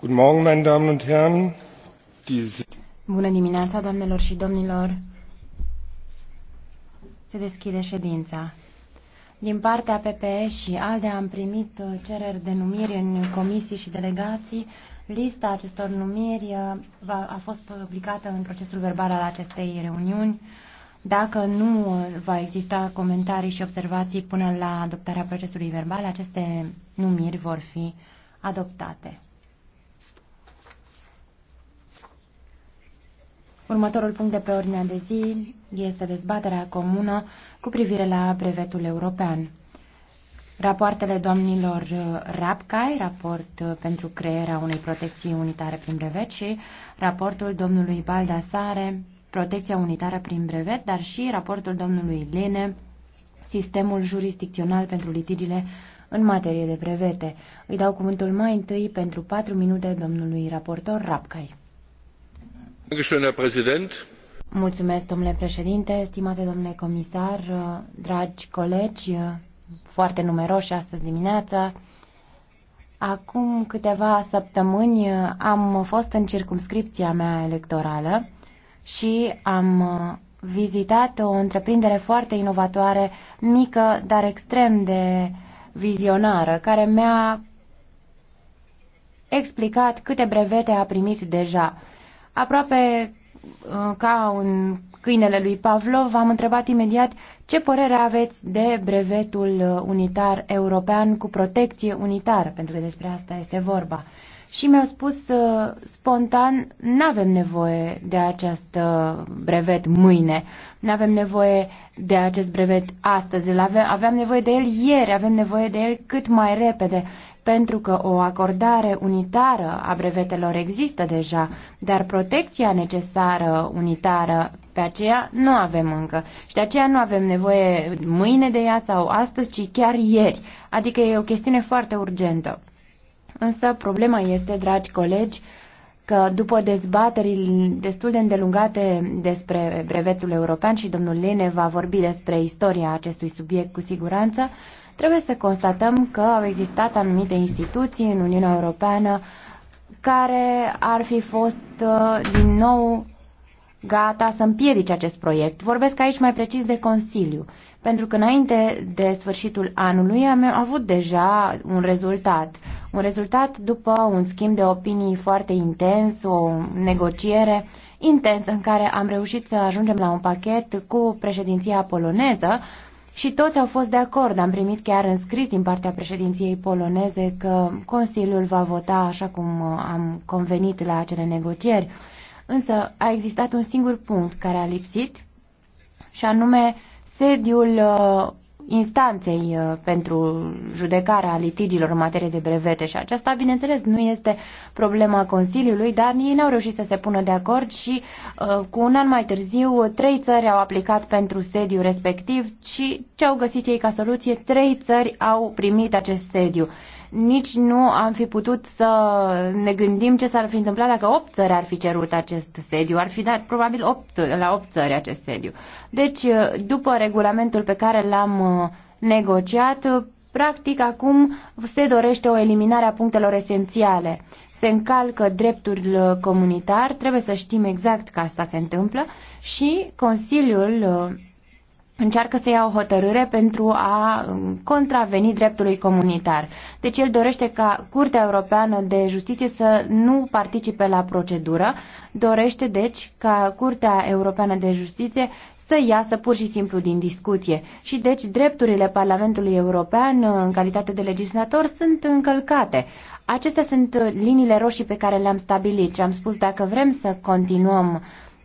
Guten Morgen, meine Damen und Herren. Bună dimineața, doamnelor și domnilor. Se deschide ședința. Din partea PPE și ALDE am primit uh, cereri de numiri în comisii și delegații. Lista acestor numiri uh, a fost publicată în procesul verbal al acestei reuniuni. Dacă nu uh, va exista comentarii și observații până la adoptarea procesului verbal, aceste numiri vor fi adoptate. Următorul punct de pe ordinea de zi este dezbaterea comună cu privire la brevetul european. Rapoartele domnilor uh, Rapcai, raport uh, pentru crearea unei protecții unitare prin brevet și raportul domnului Baldasare, protecția unitară prin brevet, dar și raportul domnului Lene, sistemul jurisdicțional pentru litigiile în materie de brevete. Îi dau cuvântul mai întâi pentru patru minute domnului raportor Rapcai. Mulțumesc, domnule președinte, stimate domnule comisar, dragi colegi, foarte numeroși astăzi dimineața. Acum câteva săptămâni am fost în circumscripția mea electorală și am vizitat o întreprindere foarte inovatoare, mică, dar extrem de vizionară, care mi-a explicat câte brevete a primit deja. Aproape uh, ca un câinele lui Pavlov, v am întrebat imediat ce părere aveți de brevetul uh, unitar european cu protecție unitară, pentru că despre asta este vorba. Și mi-au spus uh, spontan, nu avem nevoie de acest uh, brevet mâine, nu avem nevoie de acest brevet astăzi, aveam, aveam nevoie de el ieri, avem nevoie de el cât mai repede pentru că o acordare unitară a brevetelor există deja, dar protecția necesară unitară pe aceea nu avem încă și de aceea nu avem nevoie mâine de ea sau astăzi, ci chiar ieri. Adică e o chestiune foarte urgentă. Însă problema este, dragi colegi, că după dezbateri destul de îndelungate despre brevetul european și domnul Lene va vorbi despre istoria acestui subiect cu siguranță, uh, Trebuie să constatăm că au existat anumite instituții în Uniunea Europeană care ar fi fost uh, din nou gata să împiedice acest proiect. Vorbesc aici mai precis de Consiliu, pentru că înainte de sfârșitul anului am avut deja un rezultat. Un rezultat după un schimb de opinii foarte intens, o negociere intensă în care am reușit să ajungem la un pachet cu președinția poloneză, și toți au fost de acord, am primit chiar în scris din partea președinției poloneze că Consiliul va vota așa cum uh, am convenit la acele negocieri. Însă a existat un singur punct care a lipsit și anume sediul uh, instanței uh, pentru judecarea litigilor în materie de brevete și aceasta, bineînțeles, nu este problema Consiliului, dar ei n-au reușit să se pună de acord și uh, cu un an mai târziu trei țări au aplicat pentru sediu respectiv și ce au găsit ei ca soluție? Trei țări au primit acest sediu nici nu am fi putut să ne gândim ce s-ar fi întâmplat dacă 8 țări ar fi cerut acest sediu. Ar fi dat probabil 8, la 8 țări acest sediu. Deci, după regulamentul pe care l-am uh, negociat, uh, practic acum se dorește o eliminare a punctelor esențiale. Se încalcă dreptul uh, comunitar, trebuie să știm exact că asta se întâmplă și Consiliul încearcă să ia o hotărâre pentru a um, contraveni dreptului comunitar. Deci el dorește ca Curtea Europeană de Justiție să nu participe la procedură, dorește deci ca Curtea Europeană de Justiție să iasă pur și simplu din discuție. Și deci drepturile Parlamentului European uh, în calitate de legislator sunt încălcate. Acestea sunt uh, liniile roșii pe care le-am stabilit și am spus dacă vrem să continuăm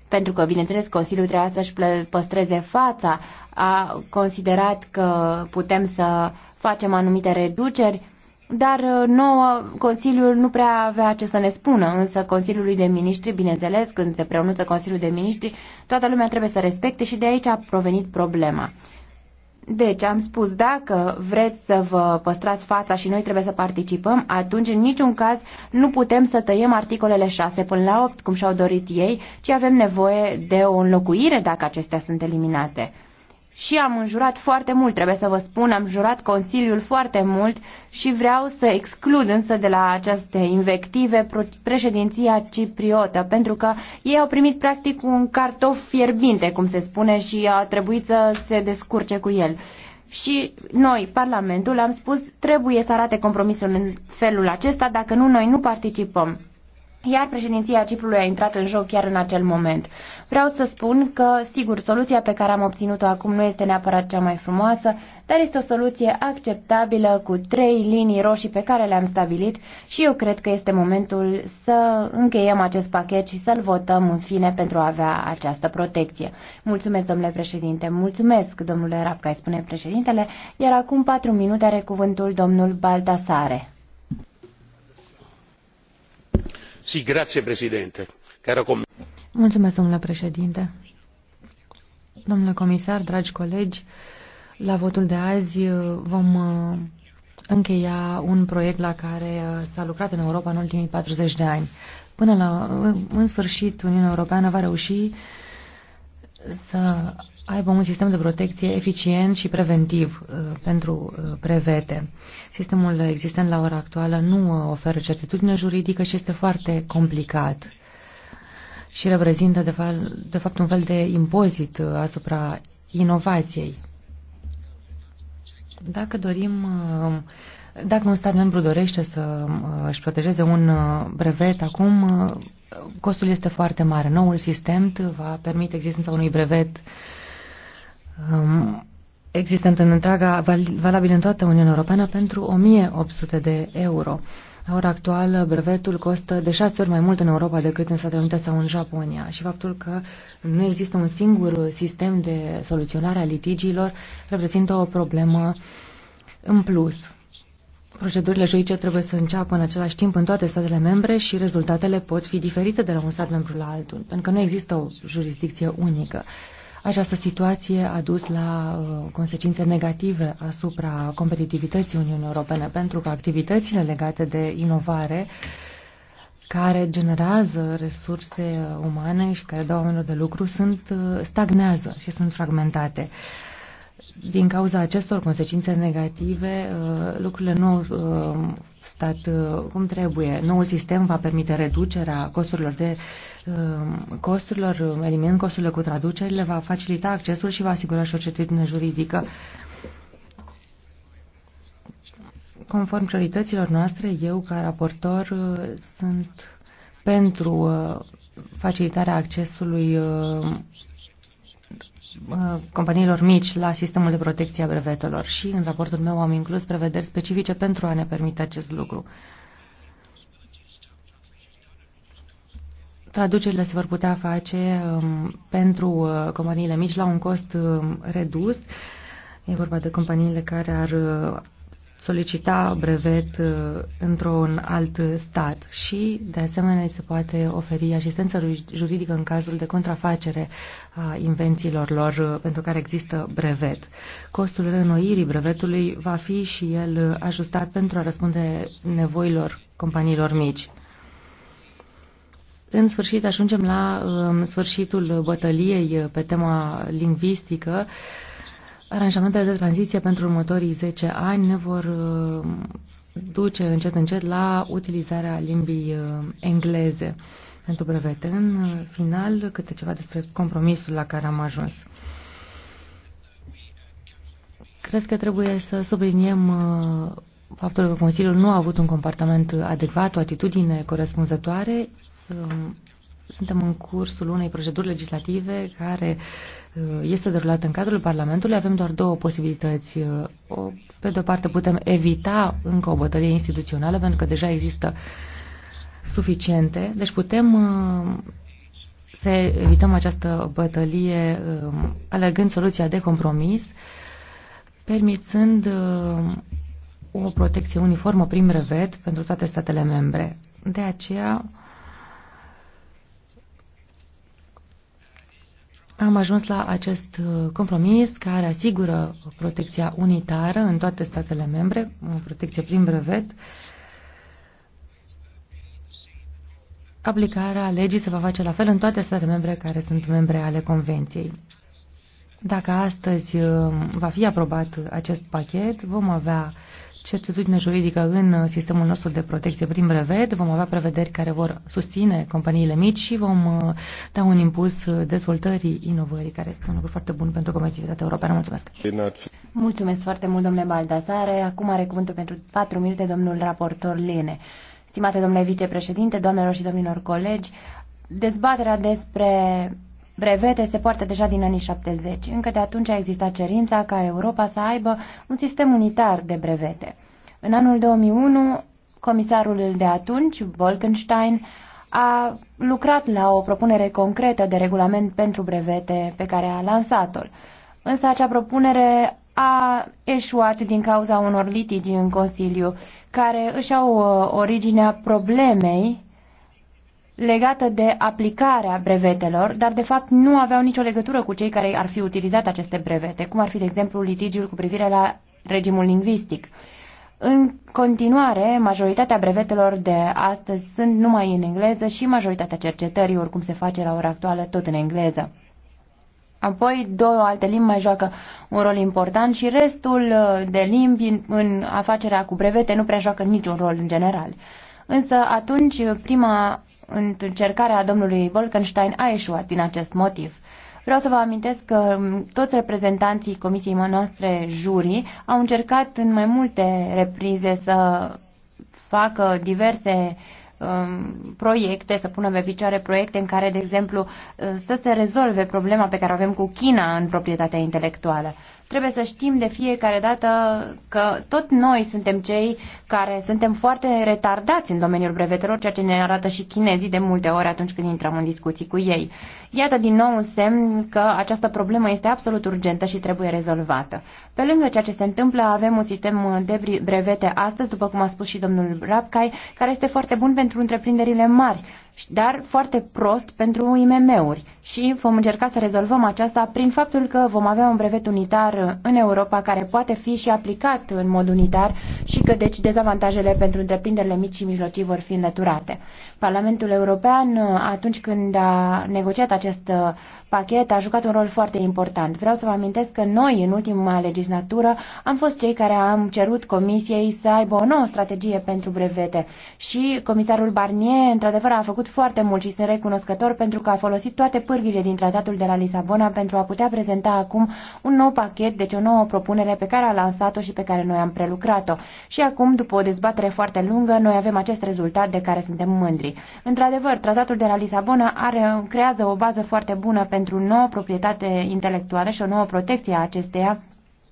pentru că, bineînțeles, Consiliul trebuia să-și păstreze fața, a considerat că putem să facem anumite reduceri, dar uh, nouă Consiliul nu prea avea ce să ne spună, însă Consiliului de Ministri, bineînțeles, când se preunuță Consiliul de Ministri, toată lumea trebuie să respecte și de aici a provenit problema. Deci am spus, dacă vreți să vă păstrați fața și noi trebuie să participăm, atunci în niciun caz nu putem să tăiem articolele 6 până la 8, cum și-au dorit ei, ci avem nevoie de o înlocuire dacă acestea sunt eliminate și am înjurat foarte mult, trebuie să vă spun, am jurat Consiliul foarte mult și vreau să exclud însă de la aceste invective președinția cipriotă, pentru că ei au primit practic un cartof fierbinte, cum se spune, și a trebuit să se descurce cu el. Și noi, Parlamentul, am spus, trebuie să arate compromisul în felul acesta, dacă nu, noi nu participăm iar președinția Ciprului a intrat în joc chiar în acel moment. Vreau să spun că, sigur, soluția pe care am obținut-o acum nu este neapărat cea mai frumoasă, dar este o soluție acceptabilă cu trei linii roșii pe care le-am stabilit și eu cred că este momentul să încheiem acest pachet și să-l votăm în fine pentru a avea această protecție. Mulțumesc, domnule președinte, mulțumesc, domnule Rapcai, spune președintele, iar acum patru minute are cuvântul domnul Baltasare. Si, Mulțumesc, domnule președinte. Domnule comisar, dragi colegi, la votul de azi uh, vom uh, încheia un proiect la care uh, s-a lucrat în Europa în ultimii 40 de ani. Până la, în sfârșit, Uniunea Europeană va reuși să aibă un sistem de protecție eficient și preventiv uh, pentru uh, prevete. Sistemul existent la ora actuală nu uh, oferă certitudine juridică și este foarte complicat și reprezintă, de, fa- de fapt, un fel de impozit asupra inovației. Dacă dorim, dacă un stat membru dorește să își protejeze un brevet acum, costul este foarte mare. Noul sistem va permite existența unui brevet uh, um, existent în întreaga, valabil în toată Uniunea Europeană, pentru 1800 de euro. La ora actuală, brevetul costă de șase ori mai mult în Europa decât în Statele Unite sau în Japonia și faptul că nu există un singur sistem de soluționare a litigiilor reprezintă o problemă în plus. Procedurile juice trebuie să înceapă în același timp în toate statele membre și rezultatele pot fi diferite de la un stat membru la altul, pentru că nu există o jurisdicție unică. Această situație a dus la uh, consecințe negative asupra competitivității Uniunii Europene, pentru că activitățile legate de inovare care generează resurse umane și care dau oamenilor de lucru sunt uh, stagnează și sunt fragmentate. Din cauza acestor consecințe negative, uh, lucrurile nu au stat cum trebuie. Noul sistem va permite reducerea costurilor de Ehm, costurilor, eliminând costurile cu traducerile, va facilita accesul și va asigura și o certitudine juridică. Conform priorităților noastre, eu, ca raportor, eh, sunt pentru eh, facilitarea accesului eh, companiilor mici la sistemul de protecție a brevetelor și în raportul meu am inclus prevederi specifice pentru a ne permite acest lucru. Traducerile se vor putea face um, pentru uh, companiile mici la un cost um, redus. E vorba de companiile care ar uh, solicita brevet uh, într-un alt stat și, de asemenea, se poate oferi asistență juridică în cazul de contrafacere a invențiilor lor pentru care există brevet. Costul renoirii brevetului va fi și el ajustat pentru a răspunde nevoilor companiilor mici. În sfârșit ajungem la um, sfârșitul bătăliei pe tema lingvistică. Aranjamentele de tranziție pentru următorii 10 ani ne vor um, duce încet încet la utilizarea limbii um, engleze pentru brevete. În uh, final, câte ceva despre compromisul la care am ajuns. Cred că trebuie să subliniem uh, faptul că Consiliul nu a avut un comportament adecvat, o atitudine corespunzătoare, Um, suntem în cursul unei proceduri legislative care uh, este derulată în cadrul Parlamentului. Avem doar două posibilități. Uh, pe de o parte putem evita încă o bătălie instituțională pentru că deja există suficiente. Deci putem uh, să evităm această bătălie um, alegând soluția de compromis, permițând o protecție uniformă prin brevet pentru toate statele membre. De aceea, Am ajuns la acest uh, compromis care asigură protecția unitară în toate statele membre, uh, protecție prin brevet. Aplicarea legii se va face la fel în toate statele membre care sunt membre ale Convenției. Dacă astăzi uh, va fi aprobat acest pachet, vom avea certitudine juridică în sistemul nostru de protecție prin brevet. Vom avea prevederi care vor susține companiile mici și vom uh, da un impuls dezvoltării inovării, care este un lucru foarte bun pentru competitivitatea europeană. Mulțumesc! Mulțumesc foarte mult, domnule Baldasare. Acum are cuvântul pentru 4 minute domnul raportor Lene. Stimate domnule vicepreședinte, doamnelor și domnilor colegi, dezbaterea despre brevete se poartă deja din anii 70. Încă de atunci a existat cerința ca Europa să aibă un sistem unitar de brevete. În anul 2001, comisarul de atunci, Bolkenstein, a lucrat la o propunere concretă de regulament pentru brevete pe care a lansat-o. Însă acea propunere a eșuat din cauza unor litigi în Consiliu, care își au uh, originea problemei legată de aplicarea brevetelor, dar de fapt nu aveau nicio legătură cu cei care ar fi utilizat aceste brevete, cum ar fi, de exemplu, litigiul cu privire la regimul lingvistic. În continuare, majoritatea brevetelor de astăzi sunt numai în engleză și majoritatea cercetării, oricum se face la ora actuală, tot în engleză. Apoi, două alte limbi mai joacă un rol important și restul uh, de limbi în afacerea cu brevete nu prea joacă niciun rol în general. Însă atunci prima încercarea domnului Wolkenstein a eșuat din acest motiv. Vreau să vă amintesc că toți reprezentanții comisiei noastre juri au încercat în mai multe reprize să facă diverse um, proiecte, să pună pe picioare proiecte în care, de exemplu, să se rezolve problema pe care o avem cu China în proprietatea intelectuală. Trebuie să știm de fiecare dată că tot noi suntem cei care suntem foarte retardați în domeniul brevetelor, ceea ce ne arată și chinezii de multe ori atunci când intrăm în discuții cu ei. Iată din nou un semn că această problemă este absolut urgentă și trebuie rezolvată. Pe lângă ceea ce se întâmplă, avem un sistem de brevete astăzi, după cum a spus și domnul Rapcai, care este foarte bun pentru întreprinderile mari dar foarte prost pentru IMM-uri și vom încerca să rezolvăm aceasta prin faptul că vom avea un brevet unitar în Europa care poate fi și aplicat în mod unitar și că deci dezavantajele pentru întreprinderile mici și mijlocii vor fi înlăturate. Parlamentul European, atunci când a negociat acest pachet, a jucat un rol foarte important. Vreau să vă amintesc că noi, în ultima legislatură, am fost cei care am cerut Comisiei să aibă o nouă strategie pentru brevete și comisarul Barnier, într-adevăr, a făcut plăcut foarte mult și sunt recunoscător pentru că a folosit toate pârghile din tratatul de la Lisabona pentru a putea prezenta acum un nou pachet, deci o nouă propunere pe care a lansat-o și pe care noi am prelucrat-o. Și acum, după o dezbatere foarte lungă, noi avem acest rezultat de care suntem mândri. Într-adevăr, tratatul de la Lisabona are, creează o bază foarte bună pentru nouă proprietate intelectuală și o nouă protecție a acesteia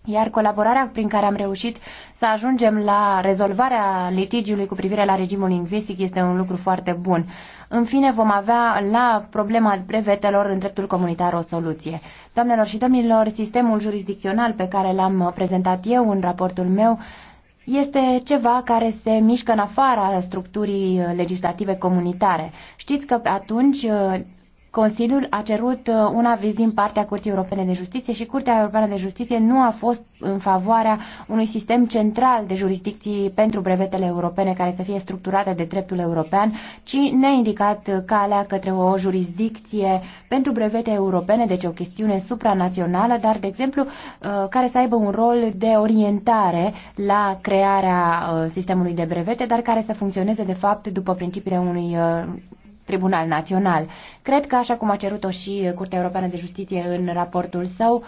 iar colaborarea prin care am reușit să ajungem la rezolvarea litigiului cu privire la regimul lingvistic este un lucru foarte bun. În fine, vom avea la problema brevetelor în dreptul comunitar o soluție. Doamnelor și domnilor, sistemul jurisdicțional pe care l-am prezentat eu în raportul meu este ceva care se mișcă în afara structurii legislative comunitare. Știți că atunci Consiliul a cerut uh, un aviz din partea Curții Europene de Justiție și Curtea Europeană de Justiție nu a fost în favoarea unui sistem central de jurisdicții pentru brevetele europene care să fie structurate de dreptul european, ci ne-a indicat uh, calea către o jurisdicție pentru brevete europene, deci o chestiune supranațională, dar, de exemplu, uh, care să aibă un rol de orientare la crearea sistemului de brevete, dar care să funcționeze, de fapt, după principiile unui Tribunal Național. Cred că, așa cum a cerut-o și Curtea Europeană de Justiție în raportul său,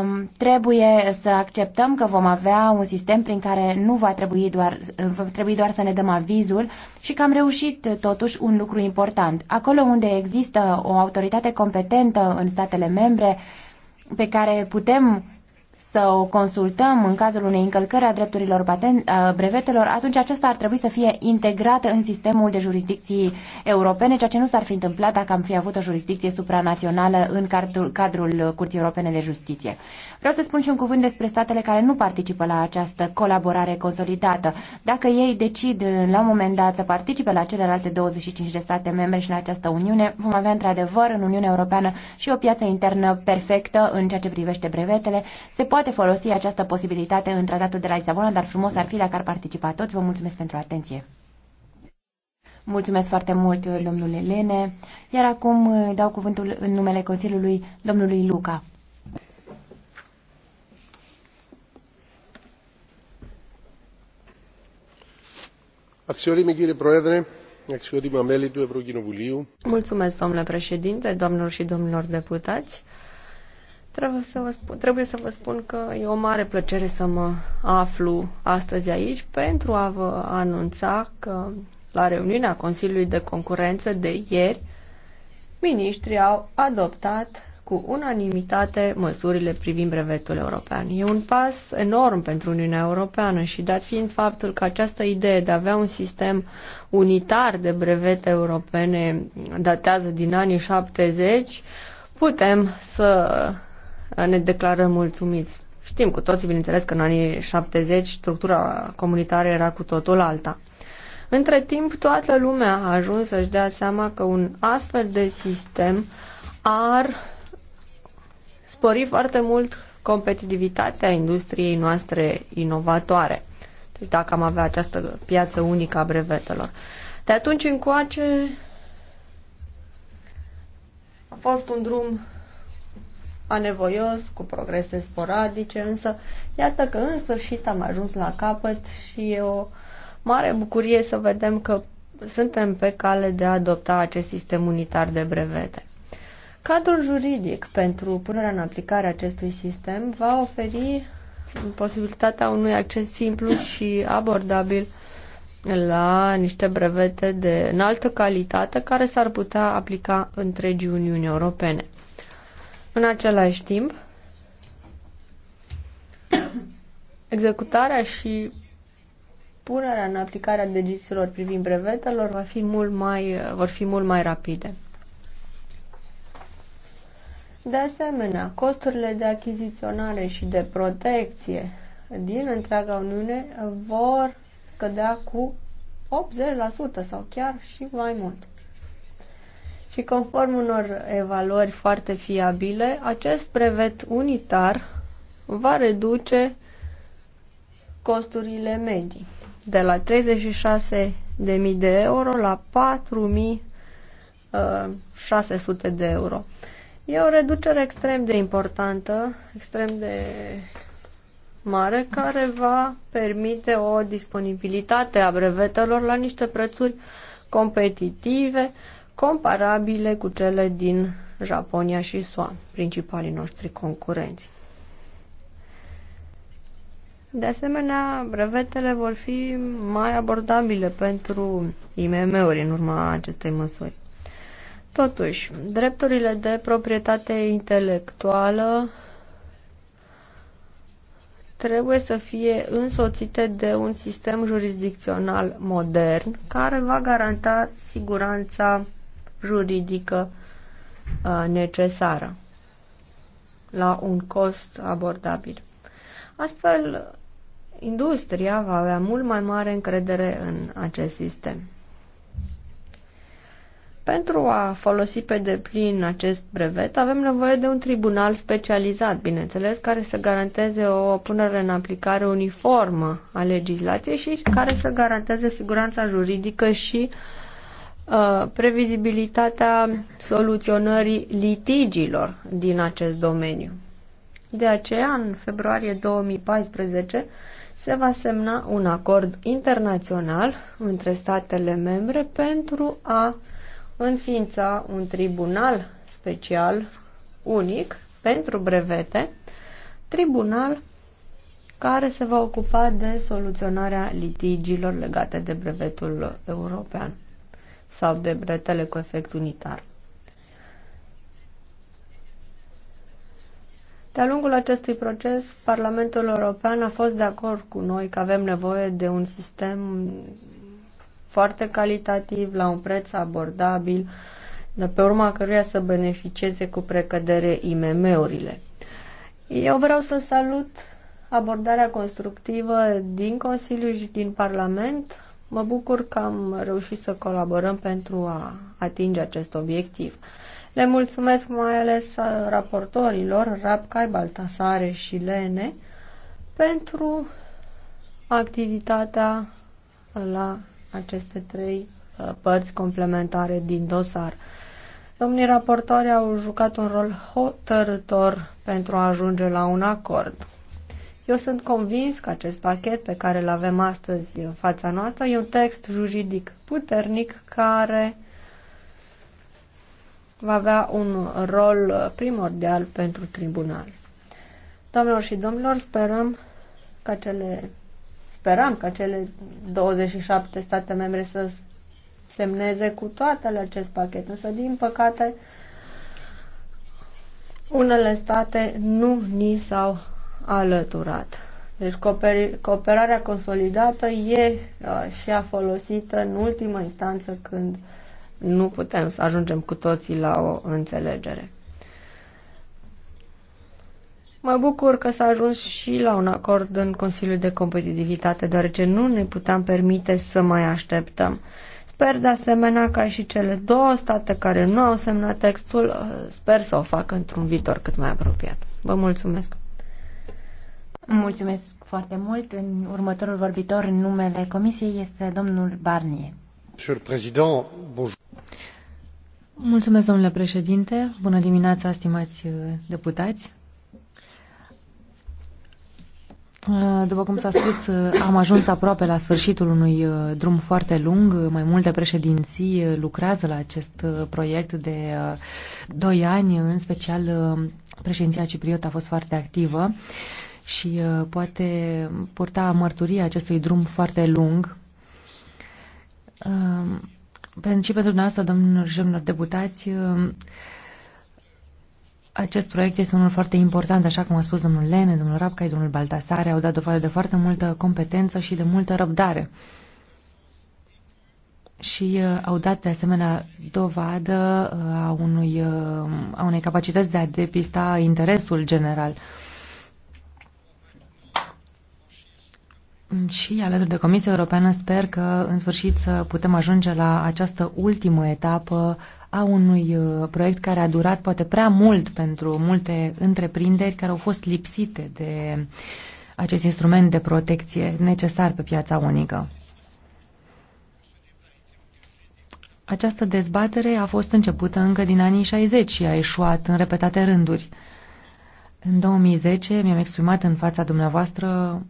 Um, trebuie să acceptăm că vom avea un sistem prin care nu va trebui doar, va trebui doar să ne dăm avizul și că am reușit totuși un lucru important. Acolo unde există o autoritate competentă în statele membre pe care putem să o consultăm în cazul unei încălcări a drepturilor patent, a brevetelor, atunci aceasta ar trebui să fie integrată în sistemul de jurisdicții europene, ceea ce nu s-ar fi întâmplat dacă am fi avut o jurisdicție supranațională în cadrul, cadrul Curții Europene de Justiție. Vreau să spun și un cuvânt despre statele care nu participă la această colaborare consolidată. Dacă ei decid uh, la un moment dat să participe la celelalte 25 de state membre și la această Uniune, vom avea într-adevăr în Uniunea Europeană și o piață internă perfectă în ceea ce privește brevetele. Se poate poate folosi această posibilitate în tratatul de la Lisabona, dar frumos ar fi dacă ar participa toți. Vă mulțumesc pentru atenție. Mulțumesc foarte mult, domnule Lene. Iar acum uh, dau cuvântul în numele Consiliului domnului Luca. Axiodime, ghire proedre, axiodime mele tu Mulțumesc, domnule președinte, domnilor și domnilor deputați. Trebuie să, vă spun, trebuie să vă spun că e o mare plăcere să mă aflu astăzi aici pentru a vă anunța că la reuniunea Consiliului de Concurență de ieri, ministrii au adoptat cu unanimitate măsurile privind brevetul european. E un pas enorm pentru Uniunea Europeană și dat fiind faptul că această idee de a avea un sistem unitar de brevete europene datează din anii 70, putem să ne declarăm mulțumiți. Știm cu toții, bineînțeles, că în anii 70 structura comunitară era cu totul alta. Între timp, toată lumea a ajuns să-și dea seama că un astfel de sistem ar spori foarte mult competitivitatea industriei noastre inovatoare. Deci dacă am avea această piață unică a brevetelor. De atunci încoace a fost un drum anevoios, cu progrese sporadice, însă iată că în sfârșit am ajuns la capăt și e o mare bucurie să vedem că suntem pe cale de a adopta acest sistem unitar de brevete. Cadrul juridic pentru punerea în aplicare acestui sistem va oferi posibilitatea unui acces simplu și abordabil la niște brevete de înaltă calitate care s-ar putea aplica întregii Uniuni Europene. În același timp, executarea și punerea în aplicare a deciziilor privind brevetelor va fi mult mai, vor fi mult mai rapide. De asemenea, costurile de achiziționare și de protecție din întreaga Uniune vor scădea cu 80% sau chiar și mai mult. Și conform unor evaluări foarte fiabile, acest brevet unitar va reduce costurile medii de la 36.000 de euro la 4.600 uh, de euro. E o reducere extrem de importantă, extrem de mare, care va permite o disponibilitate a brevetelor la niște prețuri competitive, comparabile cu cele din Japonia și SUA, principalii noștri concurenți. De asemenea, brevetele vor fi mai abordabile pentru IMM-uri în urma acestei măsuri. Totuși, drepturile de proprietate intelectuală trebuie să fie însoțite de un sistem jurisdicțional modern care va garanta siguranța juridică uh, necesară la un cost abordabil. Astfel, industria va avea mult mai mare încredere în acest sistem. Pentru a folosi pe deplin acest brevet, avem nevoie de un tribunal specializat, bineînțeles, care să garanteze o punere în aplicare uniformă a legislației și care să garanteze siguranța juridică și uh, Uh, previzibilitatea soluționării litigiilor din acest domeniu. De aceea, în februarie 2014, se va semna un acord internațional între statele membre pentru a înființa un tribunal special unic pentru brevete, tribunal care se va ocupa de soluționarea litigiilor legate de brevetul european sau de bretele cu efect unitar. De-a lungul acestui proces, Parlamentul European a fost de acord cu noi că avem nevoie de un sistem foarte calitativ, la un preț abordabil, dar pe urma căruia să beneficieze cu precădere IMM-urile. Eu vreau să salut abordarea constructivă din Consiliu și din Parlament Mă bucur că am reușit să colaborăm pentru a atinge acest obiectiv. Le mulțumesc mai ales uh, raportorilor Rapcai, Baltasare și Lene pentru activitatea la aceste trei uh, părți complementare din dosar. Domnii raportori au jucat un rol hotărător pentru a ajunge la un acord. Eu sunt convins că acest pachet pe care îl avem astăzi în fața noastră e un text juridic puternic care va avea un rol primordial pentru tribunal. Doamnelor și domnilor, sperăm ca cele sperăm ca cele 27 state membre să semneze cu toate acest pachet, însă din păcate unele state nu ni s-au alăturat. Deci cooperarea consolidată e și a folosită în ultima instanță când nu putem să ajungem cu toții la o înțelegere. Mă bucur că s-a ajuns și la un acord în Consiliul de Competitivitate, deoarece nu ne puteam permite să mai așteptăm. Sper de asemenea ca și cele două state care nu au semnat textul, sper să o facă într-un viitor cât mai apropiat. Vă mulțumesc! Mulțumesc foarte mult. În următorul vorbitor în numele Comisiei este domnul Barnier. Mulțumesc, domnule președinte. Bună dimineața, stimați uh, deputați. Uh, după cum s-a spus, uh, am ajuns aproape la sfârșitul unui drum foarte lung. Mai multe președinții lucrează la acest proiect de doi ani, în special președinția cipriotă a fost foarte activă și uh, poate purta mărturia acestui drum foarte lung. Um, și pentru dumneavoastră, domnilor și domnilor deputați, um, acest proiect este unul foarte important, așa cum a spus domnul Lene, domnul Rapcai, domnul Baltasare, au dat dovadă de foarte multă competență și de multă răbdare. Și uh, au dat de asemenea dovadă uh, a, unui, uh, a unei capacități de a depista interesul general. Uh, Și alături de Comisia Europeană sper că în sfârșit să putem ajunge la această ultimă etapă a unui uh, proiect care a durat poate prea mult pentru multe întreprinderi care au fost lipsite de acest instrument de protecție necesar pe piața unică. Această dezbatere a fost începută încă din anii 60 și a ieșuat în repetate rânduri. În 2010 mi-am exprimat în fața dumneavoastră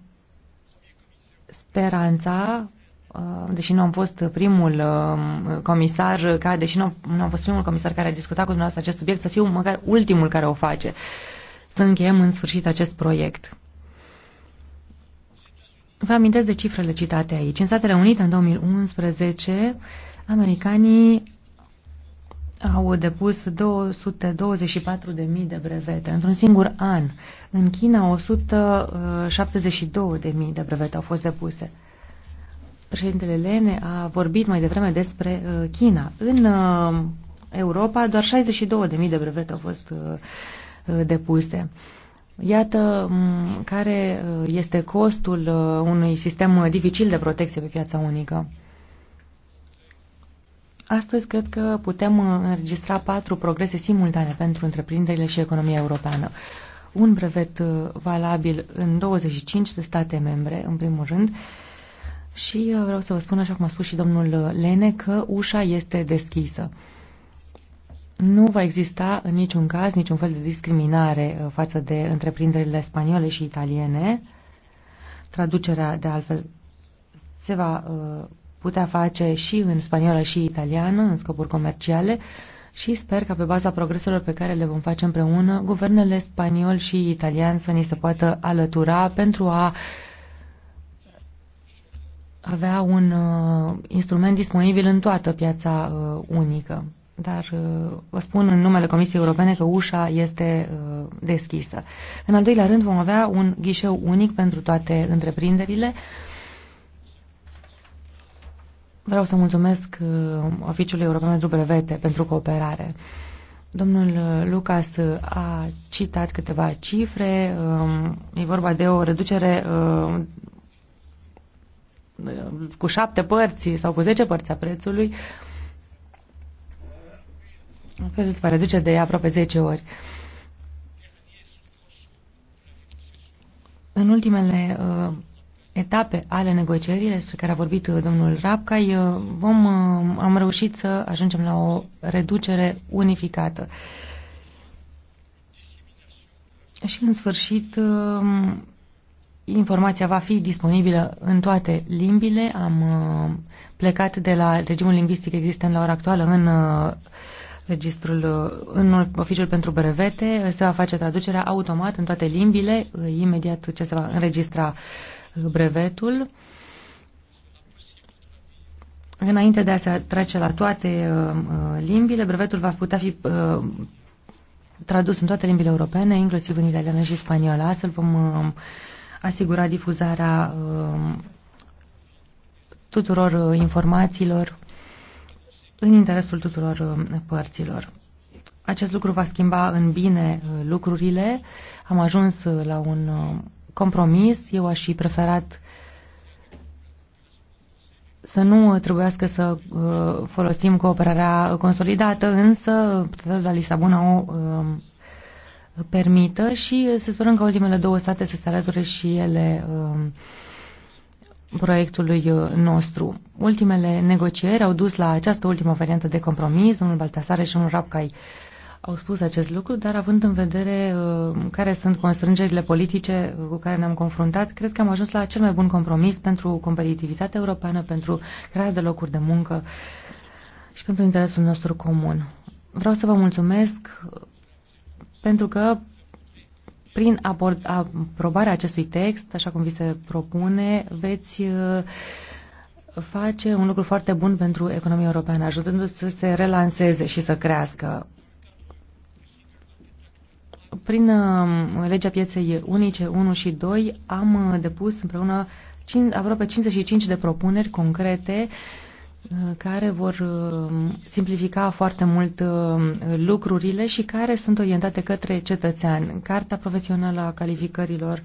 speranța uh, deși nu am fost primul uh, comisar care, deși nu am fost primul comisar care a discutat cu dumneavoastră acest subiect, să fiu măcar ultimul care o face. Să încheiem în sfârșit acest proiect. Vă amintesc de cifrele citate aici. În Statele Unite, în 2011, americanii au depus 224.000 de brevete într-un singur an. În China 172.000 de brevete au fost depuse. Președintele Lene a vorbit mai devreme despre uh, China. În uh, Europa doar 62.000 de brevete au fost uh, depuse. Iată care este costul unui sistem dificil de protecție pe piața unică. Astăzi cred că putem uh, înregistra patru progrese simultane pentru întreprinderile și economia europeană. Un brevet uh, valabil în 25 de state membre, în primul rând, și uh, vreau să vă spun, așa cum a spus și domnul Lene, că ușa este deschisă. Nu va exista în niciun caz niciun fel de discriminare față de întreprinderile spaniole și italiene. Traducerea, de altfel, se va uh, putea face și în spaniolă și italiană, în scopuri comerciale, și sper că pe baza progreselor pe care le vom face împreună, guvernele spaniol și italian să ni se poată alătura pentru a avea un uh, instrument disponibil în toată piața uh, unică. Dar uh, vă spun în numele Comisiei Europene că ușa este uh, deschisă. În al doilea rând vom avea un ghișeu unic pentru toate întreprinderile. Uh, Vreau să mulțumesc uh, Oficiului European pentru Brevete pentru cooperare. Domnul uh, Lucas uh, a citat câteva cifre. Um, e vorba de o reducere cu șapte părți sau cu zece părți a prețului. Prețul se va reduce de aproape 10 ori. În ultimele etape ale negocierii despre care a vorbit uh, domnul Rapcai, uh, vom, uh, am reușit să ajungem la o reducere unificată. Și în sfârșit, informația va fi disponibilă în toate limbile. Am plecat de la regimul lingvistic existent la ora actuală în registrul, în oficiul pentru brevete. Se va face traducerea automat în toate limbile, imediat ce se va înregistra uh, brevetul. Înainte de a se trece la toate uh, uh, limbile, brevetul va putea fi uh, tradus în toate limbile europene, inclusiv în italiană și spaniolă. Astfel vom asigura difuzarea tuturor informațiilor în interesul tuturor părților. Acest lucru va schimba în bine lucrurile. Am ajuns la un compromis. Eu aș fi preferat să nu trebuiască să uh, folosim cooperarea consolidată, însă tratatul de la Lisabona o um, permită și să sperăm că ultimele două state să se alăture și ele um, proiectului uh, nostru. Ultimele negocieri au dus la această ultimă variantă de compromis. unul Baltasare și unul Rapcai au spus acest lucru, dar având în vedere uh, care sunt constrângerile politice uh, cu care ne-am confruntat, cred că am ajuns la cel mai bun compromis pentru competitivitatea europeană, pentru crearea de locuri de muncă și pentru interesul nostru comun. Vreau să vă mulțumesc uh, pentru că prin abord, aprobarea acestui text, așa cum vi se propune, veți face un lucru foarte bun pentru economia europeană, ajutându-se să se relanseze și să crească. Prin um, legea pieței unice 1 și 2 am uh, depus împreună 5, aproape 55 de propuneri concrete uh, care vor um, simplifica foarte mult um, lucrurile și care sunt orientate către cetățean. Carta profesională a calificărilor,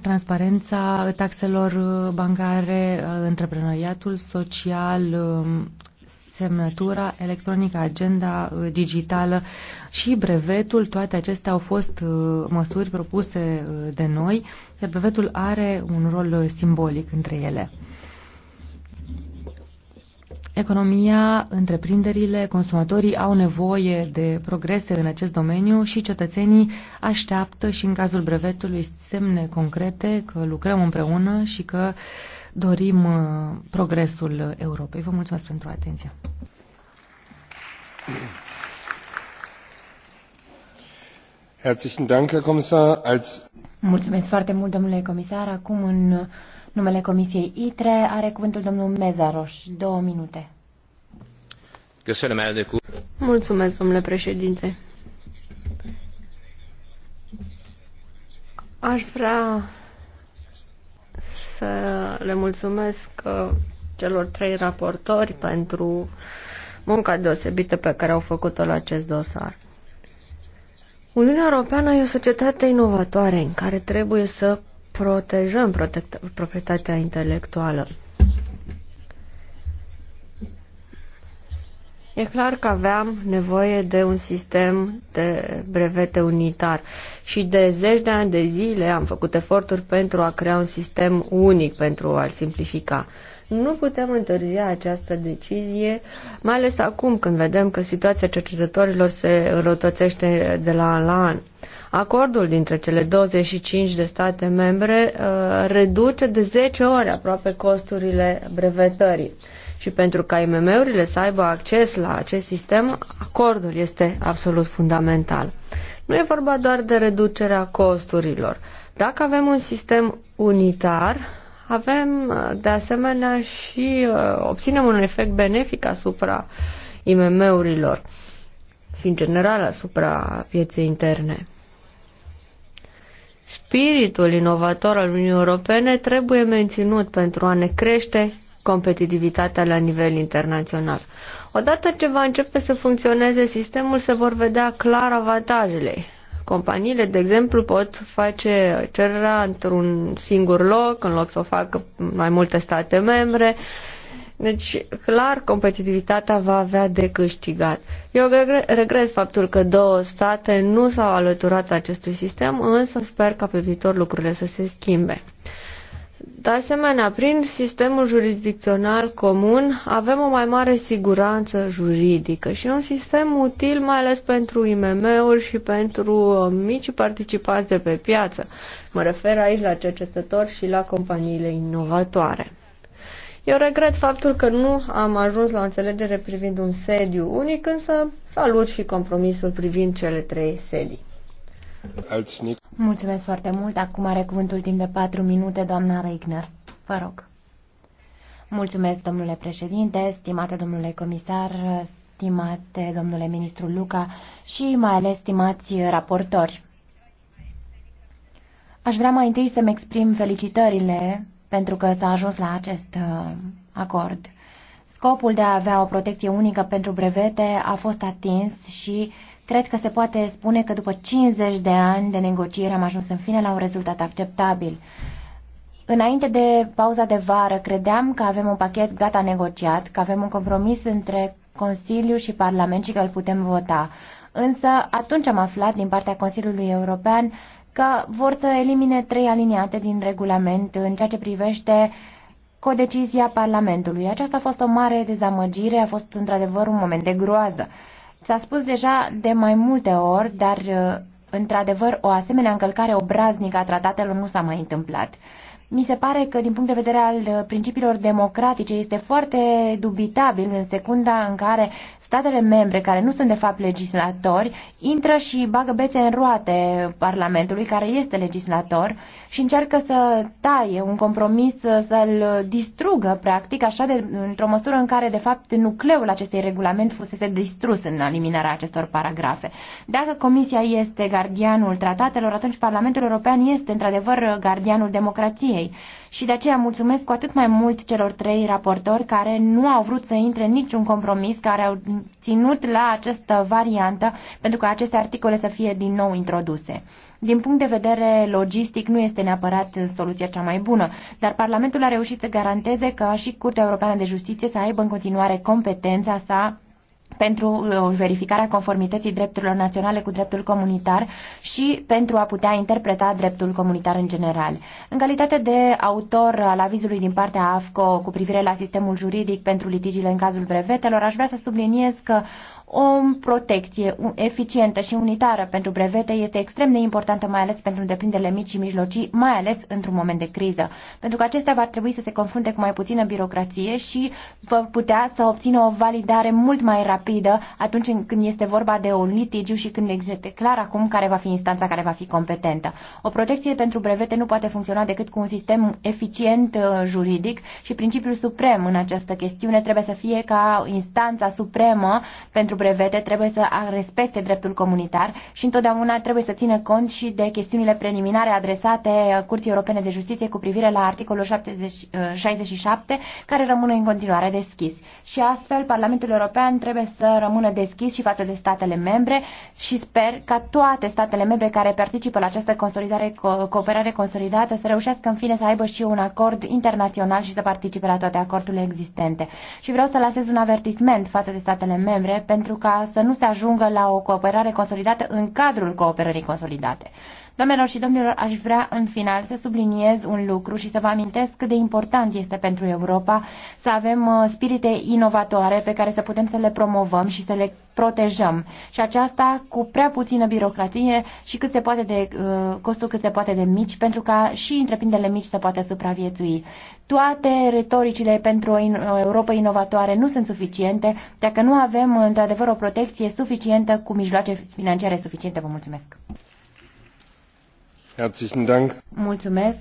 transparența taxelor uh, bancare, antreprenoriatul social, semnătura electronică, agenda uh, digitală și brevetul, toate acestea au fost uh, măsuri propuse uh, de noi, iar brevetul are un rol simbolic între ele. Economia, întreprinderile, consumatorii au nevoie de progrese în acest domeniu și cetățenii așteaptă și în cazul brevetului semne concrete că lucrăm împreună și că uh, dorim uh, progresul Europei. Vă mulțumesc pentru atenție. Mulțumesc foarte mult, domnule comisar. Acum, în numele Comisiei ITRE, are cuvântul domnul Mezaros. Două minute. Mulțumesc, domnule președinte. Aș vrea să le mulțumesc uh, celor trei raportori pentru munca deosebită pe care au făcut-o la acest dosar. Uniunea Europeană e o societate inovatoare în care trebuie să protejăm proprietatea intelectuală. E clar că aveam nevoie de un sistem de brevete unitar și de zeci de ani de zile am făcut eforturi pentru a crea un sistem unic pentru a-l simplifica. Nu putem întârzia această decizie, mai ales acum când vedem că situația cercetătorilor se rotățește de la an la an. Acordul dintre cele 25 de state membre uh, reduce de 10 ori aproape costurile brevetării. Și pentru ca IMM-urile să aibă acces la acest sistem, acordul este absolut fundamental. Nu e vorba doar de reducerea costurilor. Dacă avem un sistem unitar, avem uh, de asemenea și uh, obținem un efect benefic asupra IMM-urilor și în general asupra pieței interne. Spiritul inovator al Uniunii Europene trebuie menținut pentru a ne crește competitivitatea la nivel internațional. Odată ce va începe să funcționeze sistemul, se vor vedea clar avantajele. Companiile, de exemplu, pot face cererea într-un singur loc, în loc să o facă mai multe state membre. Deci, clar, competitivitatea va avea de câștigat. Eu regret faptul că două state nu s-au alăturat acestui sistem, însă sper ca pe viitor lucrurile să se schimbe. De asemenea, prin sistemul jurisdicțional comun avem o mai mare siguranță juridică și un sistem util mai ales pentru IMM-uri și pentru uh, mici participați de pe piață. Mă refer aici la cercetători și la companiile inovatoare. Eu regret faptul că nu am ajuns la o înțelegere privind un sediu unic, însă salut și compromisul privind cele trei sedii. Mulțumesc foarte mult. Acum are cuvântul timp de patru minute doamna Reigner. Vă rog. Mulțumesc, domnule președinte, stimate domnule comisar, stimate domnule ministru Luca și mai ales stimați raportori. Aș vrea mai întâi să-mi exprim felicitările pentru că s-a ajuns la acest uh, acord. Scopul de a avea o protecție unică pentru brevete a fost atins și uh, Cred că se poate spune că după 50 de ani de negociere am ajuns în fine la un rezultat acceptabil. Înainte de pauza de vară, credeam că avem un pachet gata negociat, că avem un compromis între Consiliu și Parlament și că îl putem vota. Însă atunci am aflat din partea Consiliului European că vor să elimine trei aliniate din regulament în ceea ce privește codecizia Parlamentului. Aceasta a fost o mare dezamăgire, a fost într-adevăr un moment de groază. S-a spus deja de mai multe ori, dar uh, într-adevăr o asemenea încălcare obraznică a tratatelor nu s-a mai întâmplat. Mi se pare că, din punct de vedere al uh, principiilor democratice, este foarte dubitabil în secunda în care statele membre, care nu sunt de fapt legislatori, intră și bagă bețe în roate Parlamentului, care este legislator, și încearcă să taie un compromis, uh, să-l distrugă, practic, așa de, într-o măsură în care, de fapt, nucleul acestei regulament fusese distrus în eliminarea acestor paragrafe. Dacă Comisia este gardianul tratatelor, atunci Parlamentul European este, într-adevăr, gardianul democrației ei. Și de aceea mulțumesc cu atât mai mult celor trei raportori care nu au vrut să intre în niciun compromis, care au ținut la această variantă pentru ca aceste articole să fie din nou introduse. Din punct de vedere logistic nu este neapărat soluția cea mai bună, dar Parlamentul a reușit să garanteze că și Curtea Europeană de Justiție să aibă în continuare competența sa pentru uh, verificarea conformității drepturilor naționale cu dreptul comunitar și pentru a putea interpreta dreptul comunitar în general. În calitate de autor al avizului din partea AFCO cu privire la sistemul juridic pentru litigiile în cazul brevetelor, aș vrea să subliniez că o protecție eficientă și unitară pentru brevete este extrem de importantă, mai ales pentru întreprinderile mici și mijlocii, mai ales într-un moment de criză. Pentru că acestea va trebui să se confrunte cu mai puțină birocrație și vor putea să obțină o validare mult mai rapidă atunci când este vorba de un litigiu și când este clar acum care va fi instanța care va fi competentă. O protecție pentru brevete nu poate funcționa decât cu un sistem eficient uh, juridic și principiul suprem în această chestiune trebuie să fie ca instanța supremă pentru brevete trebuie să respecte dreptul comunitar și întotdeauna trebuie să țină cont și de chestiunile preliminare adresate uh, Curții Europene de Justiție cu privire la articolul 70, 67, uh, care rămână în continuare deschis. Și astfel, Parlamentul European trebuie să rămână deschis și față de statele membre și sper ca toate statele membre care participă la această consolidare, cooperare consolidată să reușească în fine să aibă și un acord internațional și să participe la toate acordurile existente. Și vreau să lasez un avertisment față de statele membre pentru pentru ca să nu se ajungă la o cooperare consolidată în cadrul cooperării consolidate. Domnilor și domnilor, aș vrea în final să subliniez un lucru și să vă amintesc cât de important este pentru Europa să avem uh, spirite inovatoare pe care să putem să le promovăm și să le protejăm. Și aceasta cu prea puțină birocratie și cât se poate de uh, costuri cât se poate de mici, pentru ca și întreprinderile mici să poată supraviețui. Toate retoricile pentru o Europa inovatoare nu sunt suficiente dacă nu avem într-adevăr o protecție suficientă cu mijloace financiare suficiente. Vă mulțumesc! Mulțumesc.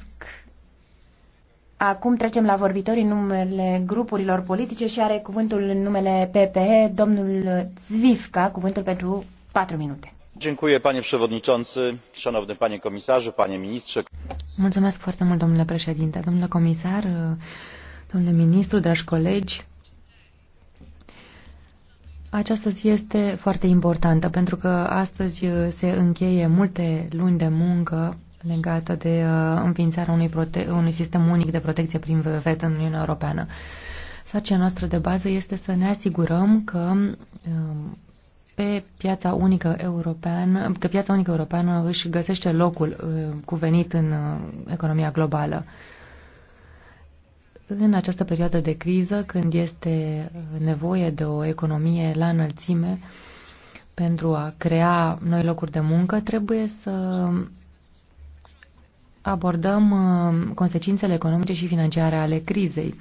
Acum trecem la vorbitorii numele grupurilor politice și are cuvântul în numele PPE domnul Zvivka, cuvântul pentru 4 minute. Dziękuję panie przewodniczący, szanowny panie komisarzu, panie ministrze. Mulțumesc foarte mult, domnule președinte, domnule comisar, domnule ministru, dragi colegi. Această zi este foarte importantă pentru că astăzi se încheie multe luni de muncă legată de uh, înființarea unui, prote- unui sistem unic de protecție prin VVET în Uniunea Europeană. Sarcina noastră de bază este să ne asigurăm că um, pe piața unică europeană, că piața unică europeană își găsește locul uh, cuvenit în uh, economia globală. În această perioadă de criză, când este nevoie de o economie la înălțime pentru a crea noi locuri de muncă, trebuie să abordăm uh, consecințele economice și financiare ale crizei.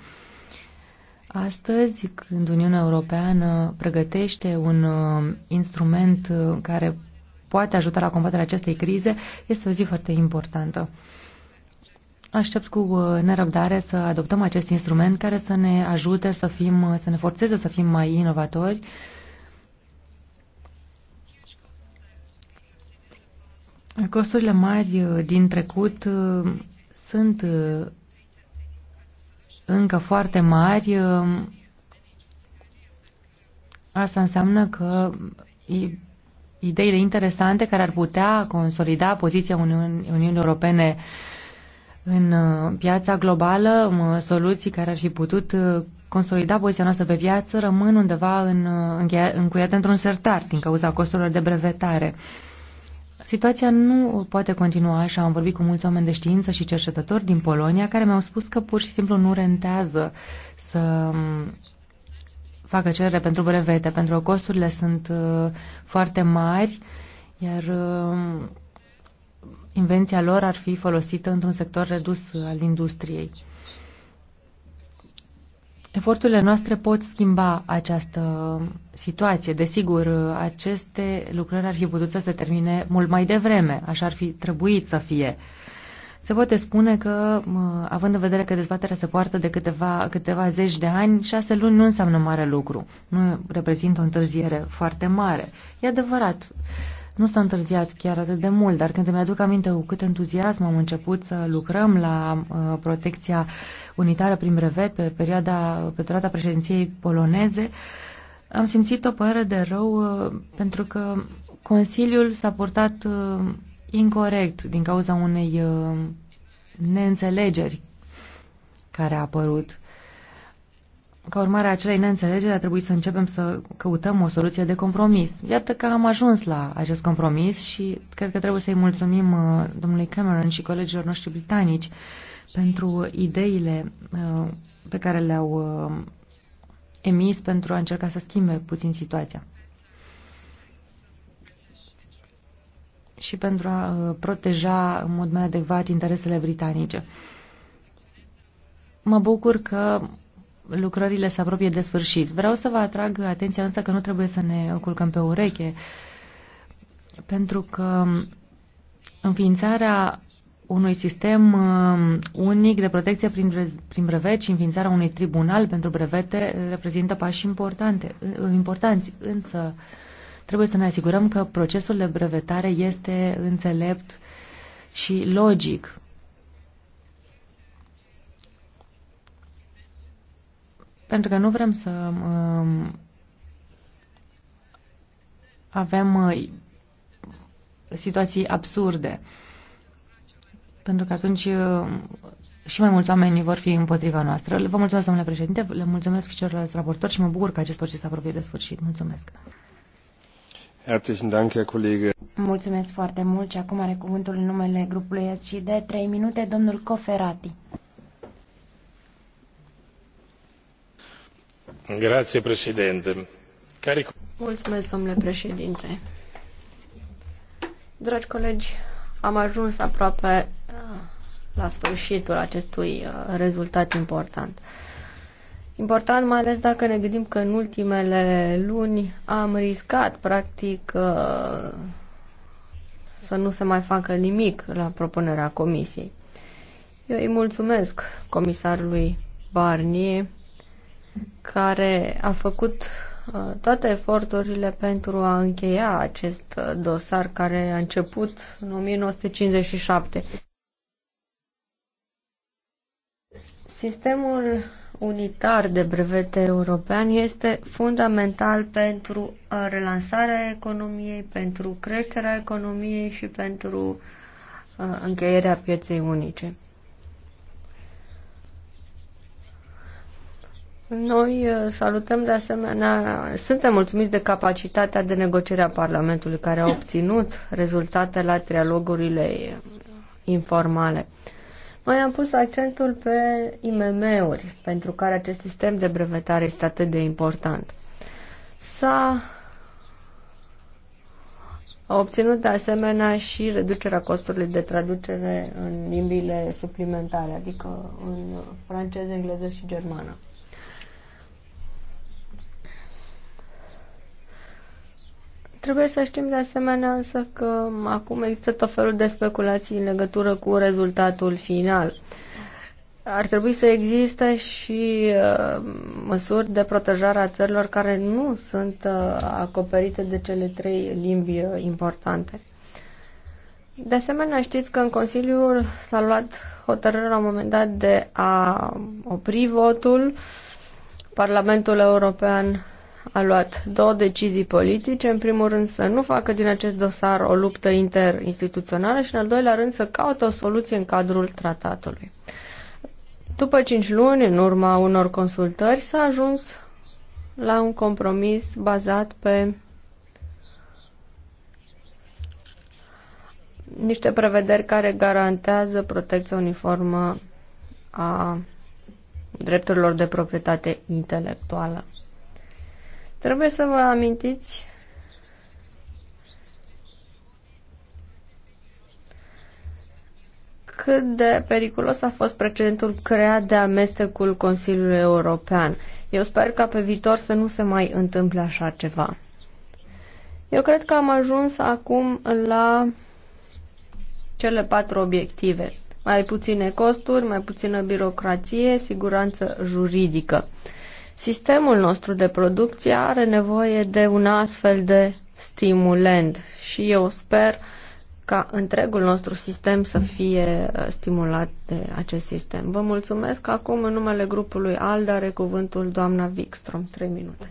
Astăzi, când Uniunea Europeană pregătește un uh, instrument uh, care poate ajuta la combaterea acestei crize, este o zi foarte importantă. Aștept cu nerăbdare să adoptăm acest instrument care să ne ajute să fim, să ne forțeze să fim mai inovatori, Costurile mari uh, din trecut uh, sunt uh, încă foarte mari. Asta înseamnă că ideile interesante care ar putea consolida poziția Uniunii Uniun Europene în piața globală, soluții care ar fi putut consolida poziția noastră pe piață, rămân undeva în, încuiate într-un sertar din cauza costurilor de brevetare. Situația nu poate continua așa. Am vorbit cu mulți oameni de știință și cercetători din Polonia care mi-au spus că pur și simplu nu rentează să mm, facă cerere pentru brevete, pentru că costurile sunt uh, foarte mari, iar uh, invenția lor ar fi folosită într-un sector redus al industriei. Eforturile noastre pot schimba această situație. Desigur, aceste lucrări ar fi putut să se termine mult mai devreme, așa ar fi trebuit să fie. Se poate spune că, având în vedere că dezbaterea se poartă de câteva, câteva zeci de ani, șase luni nu înseamnă mare lucru. Nu reprezintă o întârziere foarte mare. E adevărat, nu s-a întârziat chiar atât de mult, dar când îmi aduc aminte cu cât entuziasm am început să lucrăm la uh, protecția unitară prin brevet pe, perioada, pe durata președinției poloneze, am simțit o părere de rău uh, pentru că Consiliul s-a purtat uh, incorrect din cauza unei uh, neînțelegeri care a apărut. Ca urmare a acelei neînțelegeri a trebuit să începem să căutăm o soluție de compromis. Iată că am ajuns la acest compromis și cred că trebuie să-i mulțumim domnului Cameron și colegilor noștri britanici pentru ideile uh, pe care le-au uh, emis pentru a încerca să schimbe puțin situația și pentru a uh, proteja în mod mai adecvat interesele britanice. Mă bucur că lucrările se apropie de sfârșit. Vreau să vă atrag atenția însă că nu trebuie să ne culcăm pe ureche, pentru că înființarea unui sistem uh, unic de protecție prin, prin brevet și înființarea unui tribunal pentru brevete reprezintă pași importante, uh, importanți, însă trebuie să ne asigurăm că procesul de brevetare este înțelept și logic. Pentru că nu vrem să um, avem uh, situații absurde. Uh, pentru că atunci uh, și mai mulți oameni vor fi împotriva noastră. Vă mulțumesc, domnule președinte, le mulțumesc și celorlalți raportori și mă bucur că acest proces s-a apropiat de sfârșit. Mulțumesc! Mulțumesc foarte mult și acum are cuvântul în numele grupului SCD. Trei minute, domnul Coferati. Grazie, președinte. Cari... Mulțumesc, domnule președinte. Dragi colegi, am ajuns aproape Ah, la sfârșitul acestui uh, rezultat important. Important mai ales dacă ne gândim că în ultimele luni am riscat practic uh, să nu se mai facă nimic la propunerea comisiei. Eu îi mulțumesc comisarului Barnier care a făcut uh, toate eforturile pentru a încheia acest dosar care a început în 1957. Sistemul unitar de brevete european este fundamental pentru relansarea economiei, pentru creșterea economiei și pentru uh, încheierea pieței unice. Noi uh, salutăm de asemenea, suntem mulțumiți de capacitatea de negociere a Parlamentului care a obținut rezultate la trialogurile uh, informale. Noi am pus accentul pe IMM-uri, pentru care acest sistem de brevetare este atât de important. S-a obținut de asemenea și reducerea costurilor de traducere în limbile suplimentare, adică în franceză, engleză și germană. Trebuie să știm de asemenea însă că acum există tot felul de speculații în legătură cu rezultatul final. Ar trebui să existe și uh, măsuri de protejare a țărilor care nu sunt uh, acoperite de cele trei limbi uh, importante. De asemenea, știți că în Consiliu s-a luat hotărârea la un moment dat de a opri votul. Parlamentul European a luat două decizii politice. În primul rând să nu facă din acest dosar o luptă interinstituțională și în al doilea rând să caute o soluție în cadrul tratatului. După cinci luni, în urma unor consultări, s-a ajuns la un compromis bazat pe niște prevederi care garantează protecția uniformă a drepturilor de proprietate intelectuală. Trebuie să vă amintiți cât de periculos a fost precedentul creat de amestecul Consiliului European. Eu sper ca pe viitor să nu se mai întâmple așa ceva. Eu cred că am ajuns acum la cele patru obiective. Mai puține costuri, mai puțină birocrație, siguranță juridică. Sistemul nostru de producție are nevoie de un astfel de stimulent și eu sper ca întregul nostru sistem să fie uh, stimulat de acest sistem. Vă mulțumesc. Acum, în numele grupului ALDA, are cuvântul doamna Wikström. Trei minute.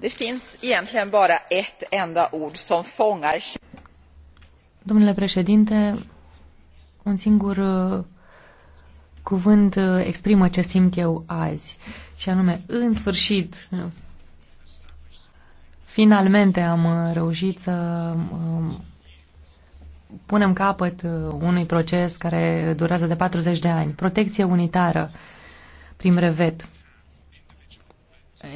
Det finns egentligen bara ett enda ord som fångar... Domnule președinte, un singur uh, cuvânt uh, exprimă ce simt eu azi. Și anume, în sfârșit, uh, finalmente am uh, reușit să um, punem capăt unui proces care durează de 40 de ani. Protecție unitară prin brevet.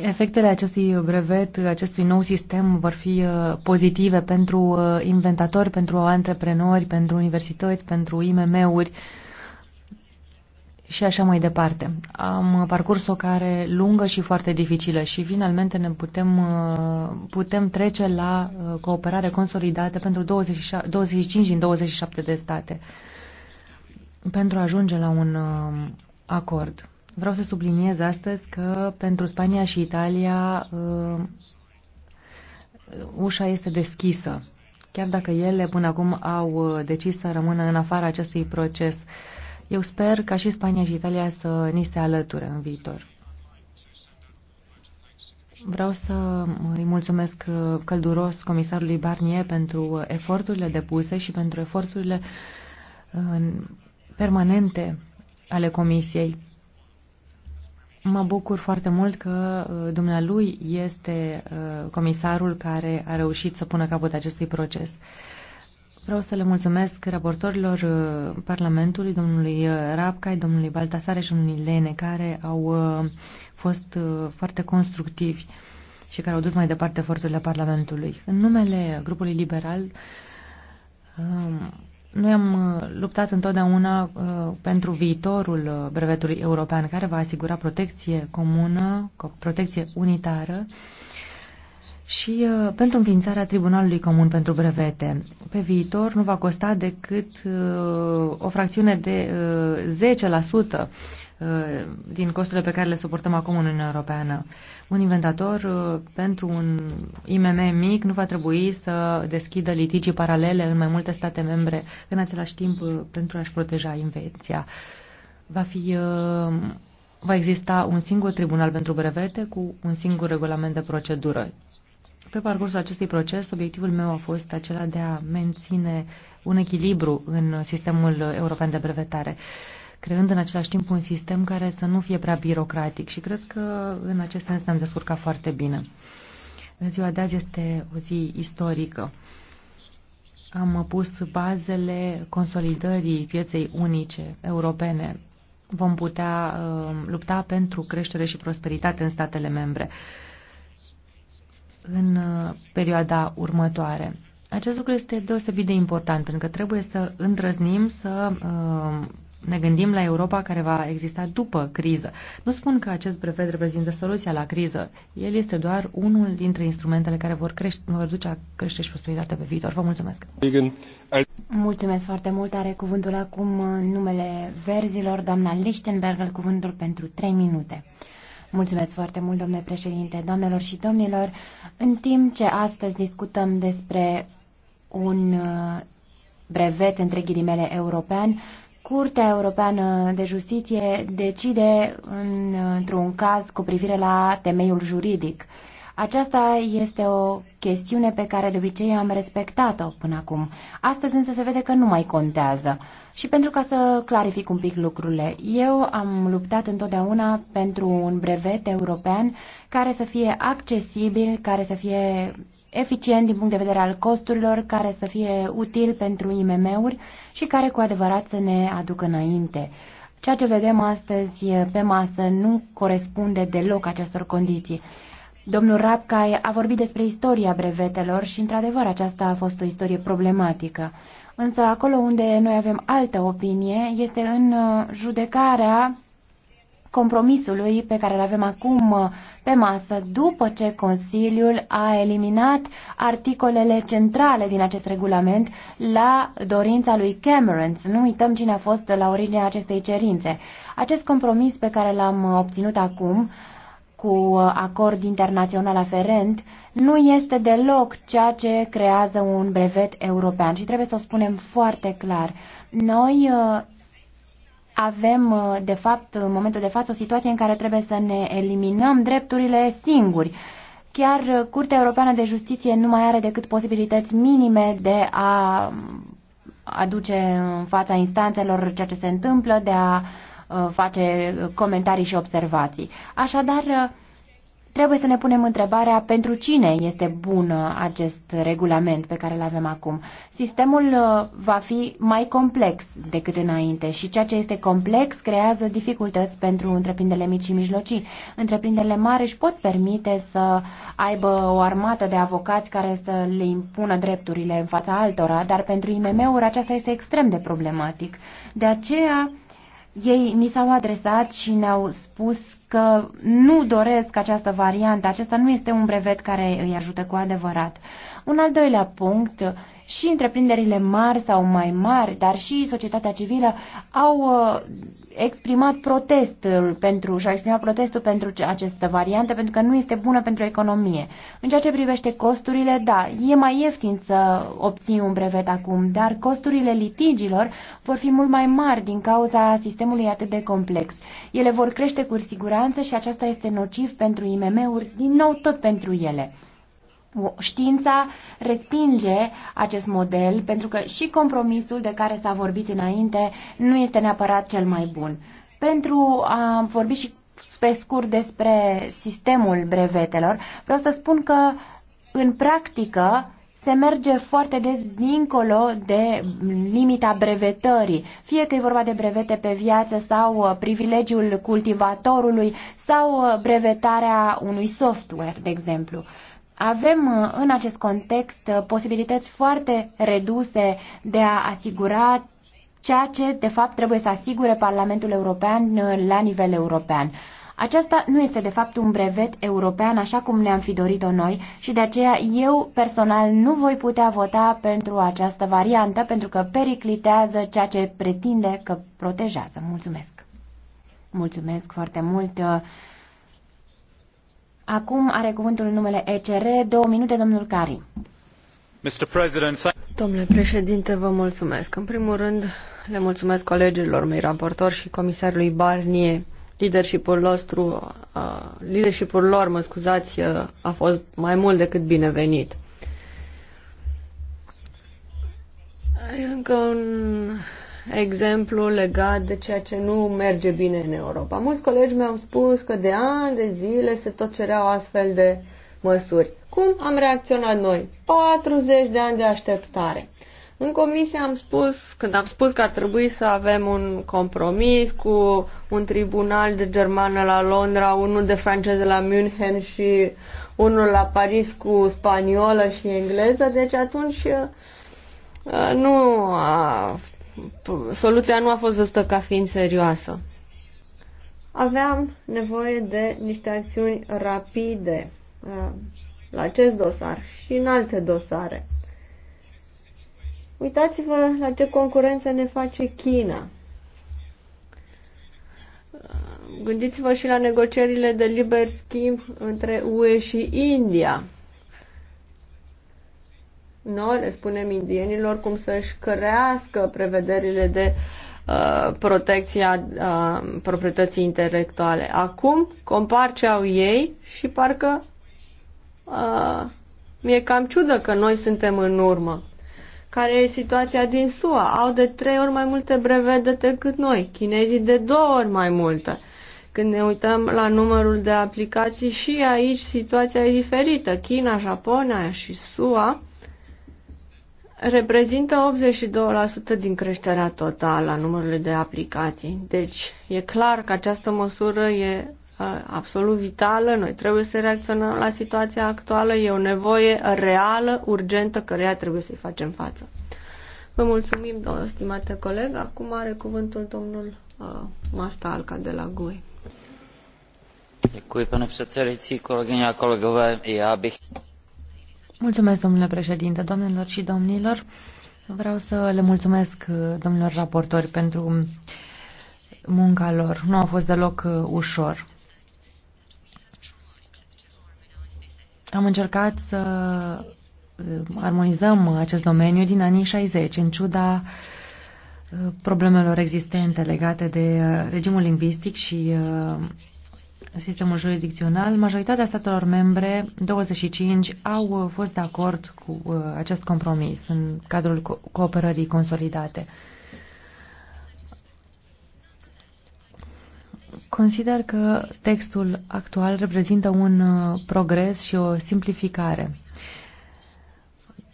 Efectele acestui brevet, acestui nou sistem vor fi pozitive pentru inventatori, pentru antreprenori, pentru universități, pentru IMM-uri și așa mai departe. Am parcurs o care lungă și foarte dificilă și finalmente ne putem, uh, putem trece la uh, cooperare consolidată pentru 27, 25 din 27 de state pentru a ajunge la un uh, acord. Vreau să subliniez astăzi că pentru Spania și Italia ușa este deschisă, chiar dacă ele până acum au decis să rămână în afara acestui proces eu sper ca și Spania și Italia să ni se alăture în viitor. Vreau să îi mulțumesc călduros comisarului Barnier pentru eforturile depuse și pentru eforturile permanente ale comisiei. Mă bucur foarte mult că uh, dumnealui este uh, comisarul care a reușit să pună capăt acestui proces. Vreau să le mulțumesc raportorilor uh, Parlamentului, domnului uh, Rapcai, domnului Baltasare și domnului Lene, care au uh, fost foarte constructivi și care au dus mai departe eforturile Parlamentului. În numele grupului liberal, um, noi am luptat întotdeauna pentru viitorul brevetului european, care va asigura protecție comună, protecție unitară, și uh, pentru înființarea Tribunalului Comun pentru Brevete. Pe viitor nu va costa decât uh, o fracțiune de uh, 10% uh, din costurile pe care le suportăm acum în Uniunea Europeană. Un inventator uh, pentru un IMM mic nu va trebui să deschidă litigii paralele în mai multe state membre în același timp uh, pentru a-și proteja invenția. Va fi va exista un singur tribunal pentru brevete cu un singur regulament de procedură pe parcursul acestui proces, obiectivul meu a fost acela de a menține un echilibru în sistemul european de brevetare, creând în același timp un sistem care să nu fie prea birocratic și cred că în acest sens ne-am descurcat foarte bine. Ziua de azi este o zi istorică. Am pus bazele consolidării pieței unice europene. Vom putea uh, lupta pentru creștere și prosperitate în statele membre. Uh, în uh, perioada următoare. Acest lucru este deosebit de important, pentru că trebuie să îndrăznim să uh, ne gândim la Europa care va exista după criză. Nu spun că acest brevet reprezintă soluția la criză. El este doar unul dintre instrumentele care vor, crește, vor duce la crește și prosperitatea pe viitor. Vă mulțumesc! Mulțumesc foarte mult! Are cuvântul acum uh, numele verzilor, doamna Lichtenberg, cuvântul pentru 3 minute. Mulțumesc foarte mult, domnule președinte, doamnelor și domnilor. În timp ce astăzi discutăm despre un uh, brevet, între ghilimele, european, Curtea Europeană de Justiție decide uh, într-un caz cu privire la temeiul juridic. Aceasta este o chestiune pe care de obicei am respectat-o până acum. Astăzi însă se vede că nu mai contează. Și pentru ca să clarific un pic lucrurile, eu am luptat întotdeauna pentru un brevet european care să fie accesibil, care să fie eficient din punct de vedere al costurilor, care să fie util pentru IMM-uri și care cu adevărat să ne aducă înainte. Ceea ce vedem astăzi pe masă nu corespunde deloc acestor condiții. Domnul Rapcai a vorbit despre istoria brevetelor și, într-adevăr, aceasta a fost o istorie problematică. Însă, acolo unde noi avem altă opinie, este în uh, judecarea compromisului pe care îl avem acum uh, pe masă după ce Consiliul a eliminat articolele centrale din acest regulament la dorința lui Cameron. Să nu uităm cine a fost la originea acestei cerințe. Acest compromis pe care l-am uh, obținut acum cu uh, acord internațional aferent nu este deloc ceea ce creează un brevet european și trebuie să o spunem foarte clar. Noi uh, avem, uh, de fapt, în momentul de față, o situație în care trebuie să ne eliminăm drepturile singuri. Chiar Curtea Europeană de Justiție nu mai are decât posibilități minime de a um, aduce în fața instanțelor ceea ce se întâmplă, de a uh, Uh, face comentarii și observații. Așadar, uh, trebuie să ne punem întrebarea pentru cine este bun uh, acest regulament pe care îl avem acum. Sistemul va fi mai complex decât înainte și ceea ce este complex creează dificultăți pentru întreprinderile mici și mijlocii. Întreprinderile mari își pot permite să aibă o armată de avocați care să le impună drepturile în fața altora, dar pentru IMM-uri aceasta este extrem de problematic. De aceea, ei ni s-au adresat și ne-au spus că nu doresc această variantă. Acesta nu este un brevet care îi ajută cu adevărat. Un al doilea punct, și întreprinderile mari sau mai mari, dar și societatea civilă au uh, exprimat protestul pentru și au exprimat protestul pentru această variantă pentru că nu este bună pentru economie. În ceea ce privește costurile, da, e mai ieftin să obții un brevet acum, dar costurile litigilor vor fi mult mai mari din cauza sistemului atât de complex. Ele vor crește cu siguranță siguranță și aceasta este nociv pentru IMM-uri, din nou tot pentru ele. Știința respinge acest model pentru că și compromisul de care s-a vorbit înainte nu este neapărat cel mai bun. Pentru a vorbi și pe scurt despre sistemul brevetelor, vreau să spun că în practică se merge foarte des dincolo de limita brevetării, fie că e vorba de brevete pe viață sau uh, privilegiul cultivatorului sau uh, brevetarea unui software, de exemplu. Avem uh, în acest context posibilități foarte reduse de a asigura ceea ce, de fapt, trebuie să asigure Parlamentul European la nivel european. Aceasta nu este de fapt un brevet european așa cum ne-am fi dorit-o noi și de aceea eu personal nu voi putea vota pentru această variantă pentru că periclitează ceea ce pretinde că protejează. Mulțumesc! Mulțumesc foarte mult! Acum are cuvântul numele ECR. Două minute, domnul Cari. Domnule președinte, vă mulțumesc. În primul rând, le mulțumesc colegilor mei raportori și comisarului Barnier leadership-ul nostru, uh, leadership-ul lor, mă scuzați, uh, a fost mai mult decât binevenit. Încă un exemplu legat de ceea ce nu merge bine în Europa. Mulți colegi mi-au spus că de ani de zile se tot cereau astfel de măsuri. Cum am reacționat noi? 40 de ani de așteptare. În comisie am spus, când am spus că ar trebui să avem un compromis cu un tribunal de germană la Londra, unul de franceză la München și unul la Paris cu spaniolă și engleză, deci atunci uh, nu a, soluția nu a fost văzută ca fiind serioasă. Aveam nevoie de niște acțiuni rapide uh, la acest dosar și în alte dosare. Uitați-vă la ce concurență ne face China. Gândiți-vă și la negocierile de liber schimb între UE și India. Noi le spunem indienilor cum să-și crească prevederile de uh, protecția uh, proprietății intelectuale. Acum compar ce au ei și parcă uh, mi-e cam ciudă că noi suntem în urmă care e situația din SUA. Au de trei ori mai multe brevete decât noi, chinezii de două ori mai multe. Când ne uităm la numărul de aplicații și aici situația e diferită. China, Japonia și SUA reprezintă 82% din creșterea totală a numărului de aplicații. Deci e clar că această măsură e Uh, absolut vitală. Noi trebuie să reacționăm la situația actuală. E o nevoie reală, urgentă, căreia trebuie să-i facem față. Vă mulțumim, stimate coleg. Acum are cuvântul domnul uh, Mastalca de la GUE. Děkuji, pane předsedající, kolegyně a kolegové. Já bych... Mulțumesc, domnule președinte, domnilor și domnilor. Vreau să le mulțumesc uh, domnilor raportori pentru munca lor. Nu a fost deloc uh, ușor. Am încercat să uh, armonizăm acest domeniu din anii 60, în ciuda uh, problemelor existente legate de uh, regimul lingvistic și sistemul jurisdicțional, majoritatea statelor membre, 25, au fost de acord cu acest compromis în cadrul cooperării consolidate. Consider că textul actual reprezintă un uh, progres și o simplificare.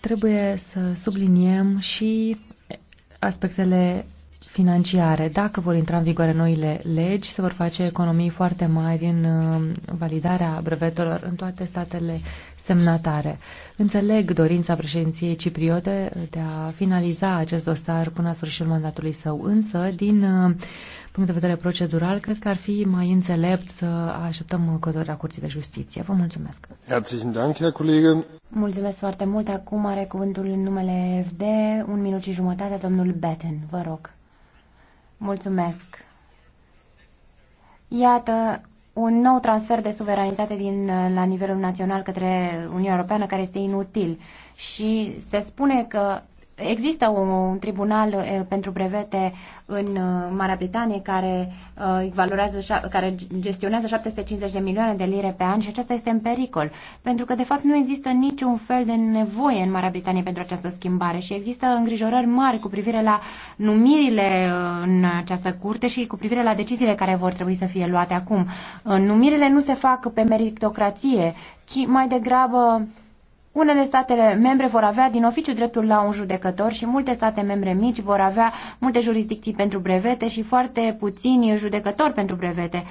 Trebuie să subliniem și aspectele financiare. Dacă vor intra în vigoare noile legi, se vor face economii foarte mari în uh, validarea brevetelor în toate statele semnatare. Înțeleg dorința președinției cipriote de a finaliza acest dosar până la sfârșitul mandatului său, însă din uh, punct de vedere procedural, cred că ar fi mai înțelept să așteptăm cotarea Curții de Justiție. Vă mulțumesc. Herzlichen Dank, Herr Kollege. Mulțumesc foarte mult. Acum are cuvântul în numele FD, un minut și jumătate, domnul Betten. Vă rog. Mulțumesc. Iată un nou transfer de suveranitate din, la nivelul național către Uniunea Europeană care este inutil și se spune că Există un tribunal pentru brevete în uh, Marea Britanie care, uh, valorează, care gestionează 750 de milioane de lire pe an și aceasta este în pericol, pentru că de fapt nu există niciun fel de nevoie în Marea Britanie pentru această schimbare și există îngrijorări mari cu privire la numirile uh, în această curte și cu privire la deciziile care vor trebui să fie luate acum. Numirile nu se fac pe meritocrație, ci mai degrabă unele statele membre vor avea din oficiu dreptul la un judecător și multe state membre mici vor avea multe jurisdicții pentru brevete și foarte puțini judecători pentru brevete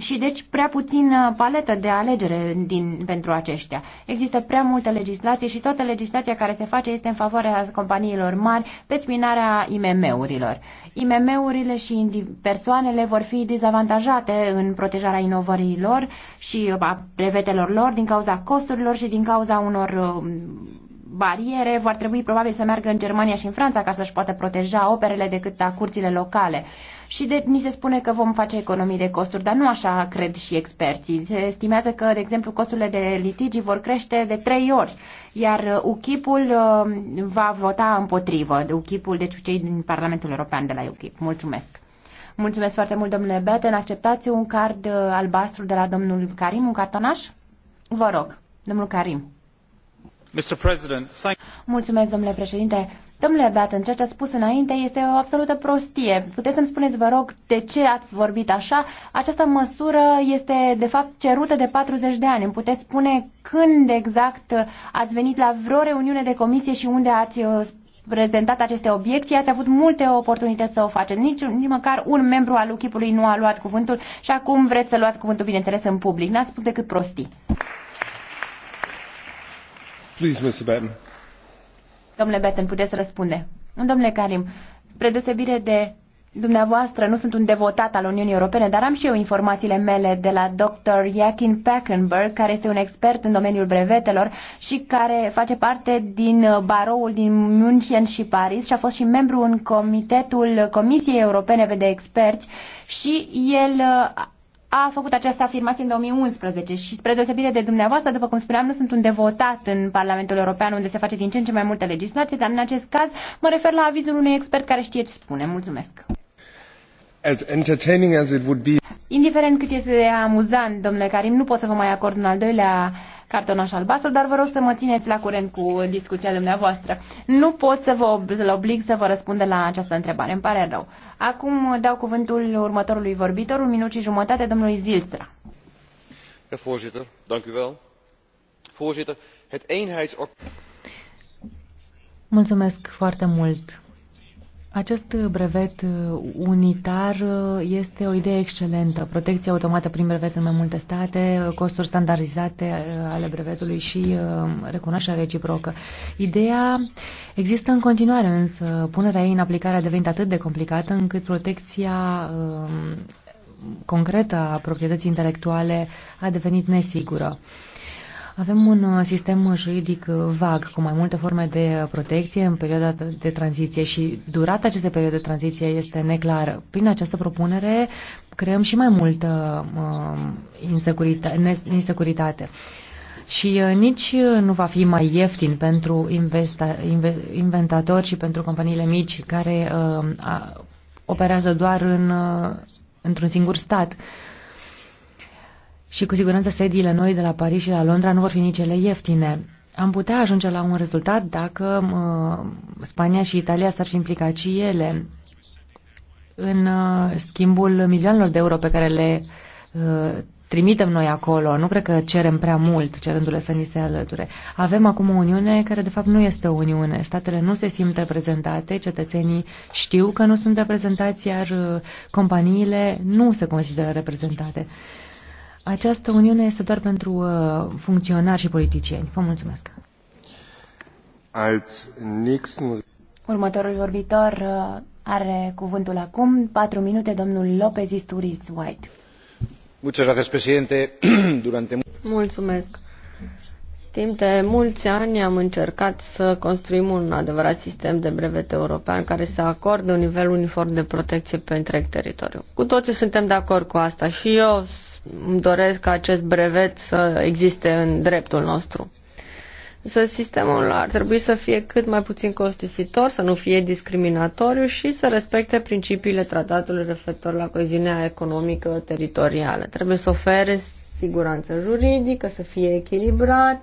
și deci prea puțin uh, paletă de alegere din, pentru aceștia. Există prea multă legislație și toată legislația care se face este în favoarea companiilor mari pe spinarea IMM-urilor. IMM-urile și persoanele vor fi dezavantajate în protejarea inovărilor și a brevetelor lor din cauza costurilor și din cauza unor uh, bariere, vor trebui probabil să meargă în Germania și în Franța ca să-și poată proteja operele decât a curțile locale. Și de, ni se spune că vom face economii de costuri, dar nu așa cred și experții. Se estimează că, de exemplu, costurile de litigi vor crește de trei ori, iar UKIP-ul uh, va vota împotrivă, de UKIP-ul, deci cei din Parlamentul European de la UKIP. Mulțumesc! Mulțumesc foarte mult, domnule Beten. Acceptați un card uh, albastru de la domnul Karim, un cartonaș? Vă rog, domnul Karim. Mulțumesc, domnule președinte. Domnule Batten, ceea ce ați spus înainte este o absolută prostie. Puteți să-mi spuneți, vă rog, de ce ați vorbit așa? Această măsură este, de fapt, cerută de 40 de ani. Îmi puteți spune când exact ați venit la vreo reuniune de comisie și unde ați uh, prezentat aceste obiecții, ați avut multe oportunități să o faceți. Nici, nici măcar un membru al ukip nu a luat cuvântul și acum vreți să luați cuvântul, bineînțeles, în public. N-ați spus decât prostii. Domnule Batten, puteți răspunde. Domnule Karim, spre deosebire de dumneavoastră, nu sunt un devotat al Uniunii Europene, dar am și eu informațiile mele de la dr. Jakin Packenberg, care este un expert în domeniul brevetelor și care face parte din baroul din München și Paris și a fost și membru în comitetul Comisiei Europene de Experți și el a făcut această afirmație în 2011 și spre deosebire de dumneavoastră, după cum spuneam, nu sunt un devotat în Parlamentul European unde se face din ce în ce mai multă legislație, dar în acest caz mă refer la avizul unui expert care știe ce spune. Mulțumesc! As entertaining as it would be... Indiferent cât este de amuzant, domnule Karim, nu pot să vă mai acord un al doilea cartonaș albastru, dar vă rog să mă țineți la curent cu discuția dumneavoastră. Nu pot să vă oblig să vă răspundă la această întrebare, îmi pare rău. Acum dau cuvântul următorului vorbitor, un minut și jumătate, domnului Zilstra. Mulțumesc foarte mult, acest brevet unitar este o idee excelentă. Protecție automată prin brevet în mai multe state, costuri standardizate ale brevetului și uh, recunoașterea reciprocă. Ideea există în continuare, însă punerea ei în aplicare a devenit atât de complicată încât protecția um, concretă a proprietății intelectuale a devenit nesigură. Avem un uh, sistem juridic uh, vag, cu mai multe forme de protecție în perioada de tranziție și durata acestei perioade de tranziție este neclară. Prin această propunere creăm și mai multă uh, insecurita- insecuritate. Și uh, nici uh, nu va fi mai ieftin pentru investa- inventatori și pentru companiile mici care uh, a, operează doar în, uh, într-un singur stat. Uh, și cu siguranță sediile noi de la Paris și la Londra nu vor fi nici ele ieftine. Am putea ajunge la un rezultat dacă uh, Spania și Italia s-ar fi implicat și ele în uh, schimbul milioanelor de euro pe care le uh, trimitem noi acolo. Nu cred că cerem prea mult cerându-le să ni se alăture. Avem acum o uniune care de fapt nu este o uniune. Statele nu se simt reprezentate, cetățenii știu că nu sunt reprezentați, iar uh, companiile nu se consideră reprezentate. Uh, această uniune este doar pentru uh, funcționari și politicieni. Vă mulțumesc. Als nächsten... Următorul vorbitor uh, are cuvântul acum. Patru minute, domnul Lopez Isturiz White. Muchas presidente. Durante... Mulțumesc. Timp de mulți ani am încercat să construim un adevărat sistem de brevet european care să acorde un nivel uniform de protecție pe întreg teritoriu. Cu toții suntem de acord cu asta și eu îmi doresc ca acest brevet să existe în dreptul nostru. Să sistemul ar trebui să fie cât mai puțin costisitor, să nu fie discriminatoriu și să respecte principiile tratatului referitor la coeziunea economică teritorială. Trebuie să ofere siguranță juridică, să fie echilibrat,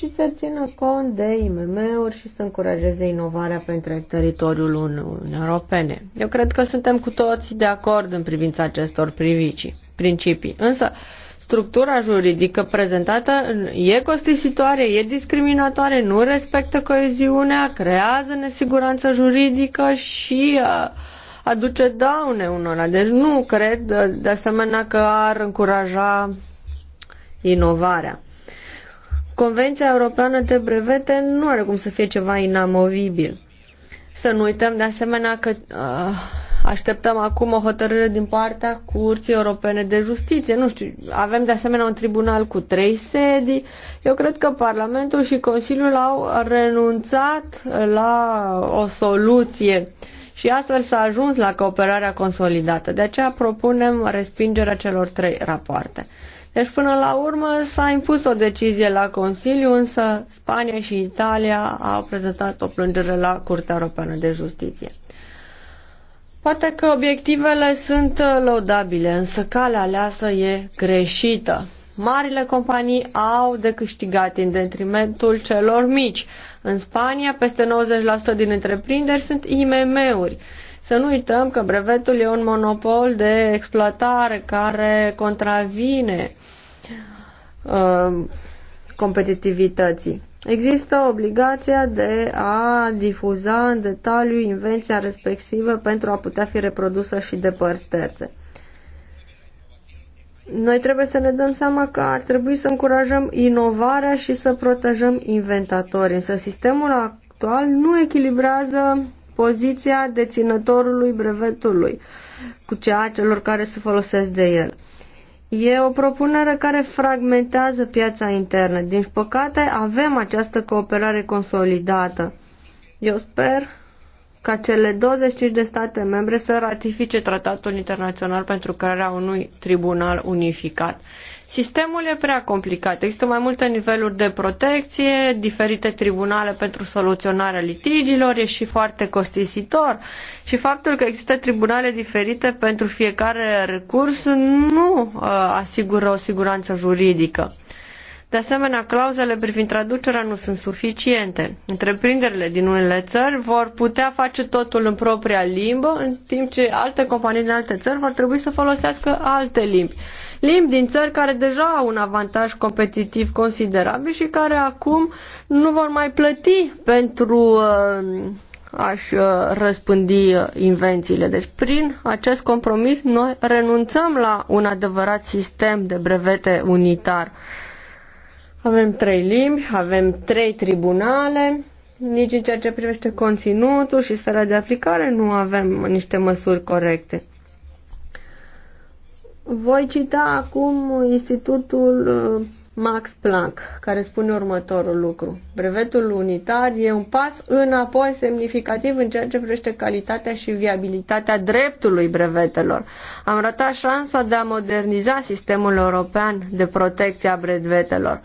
și să țină cont de IMM-uri și să încurajeze inovarea pe întreg teritoriul Uniunii Europene. Eu cred că suntem cu toți de acord în privința acestor privicii, principii. Însă, structura juridică prezentată e costisitoare, e discriminatoare, nu respectă coeziunea, creează nesiguranță juridică și uh, aduce daune unora. Deci nu cred uh, de asemenea că ar încuraja inovarea. Convenția Europeană de Brevete nu are cum să fie ceva inamovibil. Să nu uităm de asemenea că uh, așteptăm acum o hotărâre din partea Curții Europene de Justiție. Nu știu, avem de asemenea un tribunal cu trei sedii. Eu cred că Parlamentul și Consiliul au renunțat la o soluție și astfel s-a ajuns la cooperarea consolidată. De aceea propunem respingerea celor trei rapoarte. Deci, până la urmă, s-a impus o decizie la Consiliu, însă Spania și Italia au prezentat o plângere la Curtea Europeană de Justiție. Poate că obiectivele sunt laudabile, însă calea aleasă e greșită. Marile companii au de câștigat în detrimentul celor mici. În Spania, peste 90% din întreprinderi sunt IMM-uri. Să nu uităm că brevetul e un monopol de exploatare care contravine Uh, competitivității. Există obligația de a difuza în detaliu invenția respectivă pentru a putea fi reprodusă și de părți terțe. Noi trebuie să ne dăm seama că ar trebui să încurajăm inovarea și să protejăm inventatorii, însă sistemul actual nu echilibrează poziția deținătorului brevetului cu cea a celor care se folosesc de el. E o propunere care fragmentează piața internă. Din păcate, avem această cooperare consolidată. Eu sper ca cele 25 de state membre să ratifice tratatul internațional pentru crearea unui tribunal unificat. Sistemul e prea complicat. Există mai multe niveluri de protecție, diferite tribunale pentru soluționarea litigiilor, e și foarte costisitor. Și faptul că există tribunale diferite pentru fiecare recurs nu uh, asigură o siguranță juridică. De asemenea, clauzele privind traducerea nu sunt suficiente. Întreprinderile din unele țări vor putea face totul în propria limbă, în timp ce alte companii din alte țări vor trebui să folosească alte limbi limbi din țări care deja au un avantaj competitiv considerabil și care acum nu vor mai plăti pentru uh, a-și uh, răspândi uh, invențiile. Deci, prin acest compromis, noi renunțăm la un adevărat sistem de brevete unitar. Avem trei limbi, avem trei tribunale, nici în ceea ce privește conținutul și sfera de aplicare nu avem niște măsuri corecte. Voi cita acum Institutul uh, Max Planck, care spune următorul lucru. Brevetul unitar e un pas înapoi semnificativ în ceea ce privește calitatea și viabilitatea dreptului brevetelor. Am ratat șansa de a moderniza sistemul european de protecție a brevetelor.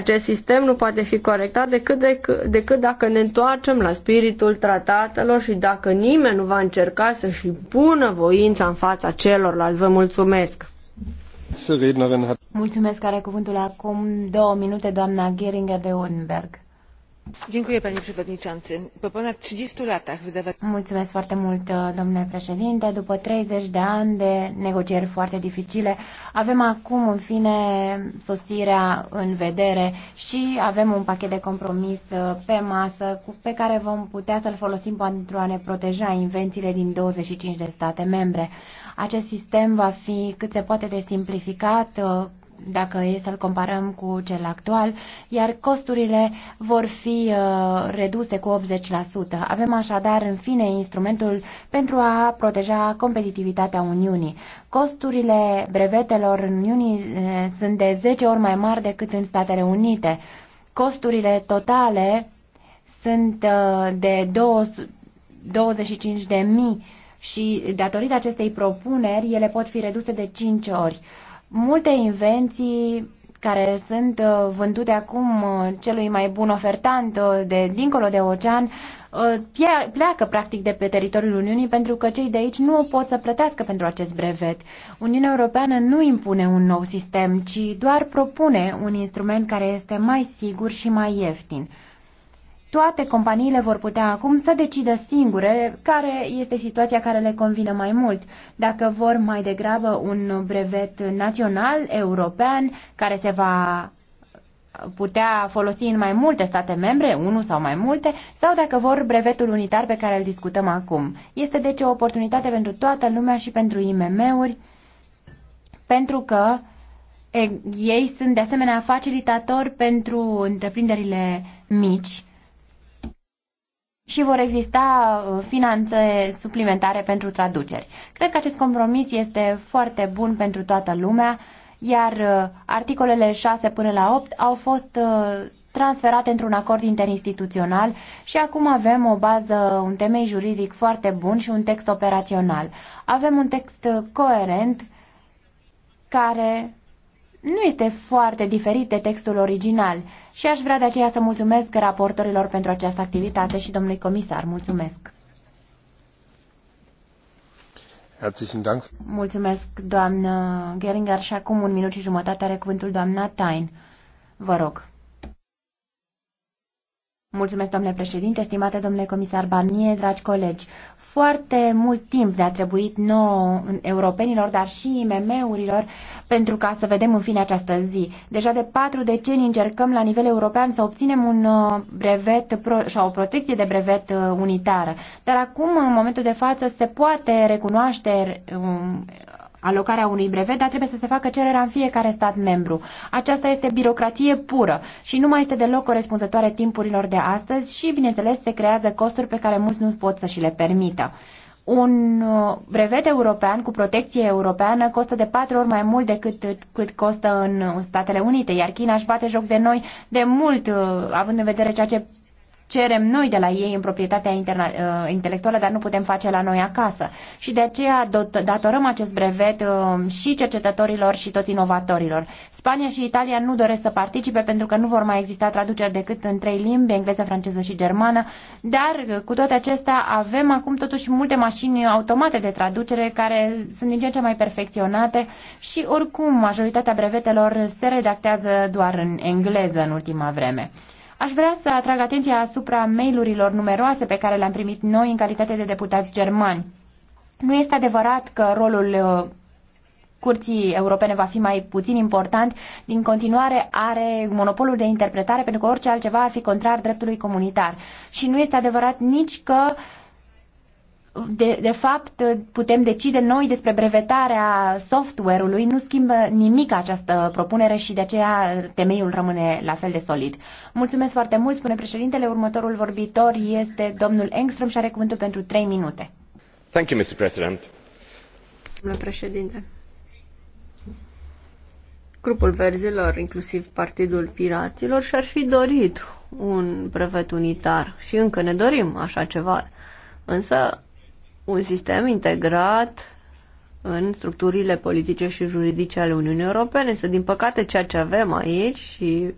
Acest sistem nu poate fi corectat decât, decât, decât dacă ne întoarcem la spiritul tratatelor și dacă nimeni nu va încerca să-și pună voința în fața celorlalți. Vă mulțumesc! Mulțumesc, are cuvântul acum două minute, doamna Geringer de Odenberg. Mulțumesc foarte mult, domnule președinte. După 30 de ani de negocieri foarte dificile, avem acum, în fine, sosirea în vedere și avem un pachet de compromis uh, pe masă pe care vom putea să-l folosim pentru a ne proteja invențiile din 25 de state membre. Acest sistem va fi cât se poate de simplificat, uh, dacă e să-l comparăm cu cel actual, iar costurile vor fi uh, reduse cu 80%. Avem așadar, în fine, instrumentul pentru a proteja competitivitatea Uniunii. Costurile brevetelor în Uniunii uh, sunt de 10 ori mai mari decât în Statele Unite. Costurile totale sunt uh, de 25.000 de mii și datorită acestei propuneri ele pot fi reduse de 5 ori. Multe invenții care sunt uh, vândute acum uh, celui mai bun ofertant uh, de dincolo de ocean pleacă practic de pe teritoriul Uniunii pentru că cei de aici nu o pot să plătească pentru acest brevet. Uniunea Europeană nu impune un nou sistem, ci doar propune un instrument care este mai sigur și mai ieftin toate companiile vor putea acum să decidă singure care este situația care le convine mai mult. Dacă vor mai degrabă un brevet național, european, care se va putea folosi în mai multe state membre, unul sau mai multe, sau dacă vor brevetul unitar pe care îl discutăm acum. Este deci o oportunitate pentru toată lumea și pentru IMM-uri, pentru că ei sunt de asemenea facilitatori pentru întreprinderile mici și vor exista uh, finanțe suplimentare pentru traduceri. Cred că acest compromis este foarte bun pentru toată lumea, iar uh, articolele 6 până la 8 au fost uh, transferate într-un acord interinstituțional și acum avem o bază, un temei juridic foarte bun și un text operațional. Avem un text coerent care nu este foarte diferit de textul original și aș vrea de aceea să mulțumesc raportorilor pentru această activitate și domnului comisar. Mulțumesc! Mulțumesc, doamnă Geringer. Și acum un minut și jumătate are cuvântul doamna Tain. Vă rog. Mulțumesc, domnule președinte, stimate domnule comisar Barnier, dragi colegi. Foarte mult timp ne-a trebuit nouă europenilor, dar și IMM-urilor, pentru ca să vedem în fine această zi. Deja de patru decenii încercăm la nivel european să obținem un uh, brevet sau o protecție de brevet uh, unitară. Dar acum, în momentul de față, se poate recunoaște um, alocarea unui brevet, dar trebuie să se facă cererea în fiecare stat membru. Aceasta este birocratie pură și nu mai este deloc corespunzătoare timpurilor de astăzi și, bineînțeles, se creează costuri pe care mulți nu pot să și le permită un uh, brevet european cu protecție europeană costă de patru ori mai mult decât uh, cât costă în Statele Unite, iar China își bate joc de noi de mult, uh, având în vedere ceea ce cerem noi de la ei în proprietatea uh, intelectuală, dar nu putem face la noi acasă. Și de aceea datorăm acest brevet um, și cercetătorilor și toți inovatorilor. Spania și Italia nu doresc să participe pentru că nu vor mai exista traduceri decât în trei limbi, engleză, franceză și germană, dar uh, cu toate acestea avem acum totuși multe mașini automate de traducere care sunt din ce în ce mai perfecționate și oricum majoritatea brevetelor se redactează doar în engleză în ultima vreme. Aș vrea să atrag atenția asupra mailurilor numeroase pe care le-am primit noi în calitate de deputați germani. Nu este adevărat că rolul uh, Curții Europene va fi mai puțin important, din continuare are monopolul de interpretare, pentru că orice altceva ar fi contrar dreptului comunitar. Și nu este adevărat nici că uh, de, de fapt, putem decide noi despre brevetarea software-ului. Nu schimbă nimic această propunere și de aceea temeiul rămâne la fel de solid. Mulțumesc foarte mult, spune președintele. Următorul vorbitor este domnul Engström și are cuvântul pentru 3 minute. Thank you, Mr. President. Domnule președinte, grupul verzilor, inclusiv Partidul Piraților, și-ar fi dorit un brevet unitar și încă ne dorim așa ceva. Însă un sistem integrat în structurile politice și juridice ale Uniunii Europene. Însă, din păcate, ceea ce avem aici și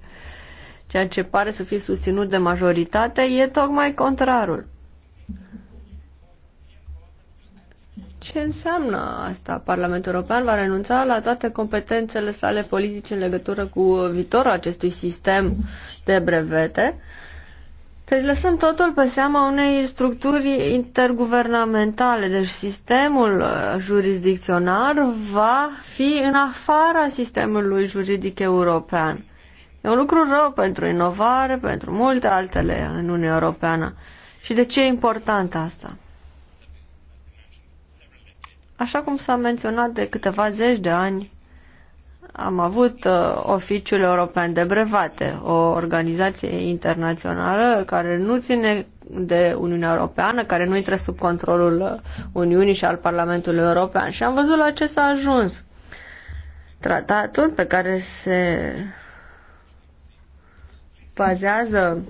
ceea ce pare să fie susținut de majoritate e tocmai contrarul. Ce înseamnă asta? Parlamentul European va renunța la toate competențele sale politice în legătură cu viitorul acestui sistem de brevete deci lăsăm totul pe seama unei structuri interguvernamentale, deci sistemul uh, jurisdicționar va fi în afara sistemului juridic european. E un lucru rău pentru inovare, pentru multe altele în Uniunea Europeană. Și de ce e important asta? Așa cum s-a menționat de câteva zeci de ani, am avut uh, Oficiul European de Brevate, o organizație internațională care nu ține de Uniunea Europeană, care nu intră sub controlul uh, Uniunii și al Parlamentului European. Și am văzut la ce s-a ajuns. Tratatul pe care se bazează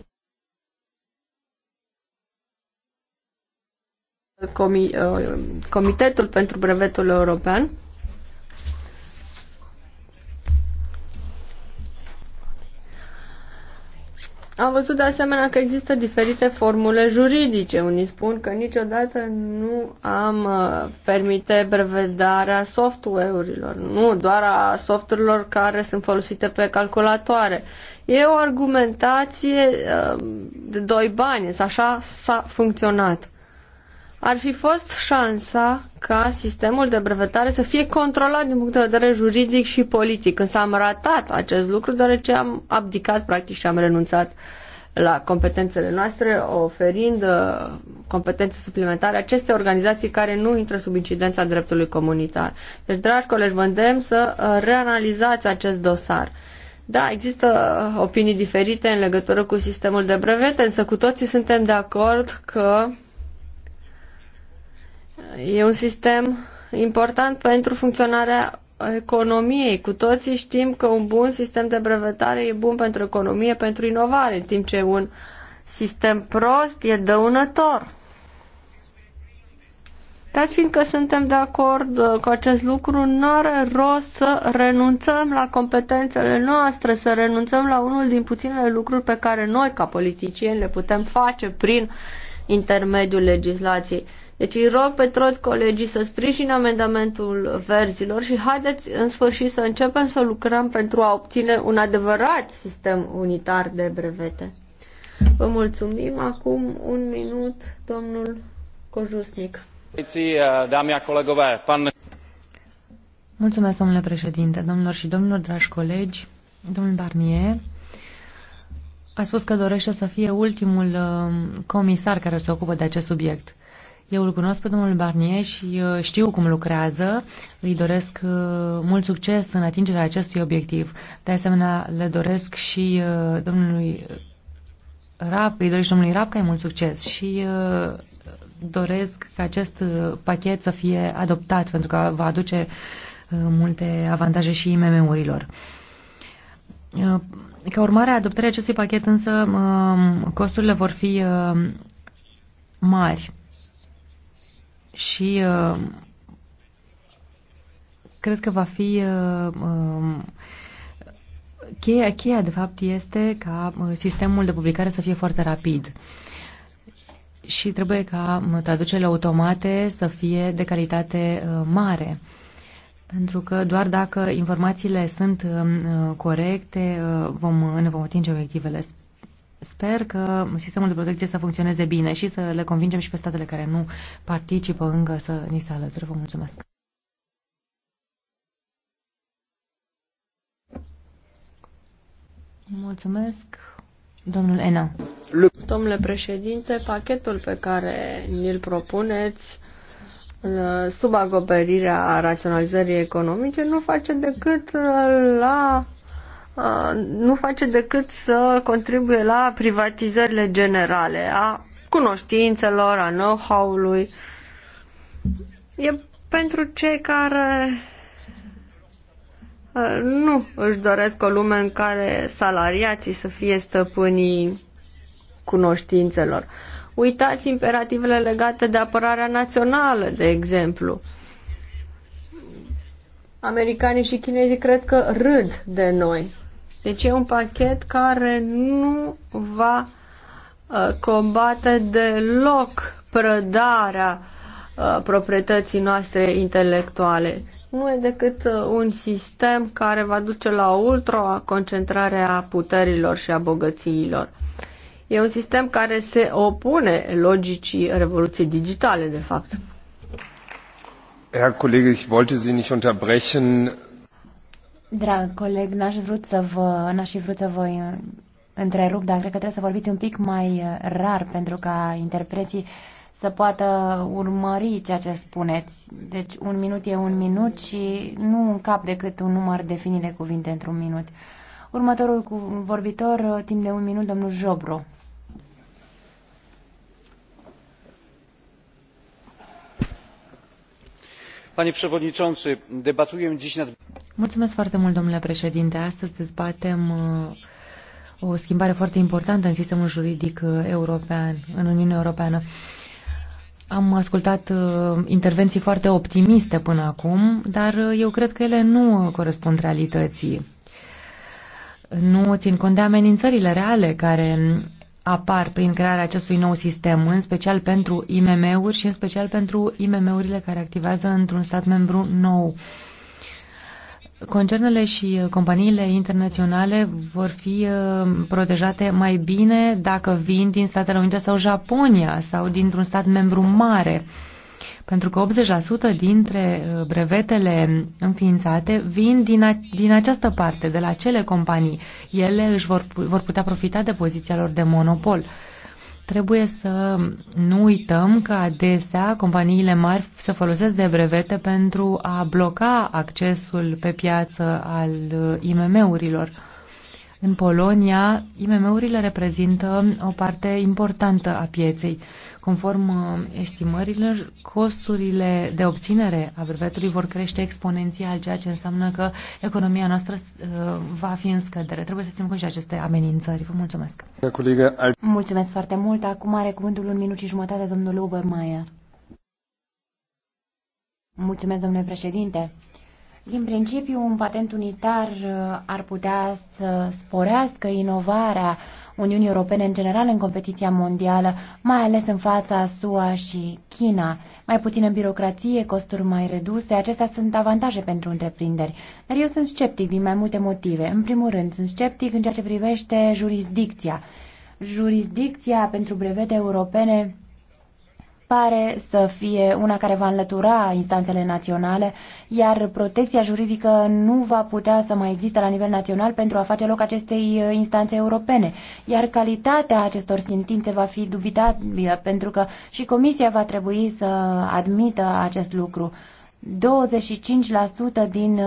uh, Comitetul pentru Brevetul European Am văzut de asemenea că există diferite formule juridice. Unii spun că niciodată nu am uh, permite brevedarea software-urilor, nu doar a software-urilor care sunt folosite pe calculatoare. E o argumentație uh, de doi bani, așa s-a funcționat ar fi fost șansa ca sistemul de brevetare să fie controlat din punct de vedere juridic și politic. Însă am ratat acest lucru deoarece am abdicat practic și am renunțat la competențele noastre, oferind uh, competențe suplimentare aceste organizații care nu intră sub incidența dreptului comunitar. Deci, dragi colegi, vă îndemn să uh, reanalizați acest dosar. Da, există uh, opinii diferite în legătură cu sistemul de brevete, însă cu toții suntem de acord că E un sistem important pentru funcționarea economiei. Cu toții știm că un bun sistem de brevetare e bun pentru economie, pentru inovare, în timp ce un sistem prost e dăunător. Dat fiindcă suntem de acord uh, cu acest lucru, nu are rost să renunțăm la competențele noastre, să renunțăm la unul din puținele lucruri pe care noi, ca politicieni, le putem face prin intermediul legislației. Deci îi rog pe toți colegii să sprijină amendamentul verzilor și haideți în sfârșit să începem să lucrăm pentru a obține un adevărat sistem unitar de brevete. Vă mulțumim. Acum un minut, domnul Cojusnic. Mulțumesc, domnule președinte, domnilor și domnilor, dragi colegi, domnul Barnier. A spus că dorește să fie ultimul uh, comisar care se ocupă de acest subiect. Eu îl cunosc pe domnul Barnier și uh, știu cum lucrează. Îi doresc uh, mult succes în atingerea acestui obiectiv. De asemenea, le doresc și uh, domnului Rap, îi doresc domnului Rap că ai mult succes și doresc ca acest pachet să fie adoptat pentru că va aduce multe avantaje și IMM-urilor. Ca urmare a adoptării acestui pachet însă um, costurile vor fi mari și uh, cred că va fi uh, um, cheia, cheia de fapt este ca uh, sistemul de publicare să fie foarte rapid și trebuie ca um, traducerile automate să fie de calitate mare. Pentru că doar dacă informațiile sunt um, corecte vom, ne vom atinge obiectivele. Sper că sistemul de protecție să funcționeze bine și să le convingem și pe statele care nu participă încă să ni se alăture. Vă mulțumesc! Mulțumesc, domnul Ena. Domnule președinte, pachetul pe care ni-l propuneți uh, sub acoperirea raționalizării economice nu face decât uh, la Uh, nu face decât să contribuie la privatizările generale, a cunoștințelor, a know-how-ului. E pentru cei care uh, nu își doresc o lume în care salariații să fie stăpânii cunoștințelor. Uitați imperativele legate de apărarea națională, de exemplu. Americanii și chinezii cred că râd de noi. Deci e un pachet care nu va uh, combate deloc prădarea uh, proprietății noastre intelectuale. Nu e decât uh, un sistem care va duce la ultra concentrare a puterilor și a bogățiilor. E un sistem care se opune logicii revoluției digitale, de fapt. Herr Kollege, ich wollte Sie nicht unterbrechen. Drag coleg, n-aș vrut să vă, n-aș fi vrut să vă întrerup, dar cred că trebuie să vorbiți un pic mai uh, rar pentru ca interpreții să poată urmări ceea ce spuneți. Deci un minut e un minut și nu un cap decât un număr definit de cuvinte într-un minut. Următorul cu vorbitor, uh, timp de un minut, domnul Jobro. panie przewodniczący! debatujemy dziś nad. domnule președinte astăzi dezbatem uh, o schimbare foarte importantă în sistemul juridic uh, european în uniunea europeană. Am ascultat uh, intervenții foarte optimiste până acum, dar eu cred că ele nu corespund realității. Nu țin cont de amenințările reale care apar prin crearea acestui nou sistem, în special pentru IMM-uri și în special pentru IMM-urile care activează într-un stat membru nou. Concernele și uh, companiile internaționale vor fi uh, protejate mai bine dacă vin din Statele Unite sau Japonia sau dintr-un stat membru mare pentru că 80% dintre uh, brevetele înființate vin din, a, din această parte, de la cele companii. Ele își vor, vor putea profita de poziția lor de monopol. Trebuie să nu uităm că adesea companiile mari se folosesc de brevete pentru a bloca accesul pe piață al uh, IMM-urilor. În Polonia, IMM-urile reprezintă o parte importantă a pieței. Conform uh, estimărilor, costurile de obținere a brevetului vor crește exponențial, ceea ce înseamnă că economia noastră uh, va fi în scădere. Trebuie să ținem cu și aceste amenințări. Vă mulțumesc. Mulțumesc foarte mult. Acum are cuvântul un minut și jumătate domnul Ubermeier. Mulțumesc, domnule președinte. Din principiu, un patent unitar uh, ar putea să sporească inovarea Uniunii Europene în general în competiția mondială, mai ales în fața SUA și China. Mai puțină birocrație, costuri mai reduse, acestea sunt avantaje pentru întreprinderi. Dar eu sunt sceptic din mai multe motive. În primul rând, sunt sceptic în ceea ce privește jurisdicția. Jurisdicția pentru brevete europene pare să fie una care va înlătura instanțele naționale, iar protecția juridică nu va putea să mai existe la nivel național pentru a face loc acestei uh, instanțe europene. Iar calitatea acestor sentințe va fi dubitabilă, pentru că și Comisia va trebui să admită acest lucru. 25% din uh,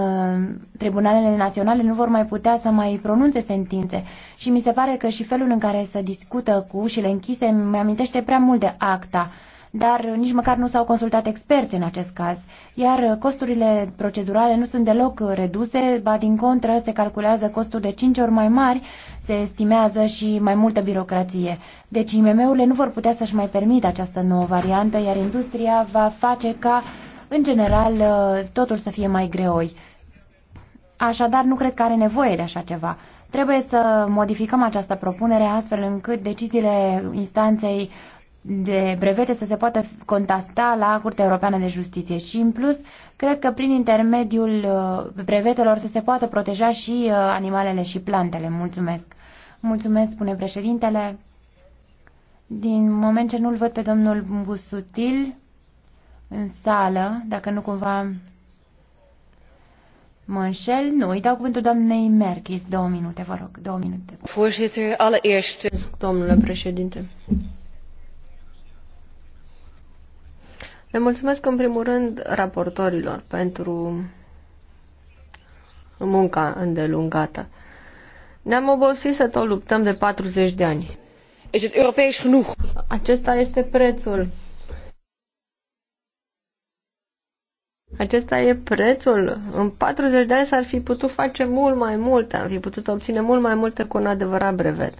tribunalele naționale nu vor mai putea să mai pronunțe sentințe. Și mi se pare că și felul în care se discută cu ușile închise mi amintește prea mult de acta dar nici măcar nu s-au consultat experți în acest caz. Iar costurile procedurale nu sunt deloc reduse, ba din contră se calculează costuri de 5 ori mai mari, se estimează și mai multă birocrație. Deci IMM-urile nu vor putea să-și mai permită această nouă variantă, iar industria va face ca, în general, totul să fie mai greoi. Așadar, nu cred că are nevoie de așa ceva. Trebuie să modificăm această propunere astfel încât deciziile instanței de brevete să se poată contesta la Curtea Europeană de Justiție și, în plus, cred că prin intermediul uh, brevetelor să se poată proteja și uh, animalele și plantele. Mulțumesc! Mulțumesc, spune președintele. Din moment ce nu-l văd pe domnul Busutil în sală, dacă nu cumva mă înșel, nu, îi dau cuvântul doamnei Merkis. Două minute, vă rog, două minute. Domnule președinte, Le mulțumesc în primul rând raportorilor pentru munca îndelungată. Ne-am obosit să tot luptăm de 40 de ani. Is het Europees genoeg? Acesta este prețul. Acesta e prețul. În 40 de ani s-ar fi putut face mult mai mult, am fi putut obține mult mai multe cu un adevărat brevet.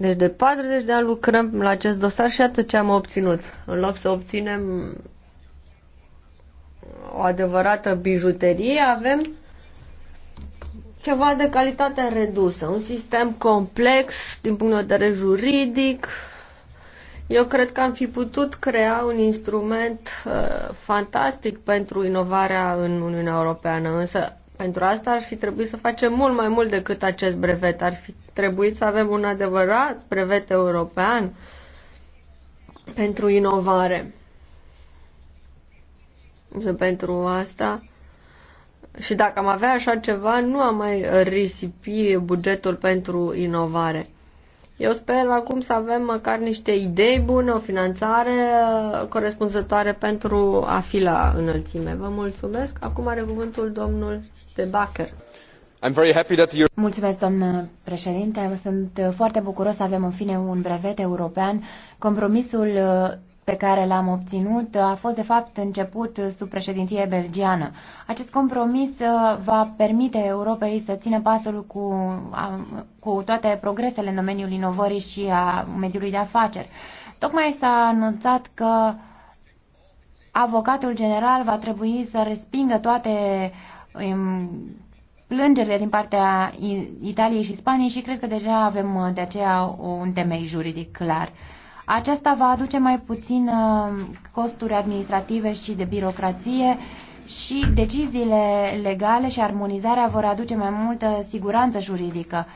Deci de 40 de ani lucrăm la acest dosar și atât ce am obținut. În loc să obținem o adevărată bijuterie, avem ceva de calitate redusă, un sistem complex din punct de vedere juridic. Eu cred că am fi putut crea un instrument uh, fantastic pentru inovarea în Uniunea Europeană, însă pentru asta ar fi trebuit să facem mult mai mult decât acest brevet. Ar fi trebuit să avem un adevărat brevet european pentru inovare. Pentru asta și dacă am avea așa ceva, nu am mai risipi bugetul pentru inovare. Eu sper acum să avem măcar niște idei bune, o finanțare corespunzătoare pentru a fi la înălțime. Vă mulțumesc. Acum are cuvântul domnul Bacher. I'm very happy that you... Mulțumesc, doamnă președinte. Sunt foarte bucuros să avem în fine un brevet european. Compromisul uh, pe care l-am obținut uh, a fost de fapt început sub președinție belgiană. Acest compromis uh, va permite Europei să țină pasul cu, cu toate progresele în domeniul inovării și a mediului de afaceri. Tocmai s-a anunțat că avocatul general va trebui să respingă toate uh, plângerile din partea Italiei și Spaniei și cred că deja avem uh, de aceea un temei juridic clar. Aceasta va aduce mai puțin uh, costuri administrative și de birocrație și deciziile legale și armonizarea vor aduce mai multă siguranță juridică.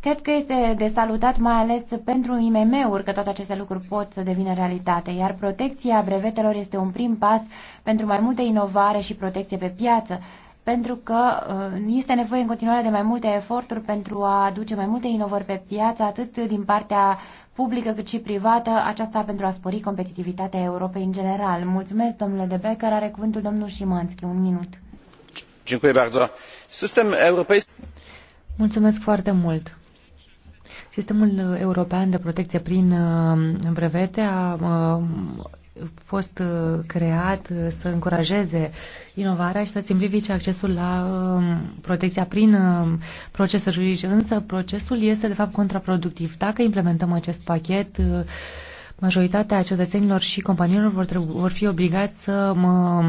Cred că este de salutat mai ales pentru IMM-uri că toate aceste lucruri pot să devină realitate, iar protecția brevetelor este un prim pas pentru mai multă inovare și protecție pe piață pentru că uh, este nevoie în continuare de mai multe eforturi pentru a aduce mai multe inovări pe piață, atât din partea publică cât și privată, aceasta pentru a spori competitivitatea Europei în general. Mulțumesc, domnule De Becker. Are cuvântul domnul Șimanski. Un minut. Mulțumesc foarte mult. Sistemul european de protecție prin uh, brevete a uh, fost uh, creat uh, să încurajeze inovarea și să simplifice accesul la um, protecția prin um, procese juridice, însă procesul este de fapt contraproductiv. Dacă implementăm acest pachet, uh, majoritatea cetățenilor și companiilor vor, vor fi obligați să mă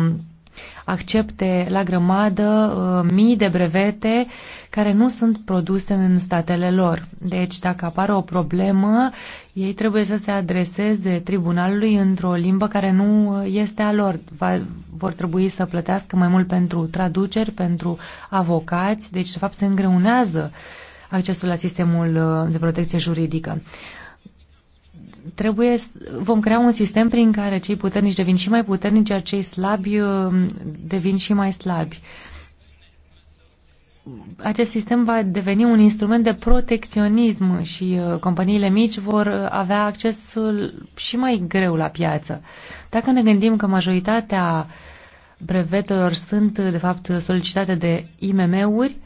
accepte la grămadă uh, mii de brevete care nu sunt produse în statele lor. Deci, dacă apare o problemă, ei trebuie să se adreseze tribunalului într-o limbă care nu uh, este a lor. Va, vor trebui să plătească mai mult pentru traduceri, pentru avocați, deci, de fapt, se îngreunează accesul la sistemul uh, de protecție juridică trebuie, vom crea un sistem prin care cei puternici devin și mai puternici, iar cei slabi um, devin și mai slabi. Acest sistem va deveni un instrument de protecționism și uh, companiile mici vor uh, avea accesul și mai greu la piață. Dacă ne gândim că majoritatea brevetelor sunt, de fapt, solicitate de IMM-uri,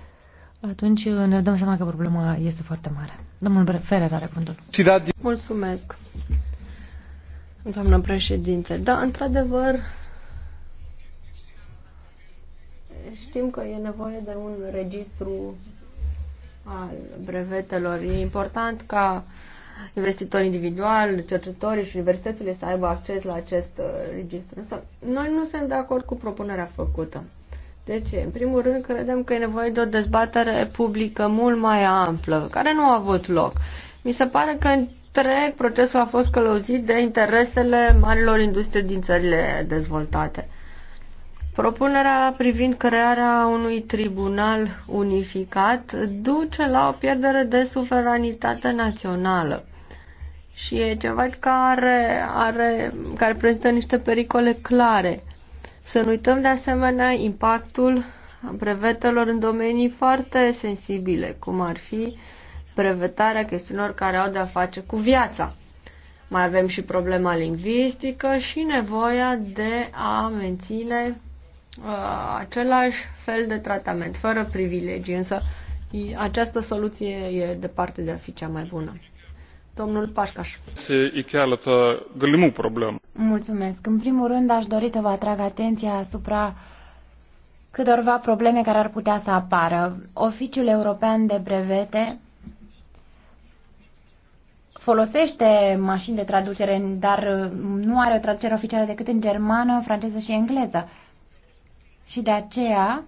atunci uh, ne dăm seama că problema este foarte mare. Domnul Ferrer are cuvântul. Mulțumesc. Doamnă președinte, da, într-adevăr, știm că e nevoie de un registru al brevetelor. E important ca investitori individuali, cercetătorii și universitățile să aibă acces la acest uh, registru. Însă, noi nu suntem de acord cu propunerea făcută. De ce? În primul rând, credem că e nevoie de o dezbatere publică mult mai amplă, care nu a avut loc. Mi se pare că în întreg procesul a fost călăuzit de interesele marilor industrie din țările dezvoltate. Propunerea privind crearea unui tribunal unificat duce la o pierdere de suveranitate națională și e ceva care, are, care prezintă niște pericole clare. Să nu uităm de asemenea impactul brevetelor în domenii foarte sensibile, cum ar fi uh, brevetarea chestiunilor care au de-a face cu viața. Mai avem și problema lingvistică și nevoia de a menține uh, același fel de tratament, fără privilegii, însă această soluție e departe de a fi cea mai bună. Domnul Pașcaș. Mulțumesc. În primul rând, aș dori să vă atrag atenția asupra câtorva probleme care ar putea să apară. Oficiul European de Brevete folosește mașini de traducere, dar uh, nu are o traducere oficială decât în germană, franceză și engleză. Și de aceea,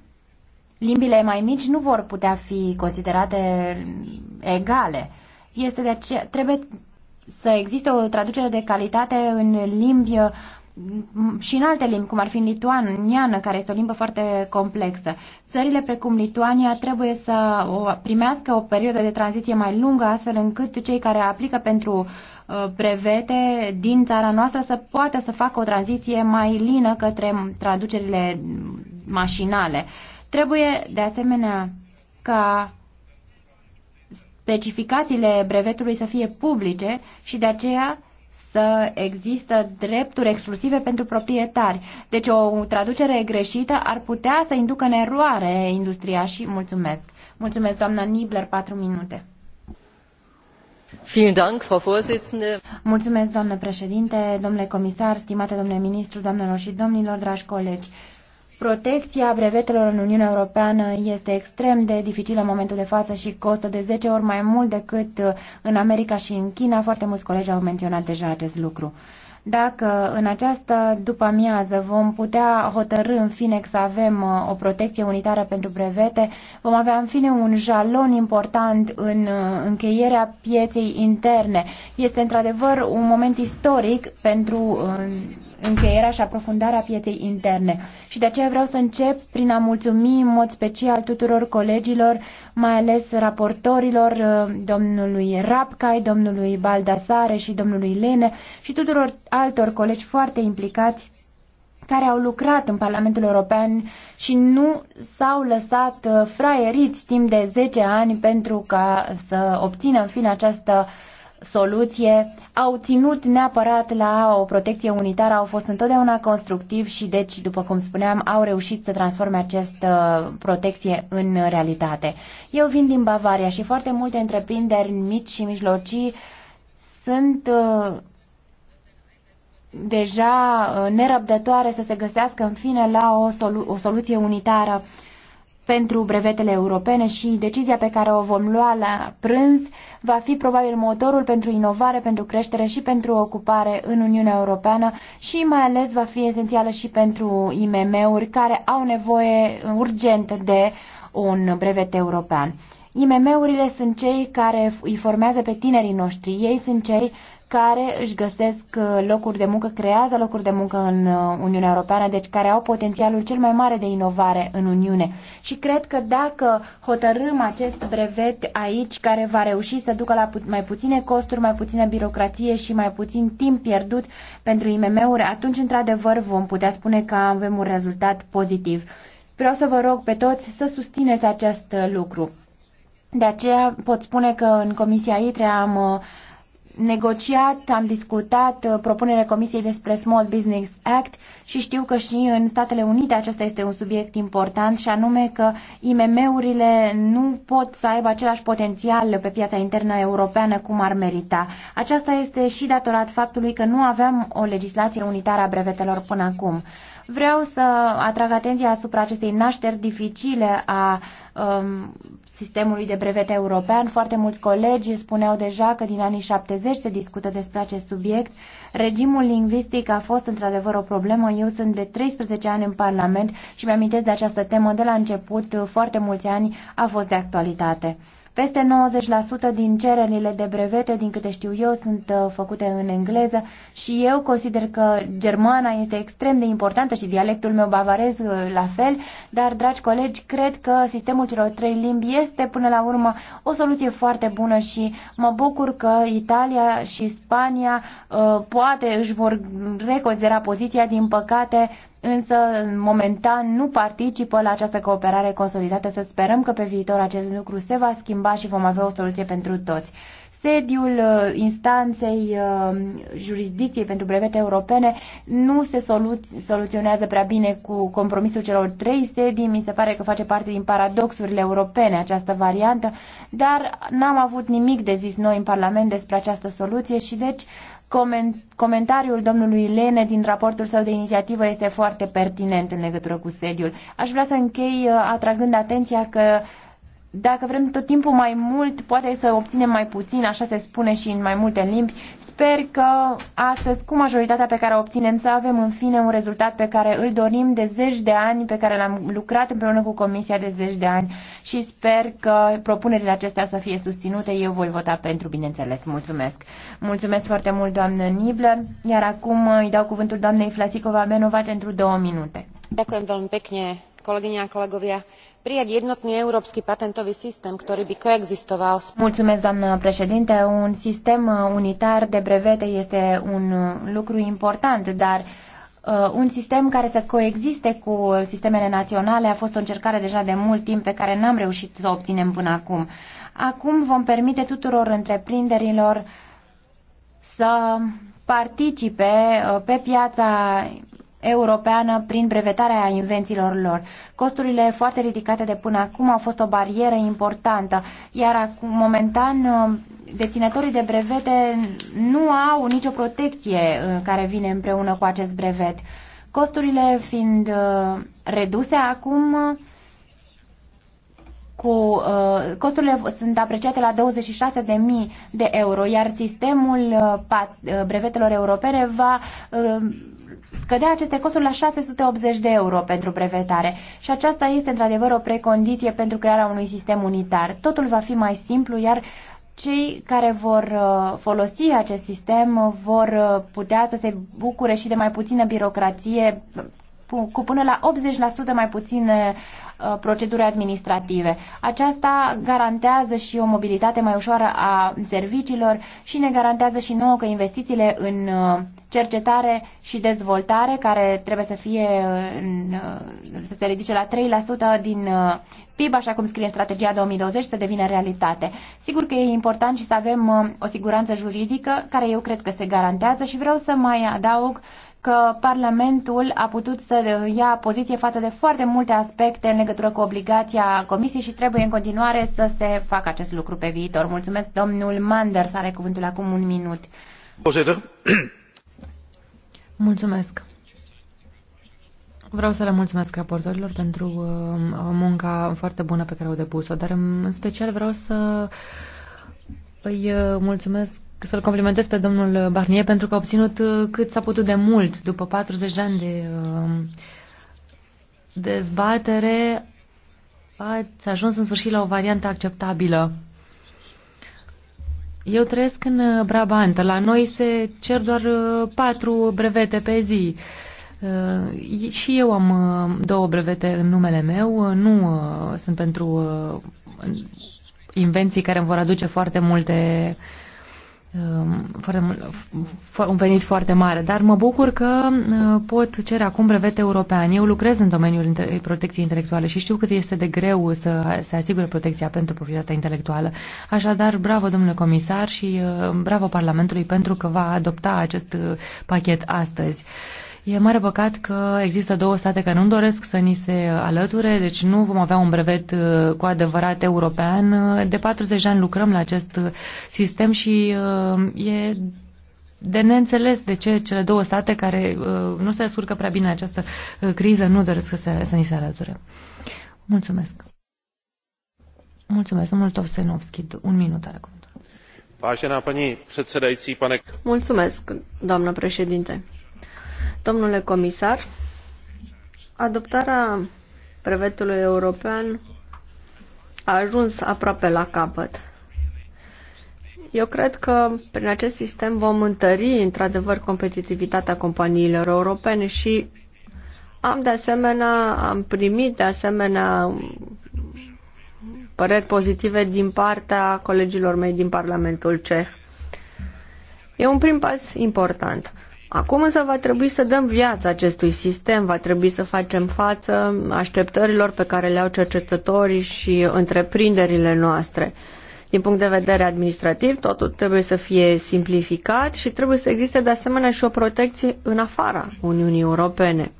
limbile mai mici nu vor putea fi considerate egale. Este de aceea, trebuie să existe o traducere de calitate în limbi uh, și în alte limbi, cum ar fi în lituaniană, care este o limbă foarte complexă. Țările precum Lituania trebuie să o primească o perioadă de tranziție mai lungă, astfel încât cei care aplică pentru uh, brevete din țara noastră să poată să facă o tranziție mai lină către traducerile mașinale. Trebuie, de asemenea, ca specificațiile brevetului să fie publice și de aceea să există drepturi exclusive pentru proprietari. Deci o traducere greșită ar putea să inducă în eroare industria și mulțumesc. Mulțumesc, doamna Nibler, patru minute. Mulțumesc, doamnă președinte, domnule comisar, stimate domnule ministru, doamnelor și domnilor, dragi colegi. Protecția brevetelor în Uniunea Europeană este extrem de dificilă în momentul de față și costă de 10 ori mai mult decât uh, în America și în China. Foarte mulți colegi au menționat deja acest lucru. Dacă în această după amiază vom putea hotărâ în fine că să avem uh, o protecție unitară pentru brevete, vom avea în fine un jalon important în uh, încheierea pieței interne. Este într-adevăr un moment istoric pentru încheierea și aprofundarea pieței interne. Și de aceea vreau să încep prin a mulțumi în mod special tuturor colegilor, mai ales raportorilor, uh, domnului Rapcai, domnului Baldasare și domnului Lene și tuturor altor colegi foarte implicați care au lucrat în Parlamentul European și nu s-au lăsat uh, fraieriți timp de 10 ani pentru ca să obțină în fine această uh, soluție au ținut neapărat la o protecție unitară, au fost întotdeauna constructivi și deci, după cum spuneam, au reușit să transforme această uh, protecție în realitate. Eu vin din Bavaria și foarte multe întreprinderi mici și mijlocii sunt uh, deja uh, nerăbdătoare să se găsească în fine la o, solu- o soluție unitară pentru brevetele europene și decizia pe care o vom lua la prânz va fi probabil motorul pentru inovare, pentru creștere și pentru ocupare în Uniunea Europeană și mai ales va fi esențială și pentru IMM-uri care au nevoie urgent de un brevet european. IMM-urile sunt cei care îi formează pe tinerii noștri, ei sunt cei care își găsesc uh, locuri de muncă, creează locuri de muncă în uh, Uniunea Europeană, deci care au potențialul cel mai mare de inovare în Uniune. Și cred că dacă hotărâm acest brevet aici, care va reuși să ducă la mai puține costuri, mai puțină birocrație și mai puțin timp pierdut pentru IMM-uri, atunci, într-adevăr, vom putea spune că avem un rezultat pozitiv. Vreau să vă rog pe toți să susțineți acest uh, lucru. De aceea pot spune că în Comisia ITRE am negociat, am discutat uh, propunerea Comisiei despre Small Business Act și știu că și în Statele Unite acesta este un subiect important și anume că IMM-urile nu pot să aibă același potențial pe piața internă europeană cum ar merita. Aceasta este și datorat faptului că nu aveam o legislație unitară a brevetelor până acum. Vreau să atrag atenția asupra acestei nașteri dificile a um, sistemului de brevet european. Foarte mulți colegi spuneau deja că din anii 70 se discută despre acest subiect. Regimul lingvistic a fost într-adevăr o problemă. Eu sunt de 13 ani în Parlament și mi-amintesc de această temă de la început. Foarte mulți ani a fost de actualitate. Peste 90% din cererile de brevete, din câte știu eu, sunt uh, făcute în engleză și eu consider că germana este extrem de importantă și dialectul meu bavarez uh, la fel, dar, dragi colegi, cred că sistemul celor trei limbi este, până la urmă, o soluție foarte bună și mă bucur că Italia și Spania uh, poate își vor reconsidera poziția, din păcate, însă momentan nu participă la această cooperare consolidată. Să sperăm că pe viitor acest lucru se va schimba și vom avea o soluție pentru toți. Sediul uh, instanței uh, jurisdicției pentru brevete europene nu se solu- soluționează prea bine cu compromisul celor trei sedii. Mi se pare că face parte din paradoxurile europene această variantă, dar n-am avut nimic de zis noi în Parlament despre această soluție și deci uh, comentariul domnului Lene din raportul său de inițiativă este foarte pertinent în legătură cu sediul. Aș vrea să închei uh, atragând atenția că dacă vrem tot timpul mai mult, poate să obținem mai puțin, așa se spune și în mai multe limbi. Sper că astăzi, cu majoritatea pe care o obținem, să avem în fine un rezultat pe care îl dorim de zeci de ani, pe care l-am lucrat împreună cu Comisia de zeci de ani și sper că propunerile acestea să fie susținute. Eu voi vota pentru, bineînțeles. Mulțumesc! Mulțumesc foarte mult, doamnă Nibler, iar acum îi dau cuvântul doamnei Flasicova Menova pentru două minute. Mulțumesc, doamnă pekne, kolegyne a kolegovia prijať jednotný európsky patentový systém, ktorý by koexistoval... Mulțumesc, doamnă președinte. Un sistem uh, unitar de brevete este un uh, lucru important, dar uh, un sistem care să coexiste cu sistemele naționale a fost o încercare deja de mult timp pe care n-am reușit să o obținem până acum. Acum vom permite tuturor întreprinderilor să participe pe piața europeană prin brevetarea invențiilor lor. Costurile foarte ridicate de până acum au fost o barieră importantă, iar acum, momentan deținătorii de brevete nu au nicio protecție uh, care vine împreună cu acest brevet. Costurile fiind uh, reduse acum, cu uh, costurile sunt apreciate la 26.000 de euro, iar sistemul uh, pat, uh, brevetelor europene va uh, scădea aceste costuri la 680 de euro pentru brevetare și aceasta este într-adevăr o precondiție pentru crearea unui sistem unitar. Totul va fi mai simplu, iar cei care vor uh, folosi acest sistem uh, vor uh, putea să se bucure și de mai puțină birocrație cu până la 80% mai puține uh, proceduri administrative. Aceasta garantează și o mobilitate mai ușoară a serviciilor și ne garantează și nouă că investițiile în uh, cercetare și dezvoltare, care trebuie să fie uh, să se ridice la 3% din PIB, așa cum scrie strategia 2020, să devină realitate. Sigur că e important și să avem o siguranță juridică, care eu cred că se garantează și vreau să mai adaug că Parlamentul a putut să ia poziție față de foarte multe aspecte în legătură cu obligația Comisiei și trebuie în continuare să se facă acest lucru pe viitor. Mulțumesc, domnul Manders are cuvântul acum un minut. Mulțumesc. Vreau să le mulțumesc raportorilor pentru uh, munca foarte bună pe care au depus-o, dar în special vreau să îi uh, mulțumesc să-l complimentez pe domnul Barnier pentru că a obținut uh, cât s-a putut de mult după 40 de ani de uh, dezbatere. Ați ajuns în sfârșit la o variantă acceptabilă. Eu trăiesc în uh, Brabant. La noi se cer doar patru brevete pe zi. Și eu am două brevete în numele meu. Nu sunt pentru invenții care îmi vor aduce foarte multe uh, Um, foarte, un venit foarte mare, dar mă bucur că uh, pot cere acum brevet european. Eu lucrez în domeniul protecției intelectuale și știu cât este de greu să se asigure protecția pentru proprietatea intelectuală. Așadar, bravo domnule comisar și uh, bravo Parlamentului pentru că va adopta acest uh, pachet astăzi. E mare păcat că există două state care nu doresc să ni se alăture, deci nu vom avea un brevet uh, cu adevărat european. Uh, de 40 de ani lucrăm la acest uh, sistem și e de neînțeles de ce cele două state care nu se surcă prea bine această criză nu doresc să, se, să ni se alăture. Mulțumesc. Mulțumesc, domnul Tovsenovski. Un minut are cuvântul. Vážená paní předsedající, pane... Mulțumesc, doamnă președinte. Domnule comisar, adoptarea brevetului european a ajuns aproape la capăt. Eu cred că prin acest sistem vom întări într-adevăr competitivitatea companiilor europene și am de asemenea, am primit de asemenea păreri pozitive din partea colegilor mei din Parlamentul Ceh. E un prim pas important. Acum însă va trebui să dăm viață acestui sistem, va trebui să facem față așteptărilor pe care le au cercetătorii și întreprinderile noastre. Din punct de vedere administrativ, totul trebuie să fie simplificat și trebuie să existe de asemenea și o protecție în afara Uniunii Europene.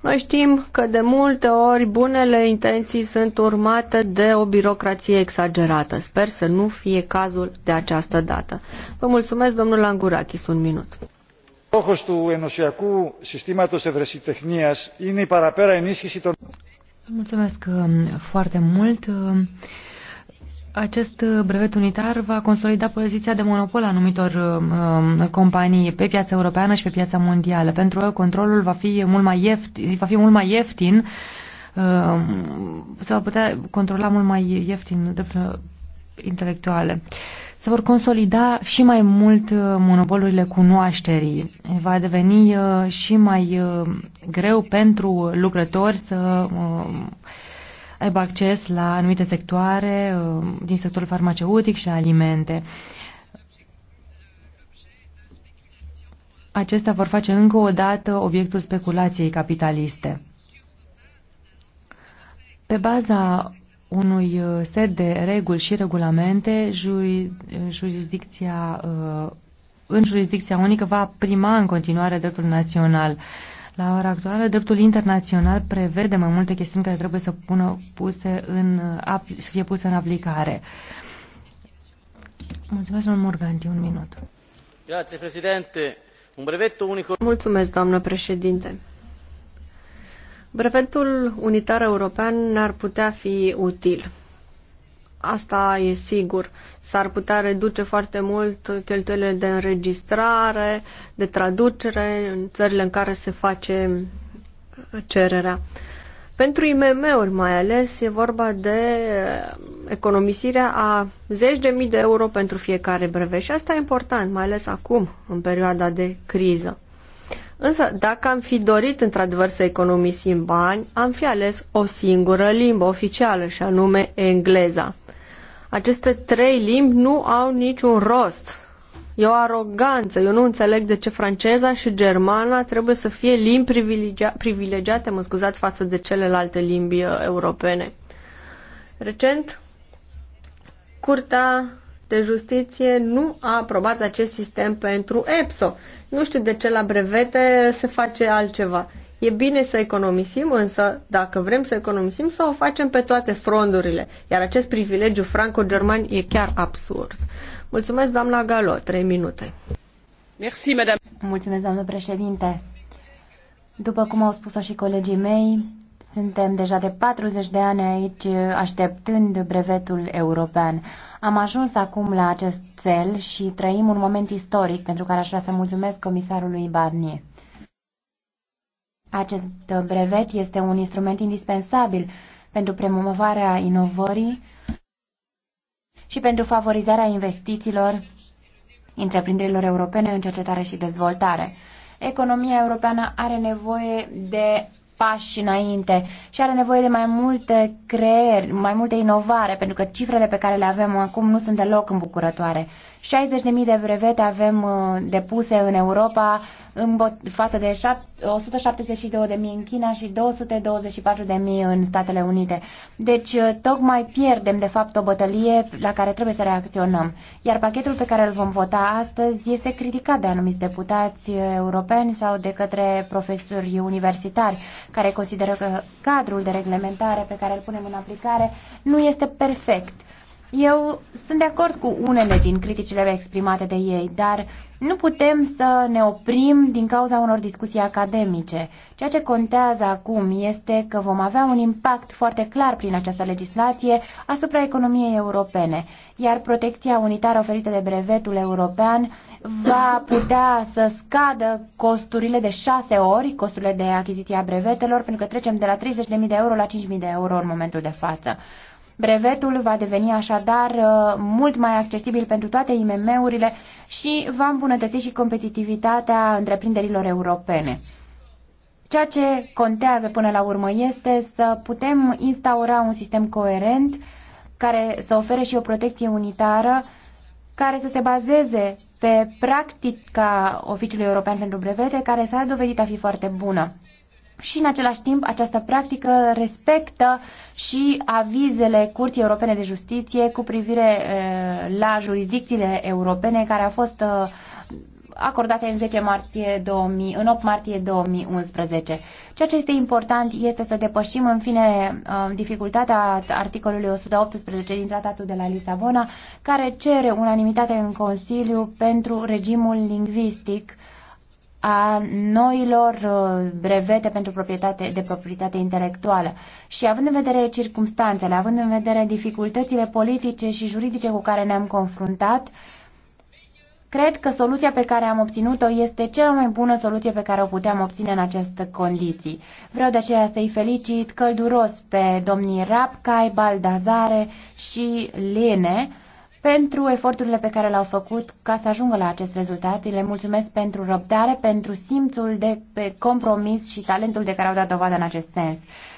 Noi știm că de multe ori bunele intenții sunt urmate de o birocrație exagerată. Sper să nu fie cazul de această dată. Vă mulțumesc, domnul Angurachis, un minut. Στόχος του ενωσιακού συστήματος ευρεσιτεχνίας είναι η παραπέρα ενίσχυση των... Mulțumesc uh, foarte mult. Uh, acest uh, brevet unitar va consolida poziția de monopol a anumitor companii pe piața europeană și pe piața mondială, pentru că controlul va fi mult mai ieftin, va fi mult mai ieftin se va putea controla mult mai ieftin intelectuale. Se vor consolida și mai mult uh, monopolurile cunoașterii. Va deveni uh, și mai uh, greu pentru lucrători să aibă acces la anumite sectoare din sectorul farmaceutic și alimente. Acestea vor face încă o dată obiectul speculației capitaliste. Pe baza unui uh, set de reguli și regulamente, jurisdicția, uh, în jurisdicția unică va prima în continuare dreptul național. La ora actuală, dreptul internațional prevede mai multe chestiuni care trebuie să, pună puse în, uh, să fie puse în aplicare. Mulțumesc, domnul Morganti, un minut. Grazie, președinte. Un brevetto unico... Mulțumesc, doamnă președinte. Brevetul unitar european ar putea fi util. Asta e sigur. S-ar putea reduce foarte mult cheltuielile de înregistrare, de traducere în țările în care se face cererea. Pentru IMM-uri mai ales e vorba de economisirea a zeci de mii de euro pentru fiecare brevet și asta e important, mai ales acum, în perioada de criză. Însă, dacă am fi dorit într-adevăr să economisim bani, am fi ales o singură limbă oficială, și anume engleza. Aceste trei limbi nu au niciun rost. E o aroganță. Eu nu înțeleg de ce franceza și germana trebuie să fie limbi privilegia- privilegiate, mă scuzați, față de celelalte limbi uh, europene. Recent, Curtea de Justiție nu a aprobat acest sistem pentru EPSO nu știu de ce la brevete se face altceva. E bine să economisim, însă dacă vrem să economisim, să o facem pe toate frondurile. Iar acest privilegiu franco-german e chiar absurd. Mulțumesc, doamna Galo, trei minute. Merci, madame. Mulțumesc, doamnă președinte. După cum au spus-o și colegii mei, suntem deja de 40 de ani aici așteptând brevetul european. Am ajuns acum la acest cel și trăim un moment istoric pentru care aș vrea să mulțumesc comisarului Barnier. Acest brevet este un instrument indispensabil pentru promovarea inovării și pentru favorizarea investițiilor întreprinderilor europene în cercetare și dezvoltare. Economia europeană are nevoie de pași înainte și are nevoie de mai multe creeri, mai multe inovare, pentru că cifrele pe care le avem acum nu sunt deloc îmbucurătoare. 60.000 de brevete avem uh, depuse în Europa în față de 172.000 în China și 224.000 în Statele Unite. Deci, uh, tocmai pierdem, de fapt, o bătălie la care trebuie să reacționăm. Iar pachetul pe care îl vom vota astăzi este criticat de anumiți deputați europeni sau de către profesori universitari, care consideră că cadrul de reglementare pe care îl punem în aplicare nu este perfect. Eu sunt de acord cu unele din criticile exprimate de ei, dar nu putem să ne oprim din cauza unor discuții academice. Ceea ce contează acum este că vom avea un impact foarte clar prin această legislație asupra economiei europene, iar protecția unitară oferită de brevetul european va putea să scadă costurile de șase ori, costurile de achiziție a brevetelor, pentru că trecem de la 30.000 de euro la 5.000 de euro în momentul de față. Brevetul va deveni așadar uh, mult mai accesibil pentru toate IMM-urile și va îmbunătăți și competitivitatea întreprinderilor europene. Ceea ce contează până la urmă este să putem instaura un sistem coerent care să ofere și o protecție unitară care să se bazeze pe practica Oficiului European pentru Brevete, care s-a dovedit a fi foarte bună și în același timp această practică respectă și avizele Curții Europene de Justiție cu privire la jurisdicțiile europene care au fost acordate în, 10 martie 2000, în 8 martie 2011. Ceea ce este important este să depășim în fine dificultatea articolului 118 din Tratatul de la Lisabona, care cere unanimitate în Consiliu pentru regimul lingvistic uh, a noilor uh, brevete pentru proprietate, de proprietate intelectuală. Și având în vedere circumstanțele, având în vedere dificultățile politice și juridice cu care ne-am confruntat, cred că soluția pe care am obținut-o este cea mai bună soluție pe care o puteam obține în aceste condiții. Vreau de aceea să-i felicit călduros pe domnii Rapcai, Baldazare și Lene, pentru eforturile pe care le-au făcut ca să ajungă la acest rezultat. Le mulțumesc pentru răbdare, pentru simțul de pe compromis și talentul de care au dat dovadă în acest sens.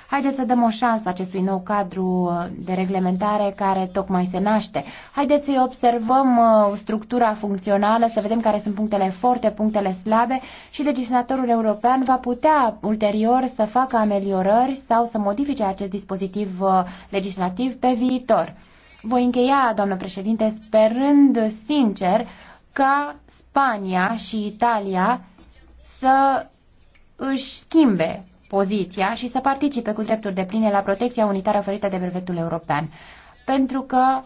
Haideți să dăm o șansă acestui nou cadru uh, de reglementare care tocmai se naște. Haideți să observăm uh, structura funcțională, să vedem care sunt punctele forte, punctele slabe și legislatorul european va putea ulterior să facă ameliorări sau să modifice acest dispozitiv uh, legislativ pe viitor. Voi încheia, doamnă președinte, sperând sincer ca Spania și Italia să își schimbe poziția și să participe cu drepturi de pline la protecția unitară oferită de brevetul european. Pentru că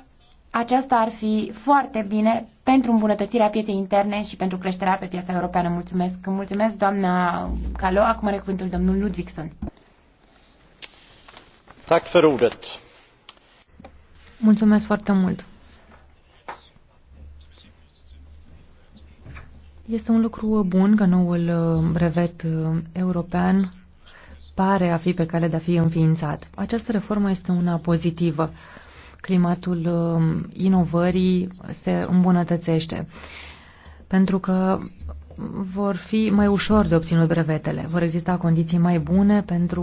aceasta ar fi foarte bine pentru îmbunătățirea pieței interne și pentru creșterea pe piața europeană. Mulțumesc! Mulțumesc, doamna Calo. Acum are cuvântul domnul Ludvigson. Tack för ordet. Mulțumesc foarte mult. Este un lucru bun că noul uh, brevet uh, european pare a fi pe cale de a fi înființat. Această reformă este una pozitivă. Climatul uh, inovării se îmbunătățește pentru că vor fi mai ușor de obținut brevetele. Vor exista condiții mai bune pentru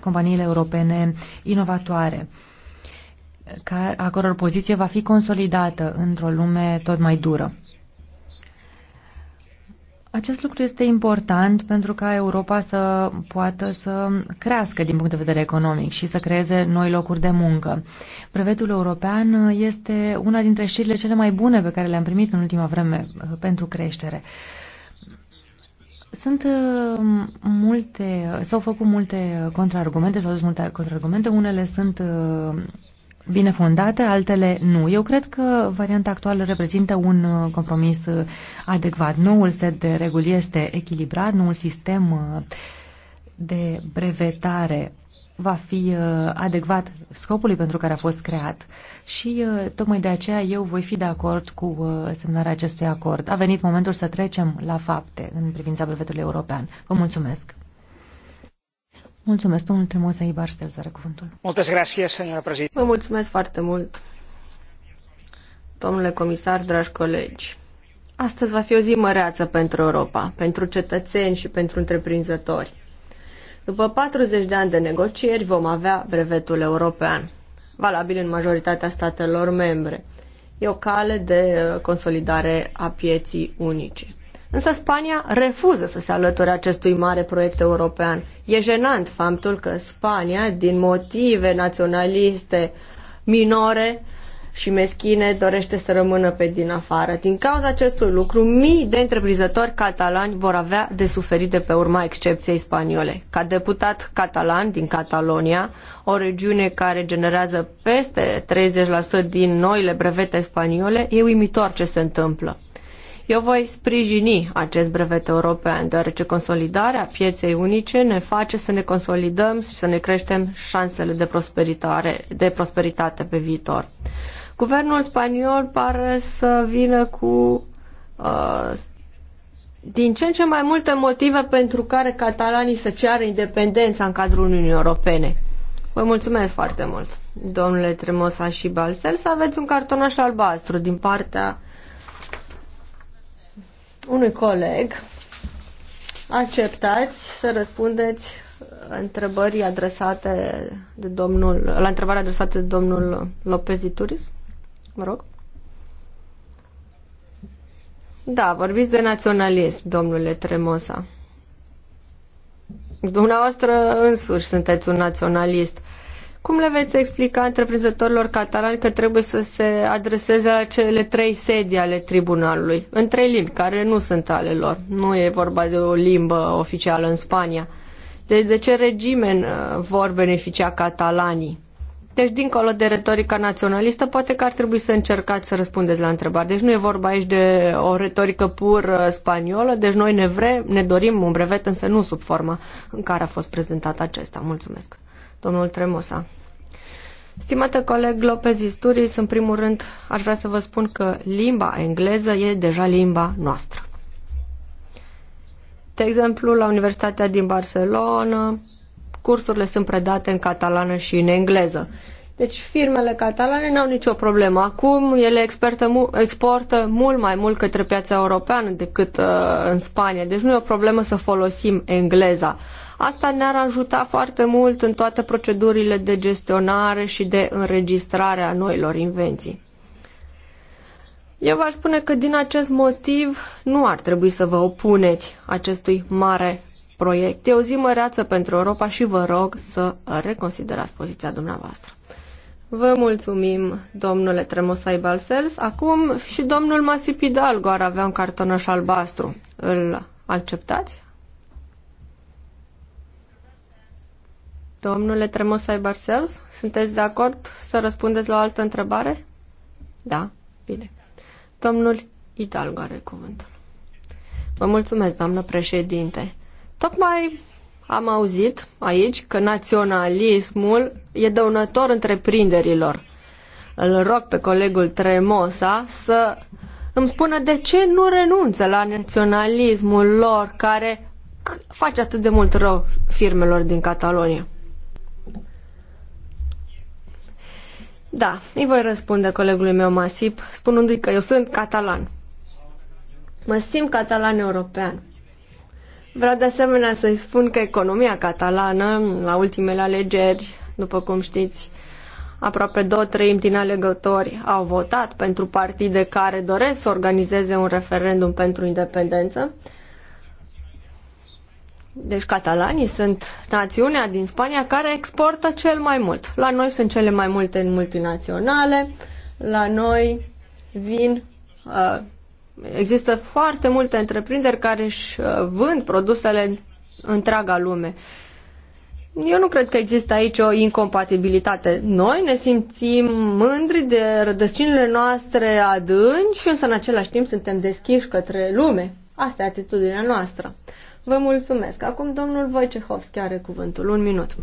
companiile europene inovatoare a căror poziție va fi consolidată într-o lume tot mai dură. Acest lucru este important pentru ca Europa să poată să crească din punct de vedere economic și să creeze noi locuri de muncă. Brevetul european este una dintre știrile cele mai bune pe care le-am primit în ultima vreme uh, pentru creștere. Sunt uh, multe, s-au făcut multe uh, contraargumente, s-au dus multe contraargumente, unele sunt bine fondate, altele nu. Eu cred că varianta actuală reprezintă un uh, compromis uh, adecvat. Noul set de reguli este echilibrat, noul sistem uh, de brevetare va fi adecvat scopului pentru care a fost creat și tocmai de aceea eu voi fi de acord cu semnarea acestui acord. A venit momentul să trecem la fapte în privința brevetului european. Vă mulțumesc! Mulțumesc, domnul Tremosa Ibarstel, să cuvântul. Vă mulțumesc foarte mult, domnule comisar, dragi colegi. Astăzi va fi o zi măreață pentru Europa, pentru cetățeni și pentru întreprinzători. După 40 de ani de negocieri vom avea brevetul european, valabil în majoritatea statelor membre. E o cale de consolidare a pieții unice. Însă Spania refuză să se alăture acestui mare proiect european. E jenant faptul că Spania, din motive naționaliste minore și meschine, dorește să rămână pe din afară. Din cauza acestui lucru, mii de întreprinzători catalani vor avea de suferit de pe urma excepției spaniole. Ca deputat catalan din Catalonia, o regiune care generează peste 30% din noile brevete spaniole, e uimitor ce se întâmplă eu voi sprijini acest brevet european, deoarece consolidarea pieței unice ne face să ne consolidăm și să ne creștem șansele de, prosperitare, de prosperitate pe viitor. Guvernul spaniol pare să vină cu uh, din ce în ce mai multe motive pentru care catalanii să ceară independența în cadrul Uniunii Europene. Vă mulțumesc foarte mult, domnule Tremosa și Balsel, să aveți un cartonaș albastru din partea unui coleg. Acceptați să răspundeți întrebării adresate de domnul, la întrebarea adresată de domnul Lopez Ituris? Mă rog. Da, vorbiți de naționalism, domnule Tremosa. Dumneavoastră însuși sunteți un naționalist. Cum le veți explica întreprinzătorilor catalani că trebuie să se adreseze la cele trei sedii ale tribunalului, în trei limbi, care nu sunt ale lor? Nu e vorba de o limbă oficială în Spania. De, deci, de ce regimen uh, vor beneficia catalanii? Deci, dincolo de retorica naționalistă, poate că ar trebui să încercați să răspundeți la întrebare. Deci nu e vorba aici de o retorică pur uh, spaniolă, deci noi ne, vrem, ne dorim un brevet, însă nu sub forma în care a fost prezentat acesta. Mulțumesc! domnul Tremosa. Stimată coleg Lopez Isturis, în primul rând aș vrea să vă spun că limba engleză e deja limba noastră. De exemplu, la Universitatea din Barcelona, cursurile sunt predate în catalană și în engleză. Deci firmele catalane n-au nicio problemă. Acum ele expertă, exportă mult mai mult către piața europeană decât uh, în Spania. Deci nu e o problemă să folosim engleza Asta ne-ar ajuta foarte mult în toate procedurile de gestionare și de înregistrare a noilor invenții. Eu v-aș spune că din acest motiv nu ar trebui să vă opuneți acestui mare proiect. E o zi măreață pentru Europa și vă rog să reconsiderați poziția dumneavoastră. Vă mulțumim, domnule Tremosai Balsels. Acum și domnul Masipidalgo ar avea un cartonaș albastru. Îl acceptați? Domnule Tremosai Barcells, sunteți de acord să răspundeți la o altă întrebare? Da, bine. Domnul Hidalgo are cuvântul. Vă mulțumesc, doamnă președinte. Tocmai am auzit aici că naționalismul e dăunător întreprinderilor. Îl rog pe colegul Tremosa să îmi spună de ce nu renunță la naționalismul lor care face atât de mult rău firmelor din Catalonia. Da, îi voi răspunde colegului meu Masip, spunându-i că eu sunt catalan. Mă simt catalan european. Vreau de asemenea să-i spun că economia catalană, la ultimele alegeri, după cum știți, aproape două treimi din alegători au votat pentru partide care doresc să organizeze un referendum pentru independență. Deci catalanii sunt națiunea din Spania care exportă cel mai mult. La noi sunt cele mai multe multinaționale, la noi vin, uh, există foarte multe întreprinderi care își uh, vând produsele în întreaga lume. Eu nu cred că există aici o incompatibilitate. Noi ne simțim mândri de rădăcinile noastre adânci, însă în același timp suntem deschiși către lume. Asta e atitudinea noastră. Uh, Vă mulțumesc. Acum domnul Wojciechowski are cuvântul. Un minut.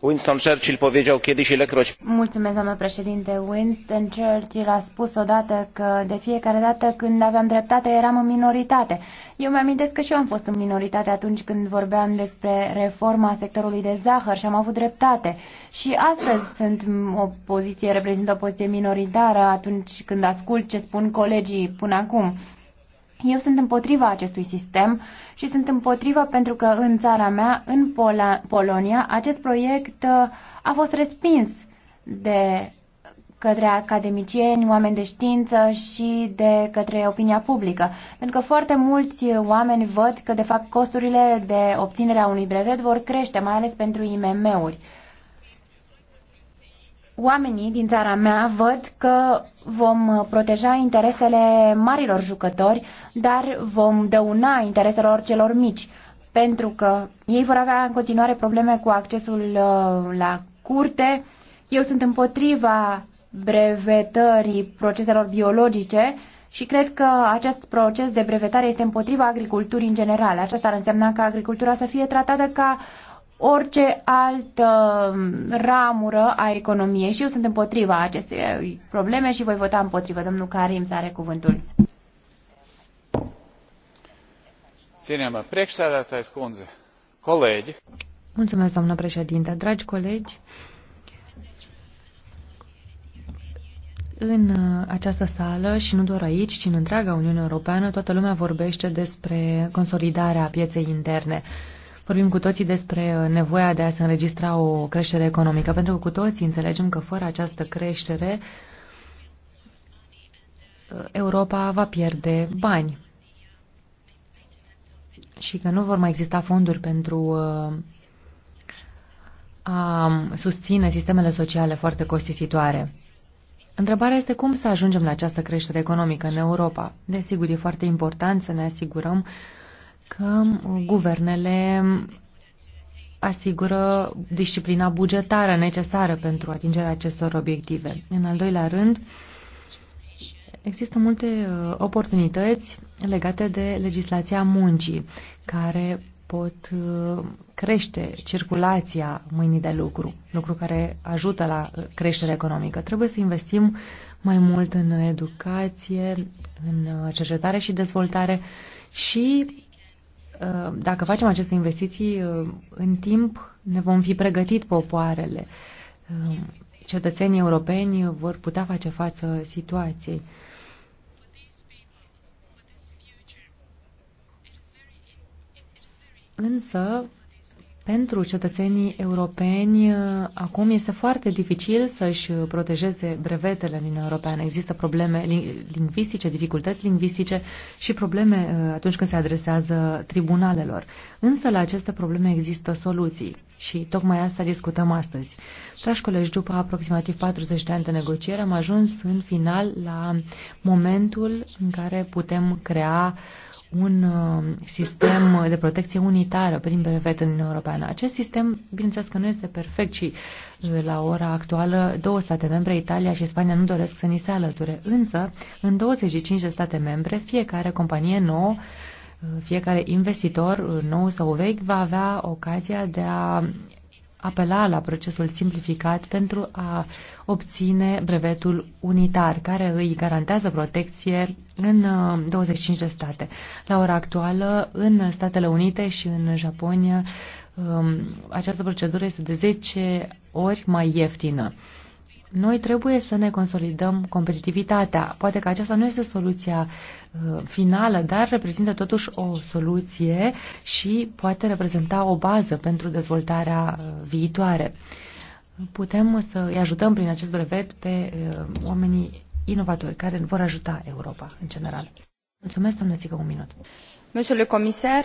Winston Churchill powiedział kiedyś ilekroć... Mulțumesc, doamnă președinte. Winston Churchill a spus odată că de fiecare dată când aveam dreptate eram în minoritate. Eu mi-amintesc că și eu am fost în minoritate atunci când vorbeam despre reforma sectorului de zahăr și am avut dreptate. Și astăzi sunt o poziție, reprezintă o poziție minoritară atunci când ascult ce spun colegii până acum. Eu sunt împotriva acestui sistem și sunt împotriva pentru că în țara mea, în Pol- Polonia, acest proiect uh, a fost respins de către academicieni, oameni de știință și de către opinia publică. Pentru că foarte mulți oameni văd că, de fapt, costurile de obținere a unui brevet vor crește, mai ales pentru IMM-uri oamenii din țara mea văd că vom proteja interesele marilor jucători, dar vom dăuna intereselor celor mici, pentru că ei vor avea în continuare probleme cu accesul uh, la curte. Eu sunt împotriva brevetării proceselor biologice și cred că acest proces de brevetare este împotriva agriculturii în general. Aceasta ar însemna ca agricultura să fie tratată ca orice altă ramură a economiei și eu sunt împotriva acestei probleme și voi vota împotriva. Domnul Karim are cuvântul. Ținem, ta, scunze, colegi. Mulțumesc, doamnă președinte. Dragi colegi, În această sală și nu doar aici, ci în întreaga Uniune Europeană, toată lumea vorbește despre consolidarea pieței interne. Vorbim cu toții despre uh, nevoia de a se înregistra o creștere economică, pentru că cu toții înțelegem că fără această creștere uh, Europa va pierde bani și că nu vor mai exista fonduri pentru uh, a susține sistemele sociale foarte costisitoare. Întrebarea este cum să ajungem la această creștere economică în Europa. Desigur, e foarte important să ne asigurăm uh, că uh, guvernele asigură disciplina bugetară necesară pentru atingerea acestor obiective. În al doilea rând, există multe uh, oportunități legate de legislația muncii, care pot uh, crește circulația mâinii de lucru, lucru care ajută la creșterea economică. Trebuie să investim mai mult în educație, în cercetare și dezvoltare și Uh, dacă facem aceste investiții uh, în timp, ne vom fi pregătit popoarele. Uh, cetățenii europeni vor putea face față situației. Însă, pentru cetățenii europeni, uh, acum este foarte dificil să-și protejeze brevetele în Uniunea Europeană. Există probleme lingvistice, dificultăți lingvistice și probleme uh, atunci când se adresează tribunalelor. Însă la aceste probleme există soluții și tocmai asta discutăm astăzi. Dragi colegi, după aproximativ 40 de ani de negociere, am ajuns în final la momentul în care putem crea uh, un uh, sistem de protecție unitară prin brevet în Uniunea Europeană. Acest sistem, bineînțeles că nu este perfect și uh, la ora actuală două state membre, Italia și Spania, nu doresc să ni se alăture. Însă, în 25 de state membre, fiecare companie nouă, uh, fiecare investitor nou sau vechi va avea ocazia de a apela la procesul simplificat pentru a obține brevetul unitar, care îi garantează protecție în 25 uh, de state. La ora actuală, în Statele Unite și în Japonia, um, această procedură este de 10 ori mai ieftină. Noi trebuie să ne consolidăm competitivitatea. Poate că aceasta nu este soluția uh, finală, dar reprezintă totuși o soluție și poate reprezenta o bază pentru dezvoltarea uh, viitoare. Putem să îi ajutăm prin acest brevet pe uh, oamenii inovatori care vor ajuta Europa în general. Mulțumesc, domnule Țică, un minut. Monsieur le comisar,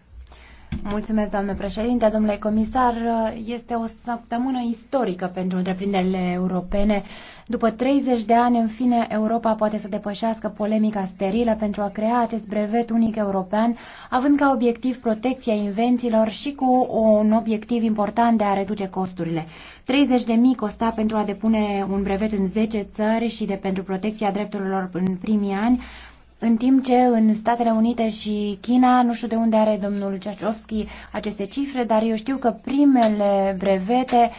Mulțumesc, doamnă președinte, domnule comisar. Este o săptămână istorică pentru întreprinderile europene. După 30 de ani, în fine, Europa poate să depășească polemica sterilă pentru a crea acest brevet unic european, având ca obiectiv protecția invențiilor și cu un obiectiv important de a reduce costurile. 30 de mii costa pentru a depune un brevet în 10 țări și de pentru protecția drepturilor în primii ani, în timp ce în Statele Unite și China, nu știu de unde are domnul Ceașovski aceste cifre, dar eu știu că primele brevete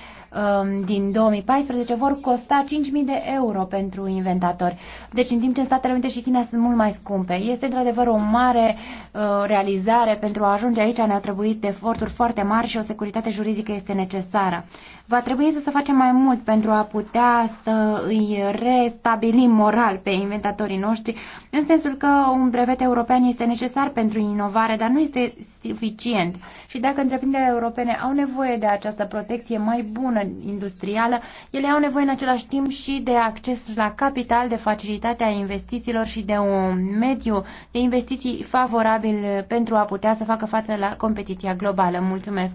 um, din 2014 vor costa 5.000 de euro pentru inventatori. Deci în timp ce în Statele Unite și China sunt mult mai scumpe. Este într-adevăr o mare uh, realizare pentru a ajunge aici ne-au trebuit eforturi foarte mari și o securitate juridică este necesară. Va trebui să, se facem mai mult pentru a putea să îi restabilim moral pe inventatorii noștri, în sensul că un brevet european este necesar pentru inovare, dar nu este suficient. Și dacă întreprinderile europene au nevoie de această protecție mai bună industrială, ele au nevoie în același timp și de acces la capital, de facilitatea investițiilor și de un mediu de investiții favorabil pentru a putea să facă față la competiția globală. Mulțumesc!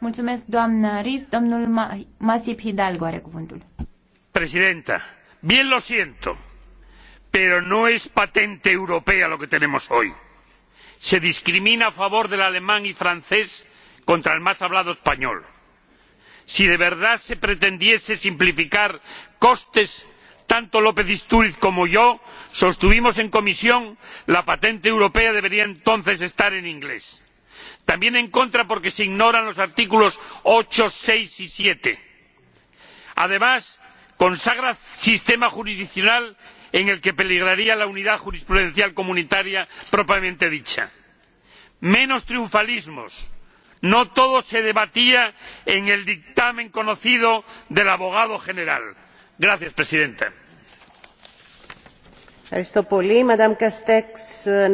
Mulțumesc, doamna Riz. Domnul Masip Hidalgo are cuvântul. Presidenta, bien lo siento, pero no es patente europea lo que tenemos hoy. Se discrimina a favor del alemán y francés contra el más hablado español. Si de verdad se pretendiese simplificar costes, tanto lópez istúriz como yo sostuvimos en comisión la patente europea debería entonces estar en inglés también en contra porque se ignoran los artículos ocho seis y. siete además consagra sistema jurisdiccional en el que peligraría la unidad jurisprudencial comunitaria propiamente dicha. menos triunfalismos no todo se debatía en el dictamen conocido del abogado general. gracias presidenta. Madame Castex euh,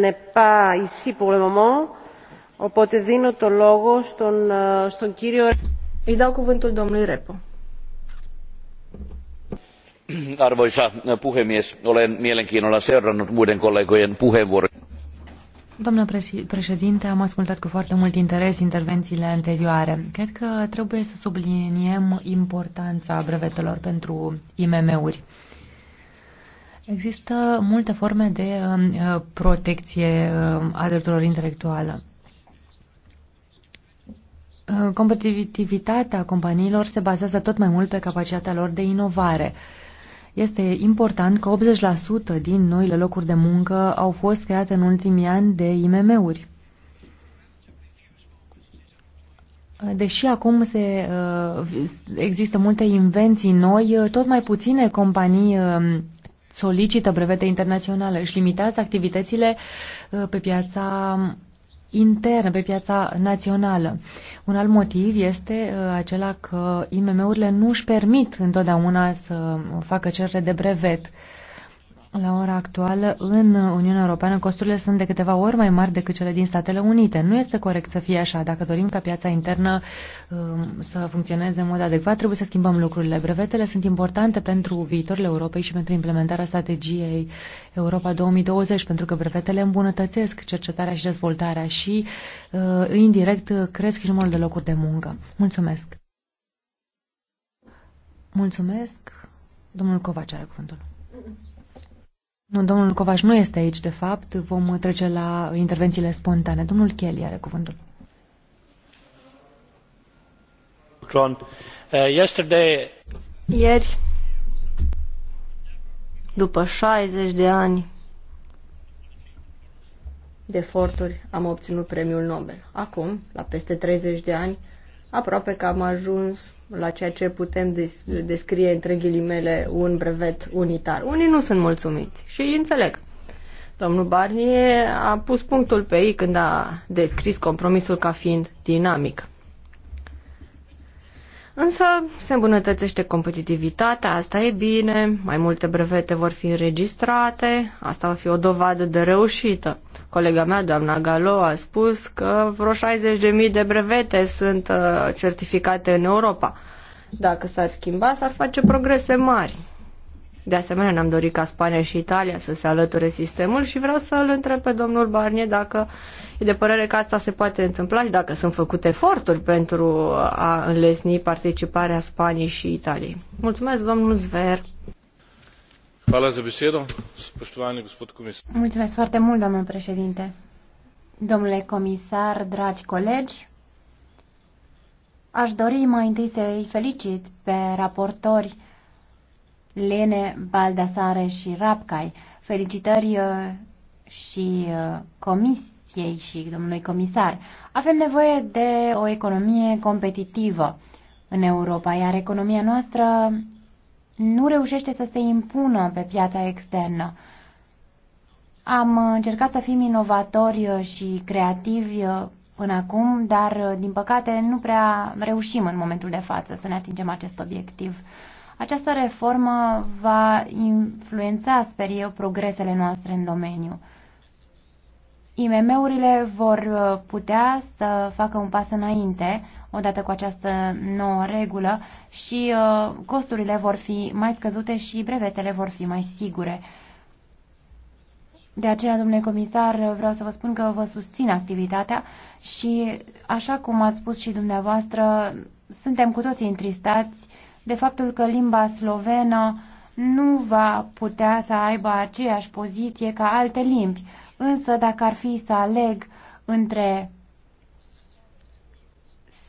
Οπότε δίνω το λόγο στον, στον κύριο... Îi dau cuvântul domnului Repo. Arvoisa puhemies, olen mielenkiinnolla seurannut muiden kollegojen puheenvuoroja. Doamnă președinte, am ascultat cu foarte mult interes intervențiile anterioare. Cred că trebuie să subliniem importanța brevetelor pentru IMM-uri. Există multe forme de ă, ă, protecție ă, a drepturilor intelectuale. Uh, competitivitatea companiilor se bazează tot mai mult pe capacitatea lor de inovare. Este important că 80% din noile locuri de muncă au fost create în ultimii ani de IMM-uri. Uh, deși acum se, uh, există multe invenții noi, tot mai puține companii um, solicită brevete internaționale, își limitează activitățile pe piața internă, pe piața națională. Un alt motiv este uh, acela că IMM-urile nu își permit întotdeauna să uh, facă cerere de brevet la ora actuală, în Uniunea Europeană, costurile sunt de câteva ori mai mari decât cele din Statele Unite. Nu este corect să fie așa. Dacă dorim ca piața internă um, să funcționeze în mod adecvat, trebuie să schimbăm lucrurile. Brevetele sunt importante pentru viitorul Europei și pentru implementarea strategiei Europa 2020, pentru că brevetele îmbunătățesc cercetarea și dezvoltarea și, uh, indirect, cresc și numărul de locuri de muncă. Mulțumesc! Mulțumesc! Domnul Covaci are cuvântul. Nu, domnul Covaș nu este aici, de fapt. Vom trece la intervențiile spontane. Domnul Kelly are cuvântul. John, uh, yesterday... Ieri, după 60 de ani de eforturi, am obținut premiul Nobel. Acum, la peste 30 de ani, aproape că am ajuns la ceea ce putem descrie între ghilimele un brevet unitar. Unii nu sunt mulțumiți și îi înțeleg. Domnul Barnier a pus punctul pe ei când a descris compromisul ca fiind dinamic. Însă se îmbunătățește competitivitatea, asta e bine, mai multe brevete vor fi înregistrate, asta va fi o dovadă de reușită. Colega mea, doamna Galo, a spus că vreo 60.000 de brevete sunt uh, certificate în Europa. Dacă s-ar schimba, s-ar face progrese mari. De asemenea, ne-am dorit ca Spania și Italia să se alăture sistemul și vreau să-l întreb pe domnul Barnier dacă e de părere că asta se poate întâmpla și dacă sunt făcute eforturi pentru a înlesni participarea Spaniei și Italiei. Mulțumesc, domnul Zver. Mulțumesc foarte mult, domnule președinte. Domnule comisar, dragi colegi, aș dori mai întâi să îi felicit pe raportori Lene, Baldasare și Rapcai. Felicitări uh, și uh, comisiei și domnului comisar. Avem nevoie de o economie competitivă în Europa, iar economia noastră nu reușește să se impună pe piața externă. Am încercat să fim inovatori și creativi până acum, dar din păcate nu prea reușim în momentul de față să ne atingem acest obiectiv. Această reformă va influența, sper eu, progresele noastre în domeniu. IMM-urile vor putea să facă un pas înainte, odată cu această nouă regulă și uh, costurile vor fi mai scăzute și brevetele vor fi mai sigure. De aceea, domnule comisar, vreau să vă spun că vă susțin activitatea și, așa cum ați spus și dumneavoastră, suntem cu toții întristați de faptul că limba slovenă nu va putea să aibă aceeași poziție ca alte limbi. Însă, dacă ar fi să aleg între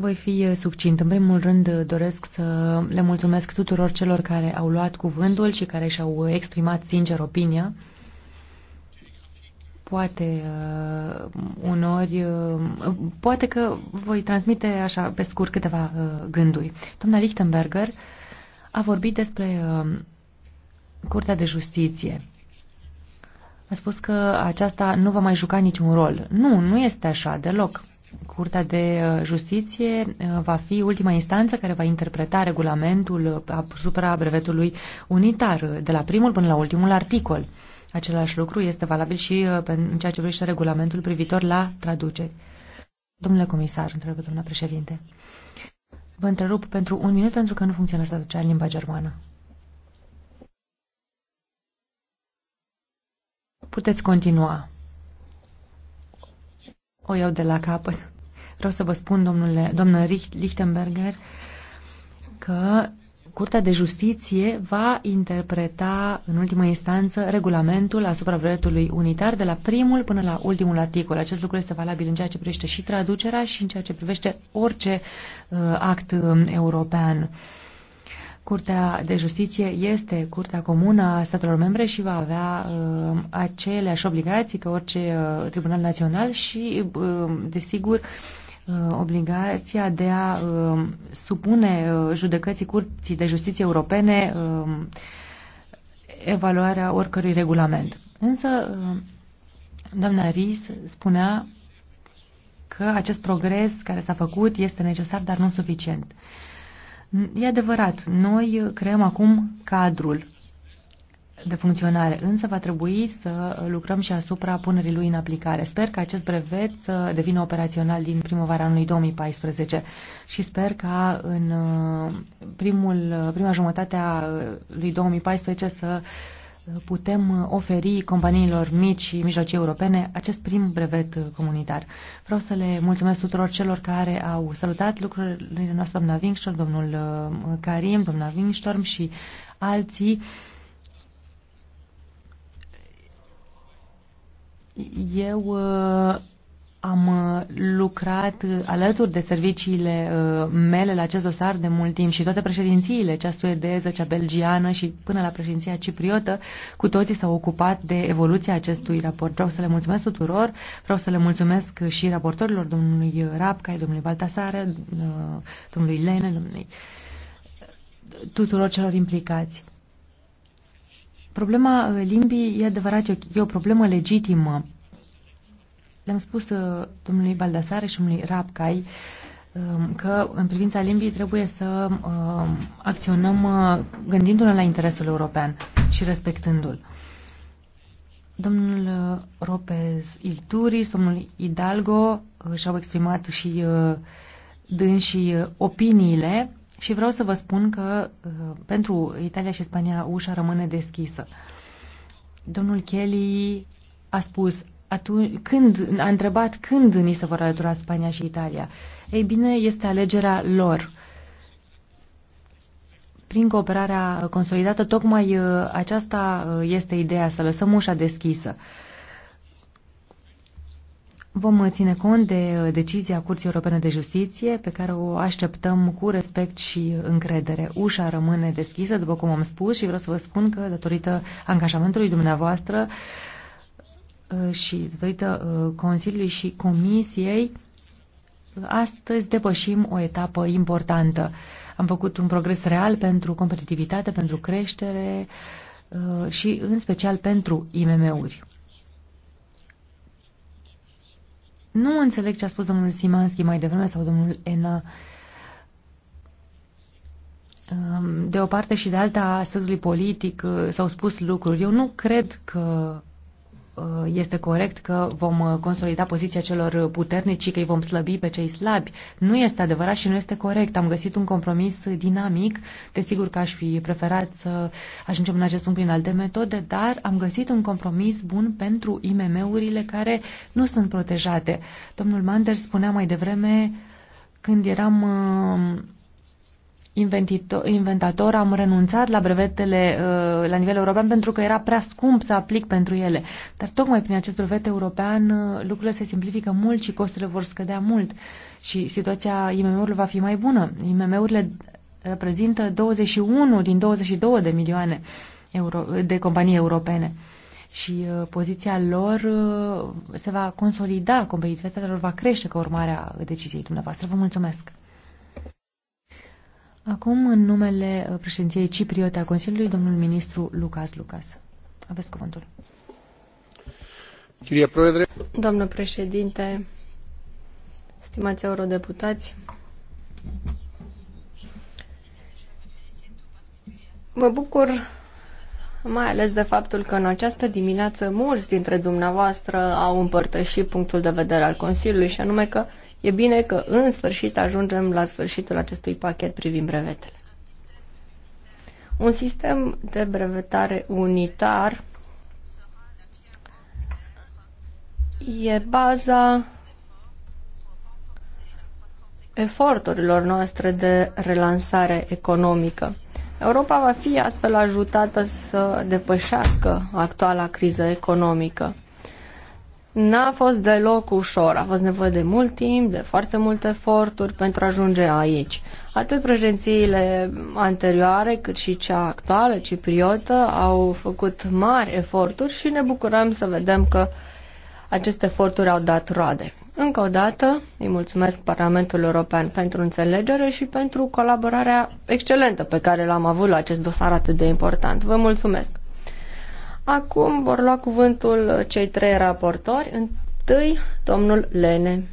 Voi fi uh, succint. În primul rând uh, doresc să le mulțumesc tuturor celor care au luat cuvântul și care și-au uh, exprimat sincer opinia. Poate uh, unori, uh, poate că voi transmite așa pe scurt câteva uh, gânduri. Doamna Lichtenberger a vorbit despre uh, Curtea de Justiție. A spus că aceasta nu va mai juca niciun rol. Nu, nu este așa deloc. Curtea de uh, Justiție uh, va fi ultima instanță care va interpreta regulamentul uh, asupra brevetului unitar, de la primul până la ultimul articol. Același lucru este valabil și în ceea ce privește regulamentul privitor la traduceri. Domnule comisar, întreabă doamna președinte, vă întrerup pentru un minut pentru că nu funcționează traducerea în limba germană. Puteți continua o iau de la capăt. Vreau să vă spun, domnule, domnul Lichtenberger, că Curtea de Justiție va interpreta în ultimă instanță regulamentul asupra proiectului unitar de la primul până la ultimul articol. Acest lucru este valabil în ceea ce privește și traducerea și în ceea ce privește orice uh, act uh, european. Uh, Curtea de Justiție este Curtea Comună a statelor membre și va avea uh, aceleași obligații ca orice uh, tribunal național și, uh, desigur, uh, obligația de a uh, supune uh, judecății Curții de Justiție Europene uh, evaluarea oricărui regulament. Însă, uh, doamna Ries spunea că acest progres care s-a făcut este necesar, dar nu suficient. Uh, E adevărat, noi creăm acum cadrul de funcționare, însă va trebui să lucrăm și asupra punerii lui în aplicare. Sper că acest brevet să devină operațional din primăvara anului 2014 și sper ca în uh, primul, uh, prima jumătate a lui 2014 să putem uh, oferi companiilor mici și mijlocii europene acest prim brevet uh, comunitar. Vreau să le mulțumesc tuturor celor care au salutat lucrurile noastre, doamna Vingstorm, domnul uh, Karim, doamna Vingstorm și alții. Eu am uh, lucrat uh, alături de serviciile uh, mele la acest dosar de mult timp și toate președințiile, cea suedeză, cea belgiană și până la președinția cipriotă, cu toții s-au ocupat de evoluția acestui raport. Vreau să le mulțumesc tuturor, vreau să le mulțumesc și raportorilor, domnului Rapcai, domnului Baltasare, domnului Lene, domnului tuturor celor implicați. Problema limbii, e adevărat, e o problemă legitimă le-am spus uh, domnului Baldasare și domnului Rapcai um, că în privința limbii trebuie să um, acționăm uh, gândindu-ne la interesul european și respectându-l. Domnul Ropez uh, Ilturis, domnul Hidalgo și-au exprimat și dânsii opiniile și vreau să vă spun că pentru Italia și Spania ușa rămâne deschisă. Domnul Kelly a spus atunci, când, a întrebat când ni se vor alătura Spania și Italia. Ei bine, este alegerea lor. Prin cooperarea consolidată, tocmai uh, aceasta uh, este ideea, să lăsăm ușa deschisă. Vom uh, ține cont de decizia Curții Europene de Justiție, pe care o așteptăm cu respect și încredere. Ușa rămâne deschisă, după cum am spus, și vreau să vă spun că, datorită angajamentului dumneavoastră, uh, Uh, și datorită uh, Consiliului și Comisiei, astăzi depășim o etapă importantă. Am făcut un progres real pentru competitivitate, pentru creștere uh, și în special pentru IMM-uri. Nu înțeleg ce a spus domnul Simanski mai devreme sau domnul Ena. Um, de o parte și de alta a statului politic s-au spus lucruri. Eu nu cred că Uh, este corect că vom uh, consolida poziția celor puternici și că îi vom slăbi pe cei slabi. Nu este adevărat și nu este corect. Am găsit un compromis dinamic. Desigur că aș fi preferat să ajungem în acest punct prin alte metode, dar am găsit un compromis bun pentru IMM-urile care nu sunt protejate. Domnul Manders spunea mai devreme când eram uh, inventator, am renunțat la brevetele uh, la nivel european pentru că era prea scump să aplic pentru ele. Dar tocmai prin acest brevet european uh, lucrurile se simplifică mult și costurile vor scădea mult și situația IMM-urilor va fi mai bună. IMM-urile reprezintă 21 din 22 de milioane euro, de companii europene și uh, poziția lor se va consolida, competitivitatea lor va crește ca urmare a deciziei dumneavoastră. Vă mulțumesc! Acum, în numele uh, președinției cipriote a Consiliului, domnul ministru Lucas Lucas. Aveți cuvântul. Domnule președinte, stimați eurodeputați, mă bucur mai ales de faptul că în această dimineață mulți dintre dumneavoastră au împărtășit punctul de vedere al Consiliului și anume că E bine că în sfârșit ajungem la sfârșitul acestui pachet privind brevetele. Un sistem de brevetare unitar e baza eforturilor noastre de relansare economică. Europa va fi astfel ajutată să depășească actuala criză economică n-a fost deloc ușor. A fost nevoie de mult timp, de foarte multe eforturi pentru a ajunge aici. Atât președințiile anterioare, cât și cea actuală, cipriotă, au făcut mari eforturi și ne bucurăm să vedem că aceste eforturi au dat roade. Încă o dată îi mulțumesc Parlamentul European pentru înțelegere și pentru colaborarea excelentă pe care l-am avut la acest dosar atât de important. Vă mulțumesc! Acum vor lua cuvântul cei trei raportori. Întâi, domnul Lene.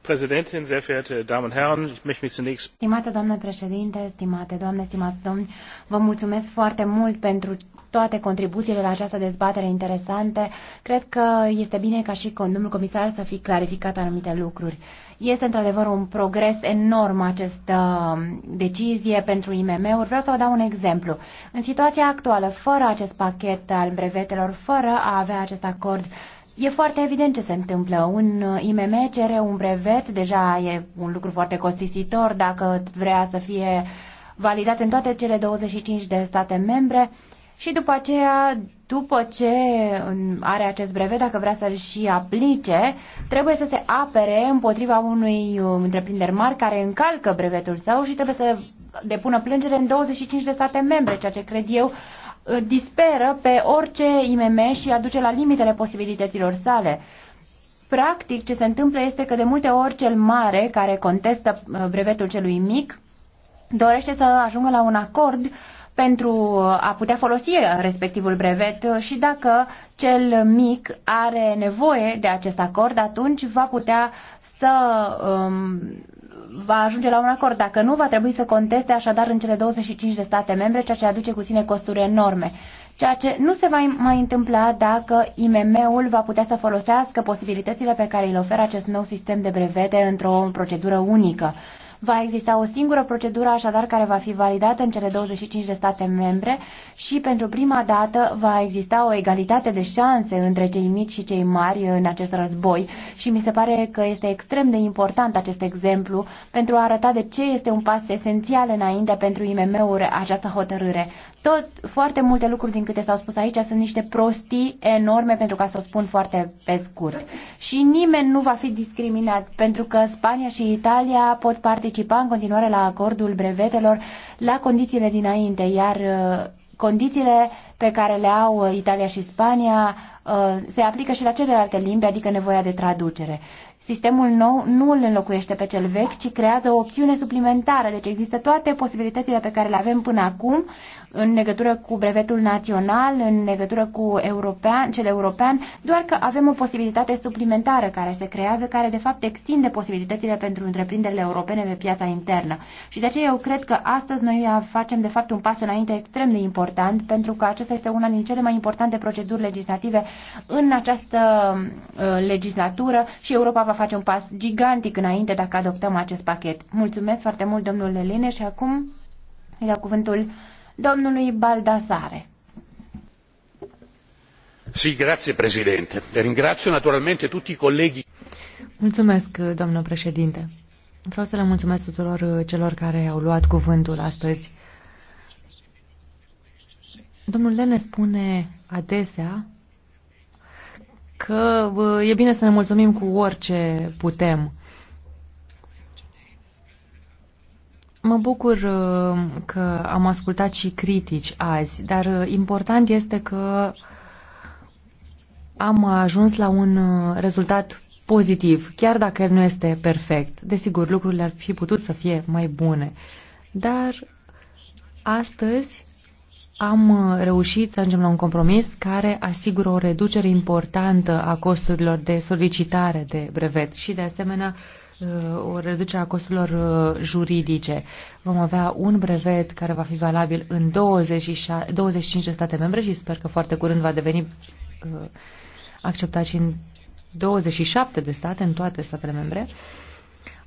Präsidentin, sehr verehrte Damen und Herren, ich möchte mich zunächst. Stimate doamne președinte, stimate doamne, stimați domni, vă mulțumesc foarte mult pentru toate contribuțiile la această dezbatere interesante. Cred că este bine ca și domnul comisar să fi clarificat anumite lucruri. Este într-adevăr un progres enorm această um, decizie pentru IMM-uri. Vreau să vă dau un exemplu. În situația actuală, fără acest pachet al brevetelor, fără a avea acest acord E foarte evident ce se întâmplă. Un uh, IMM cere un brevet, deja e un lucru foarte costisitor dacă vrea să fie validat în toate cele 25 de state membre și după aceea, după ce are acest brevet, dacă vrea să-l și aplice, trebuie să se apere împotriva unui um, întreprinderi mari care încalcă brevetul său și trebuie să depună plângere în 25 de state membre, ceea ce cred eu disperă pe orice IMM și aduce la limitele posibilităților sale. Practic, ce se întâmplă este că de multe ori cel mare care contestă uh, brevetul celui mic dorește să ajungă la un acord uh, pentru a putea folosi respectivul brevet și dacă cel mic are nevoie de acest acord, atunci va putea să um, va ajunge la un acord. Dacă nu, va trebui să conteste așadar în cele 25 de state membre, ceea ce aduce cu sine costuri enorme. Ceea ce nu se va mai întâmpla dacă IMM-ul va putea să folosească posibilitățile pe care îl oferă acest nou sistem de brevete într-o procedură unică. Va exista o singură procedură așadar care va fi validată în cele 25 de state membre și pentru prima dată va exista o egalitate de șanse între cei mici și cei mari în acest război și mi se pare că este extrem de important acest exemplu pentru a arăta de ce este un pas esențial înainte pentru IMM-uri această hotărâre. Tot, foarte multe lucruri din câte s-au spus aici sunt niște prostii enorme, pentru ca să o spun foarte pe scurt. Și nimeni nu va fi discriminat, pentru că Spania și Italia pot participa în continuare la acordul brevetelor la condițiile dinainte, iar uh, condițiile pe care le au uh, Italia și Spania uh, se aplică și la celelalte limbi, adică nevoia de traducere. Sistemul nou nu îl înlocuiește pe cel vechi, ci creează o opțiune suplimentară. Deci există toate posibilitățile pe care le avem până acum în legătură cu brevetul național, în legătură cu european, cel european, doar că avem o posibilitate suplimentară care se creează, care de fapt extinde posibilitățile pentru întreprinderile europene pe piața internă. Și de aceea eu cred că astăzi noi facem de fapt un pas înainte extrem de important, pentru că acesta este una din cele mai importante proceduri legislative în această uh, legislatură și Europa va face un pas gigantic înainte dacă adoptăm acest pachet. Mulțumesc foarte mult, domnule Lene și acum îi dau cuvântul domnului Baldasare. Sì, grazie Presidente. Ringrazio naturalmente tutti i colleghi. Mulțumesc, domnul președinte. Vreau să le mulțumesc tuturor uh, celor care au luat cuvântul astăzi. Domnul Lene spune adesea că e bine să ne mulțumim cu orice putem. Mă bucur uh, că am ascultat și critici azi, dar uh, important este că am ajuns la un uh, rezultat pozitiv, chiar dacă el nu este perfect. Desigur, lucrurile ar fi putut să fie mai bune. Dar astăzi am uh, reușit să ajungem la un compromis care asigură o reducere importantă a costurilor de solicitare de brevet și, de asemenea, uh, o reducere a costurilor uh, juridice. Vom avea un brevet care va fi valabil în 26, 25 de state membre și sper că foarte curând va deveni acceptat și în 27 de state, în toate statele membre.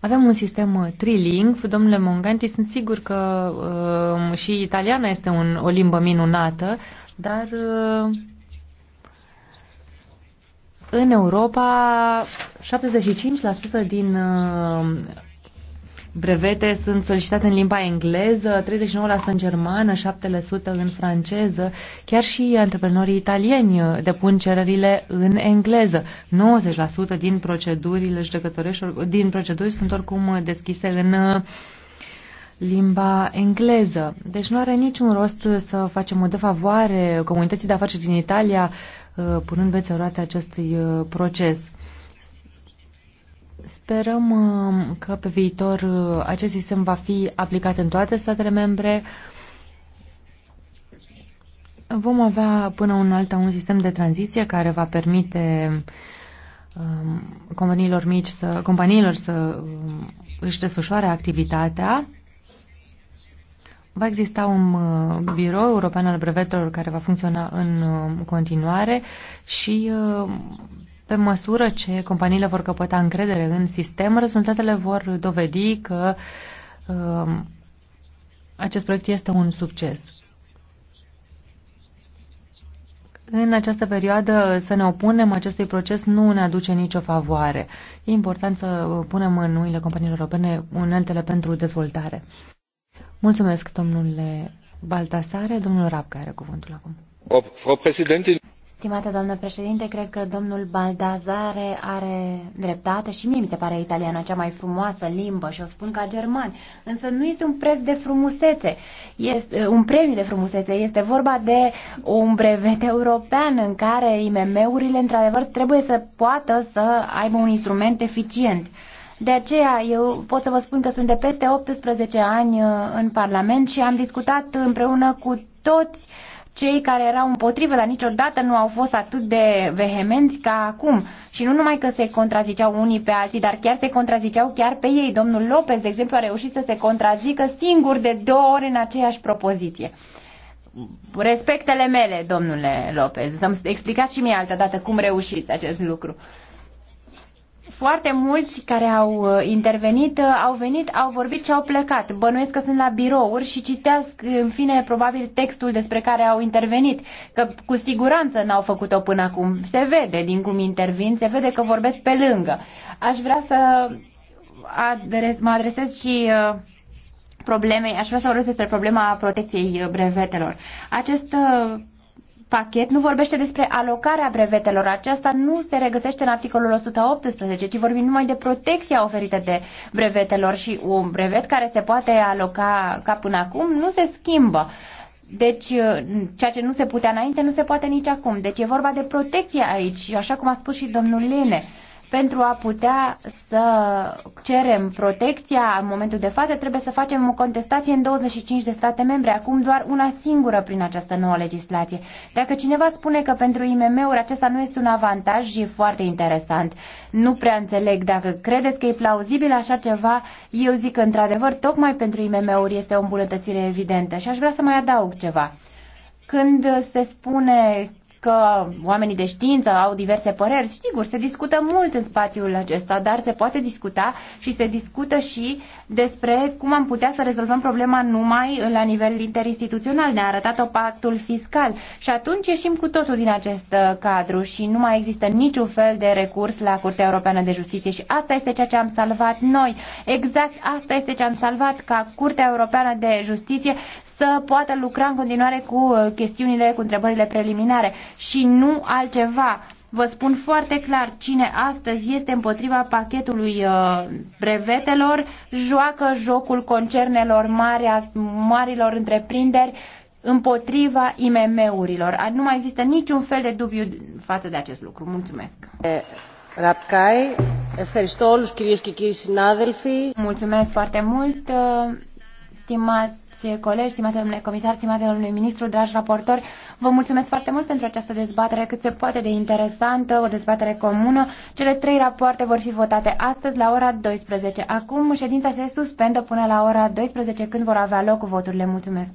Avem un sistem uh, trilingv, domnule Monganti, sunt sigur că uh, și italiana este un, o limbă minunată, dar uh, în Europa 75% din uh, brevete sunt solicitate în limba engleză, 39% în germană, 7% în franceză. Chiar și antreprenorii italieni depun cererile în engleză. 90% din procedurile judecătorești, din proceduri sunt oricum deschise în uh, limba engleză. Deci nu are niciun rost să facem o defavoare comunității de afaceri din Italia uh, punând bețe roate acestui uh, proces. Sperăm uh, că pe viitor uh, acest sistem va fi aplicat în toate statele membre. Vom avea până un alta un sistem de tranziție care va permite um, companiilor mici să, companiilor să um, își desfășoare activitatea. Va exista un uh, birou european al brevetelor care va funcționa în um, continuare și pe măsură ce companiile vor căpăta încredere în sistem, rezultatele vor dovedi că uh, acest proiect este un succes. În această perioadă să ne opunem acestui proces nu ne aduce nicio favoare. E important să punem în mâinile companiilor europene uneltele pentru dezvoltare. Mulțumesc, domnule Baltasare. Domnul Rapca are cuvântul acum. Stimată doamnă președinte, cred că domnul Baldazare are dreptate și mie mi se pare italiana cea mai frumoasă limbă și o spun ca german. Însă nu este un preț de frumusețe, este un premiu de frumusețe, este vorba de un brevet european în care IMM-urile într-adevăr trebuie să poată să aibă un instrument eficient. De aceea eu pot să vă spun că sunt de peste 18 ani uh, în Parlament și am discutat împreună cu toți uh, cei care erau împotrivă, dar niciodată nu au fost atât de vehemenți ca acum. Și nu numai că se contraziceau unii pe alții, dar chiar se contraziceau chiar pe ei. Domnul Lopez, de exemplu, a reușit să se contrazică singur de două ori în aceeași propoziție. Respectele mele, domnule Lopez, să-mi explicați și mie altă dată cum reușiți acest lucru foarte mulți care au uh, intervenit uh, au venit, au vorbit și au plecat. Bănuiesc că sunt la birouri și citesc, în fine, probabil textul despre care au intervenit, că cu siguranță n-au făcut-o până acum. Se vede din cum intervin, se vede că vorbesc pe lângă. Aș vrea să adres, mă adresez și uh, problemei, aș vrea să vorbesc despre problema protecției brevetelor. Acest uh, pachet nu vorbește despre alocarea brevetelor. Aceasta nu se regăsește în articolul 118, ci vorbim numai de protecția oferită de brevetelor și un brevet care se poate aloca ca până acum nu se schimbă. Deci, uh, ceea ce nu se putea înainte, nu se poate nici acum. Deci e vorba de protecție aici, așa cum a spus și domnul Lene pentru a putea să cerem protecția în momentul de față, trebuie să facem o contestație în 25 de state membre, acum doar una singură prin această nouă legislație. Dacă cineva spune că pentru IMM-uri acesta nu este un avantaj și e foarte interesant, nu prea înțeleg dacă credeți că e plauzibil așa ceva, eu zic că într-adevăr tocmai pentru IMM-uri este o îmbunătățire evidentă și aș vrea să mai adaug ceva. Când se spune că oamenii de știință au diverse păreri. Sigur, se discută mult în spațiul acesta, dar se poate discuta și se discută și despre cum am putea să rezolvăm problema numai la nivel interinstituțional. Ne-a arătat-o pactul fiscal și atunci ieșim cu totul din acest uh, cadru și nu mai există niciun fel de recurs la Curtea Europeană de Justiție și asta este ceea ce am salvat noi. Exact asta este ce am salvat ca Curtea Europeană de Justiție să poată lucra în continuare cu uh, chestiunile, cu întrebările preliminare și nu altceva. Vă spun foarte clar, cine astăzi este împotriva pachetului uh, brevetelor, joacă jocul concernelor mari, a marilor întreprinderi împotriva IMM-urilor. Nu mai există niciun fel de dubiu față de acest lucru. Mulțumesc! Eh, Rapcai, ευχαριστώ όλους κυρίες και κύριοι συνάδελφοι. Mulțumesc foarte mult, uh, stimați stimați colegi, stimate domnule comisar, stimate domnule ministru, dragi raportori, vă mulțumesc foarte mult pentru această dezbatere cât se poate de interesantă, o dezbatere comună. Cele trei rapoarte vor fi votate astăzi la ora 12. Acum ședința se suspendă până la ora 12 când vor avea loc voturile. Mulțumesc!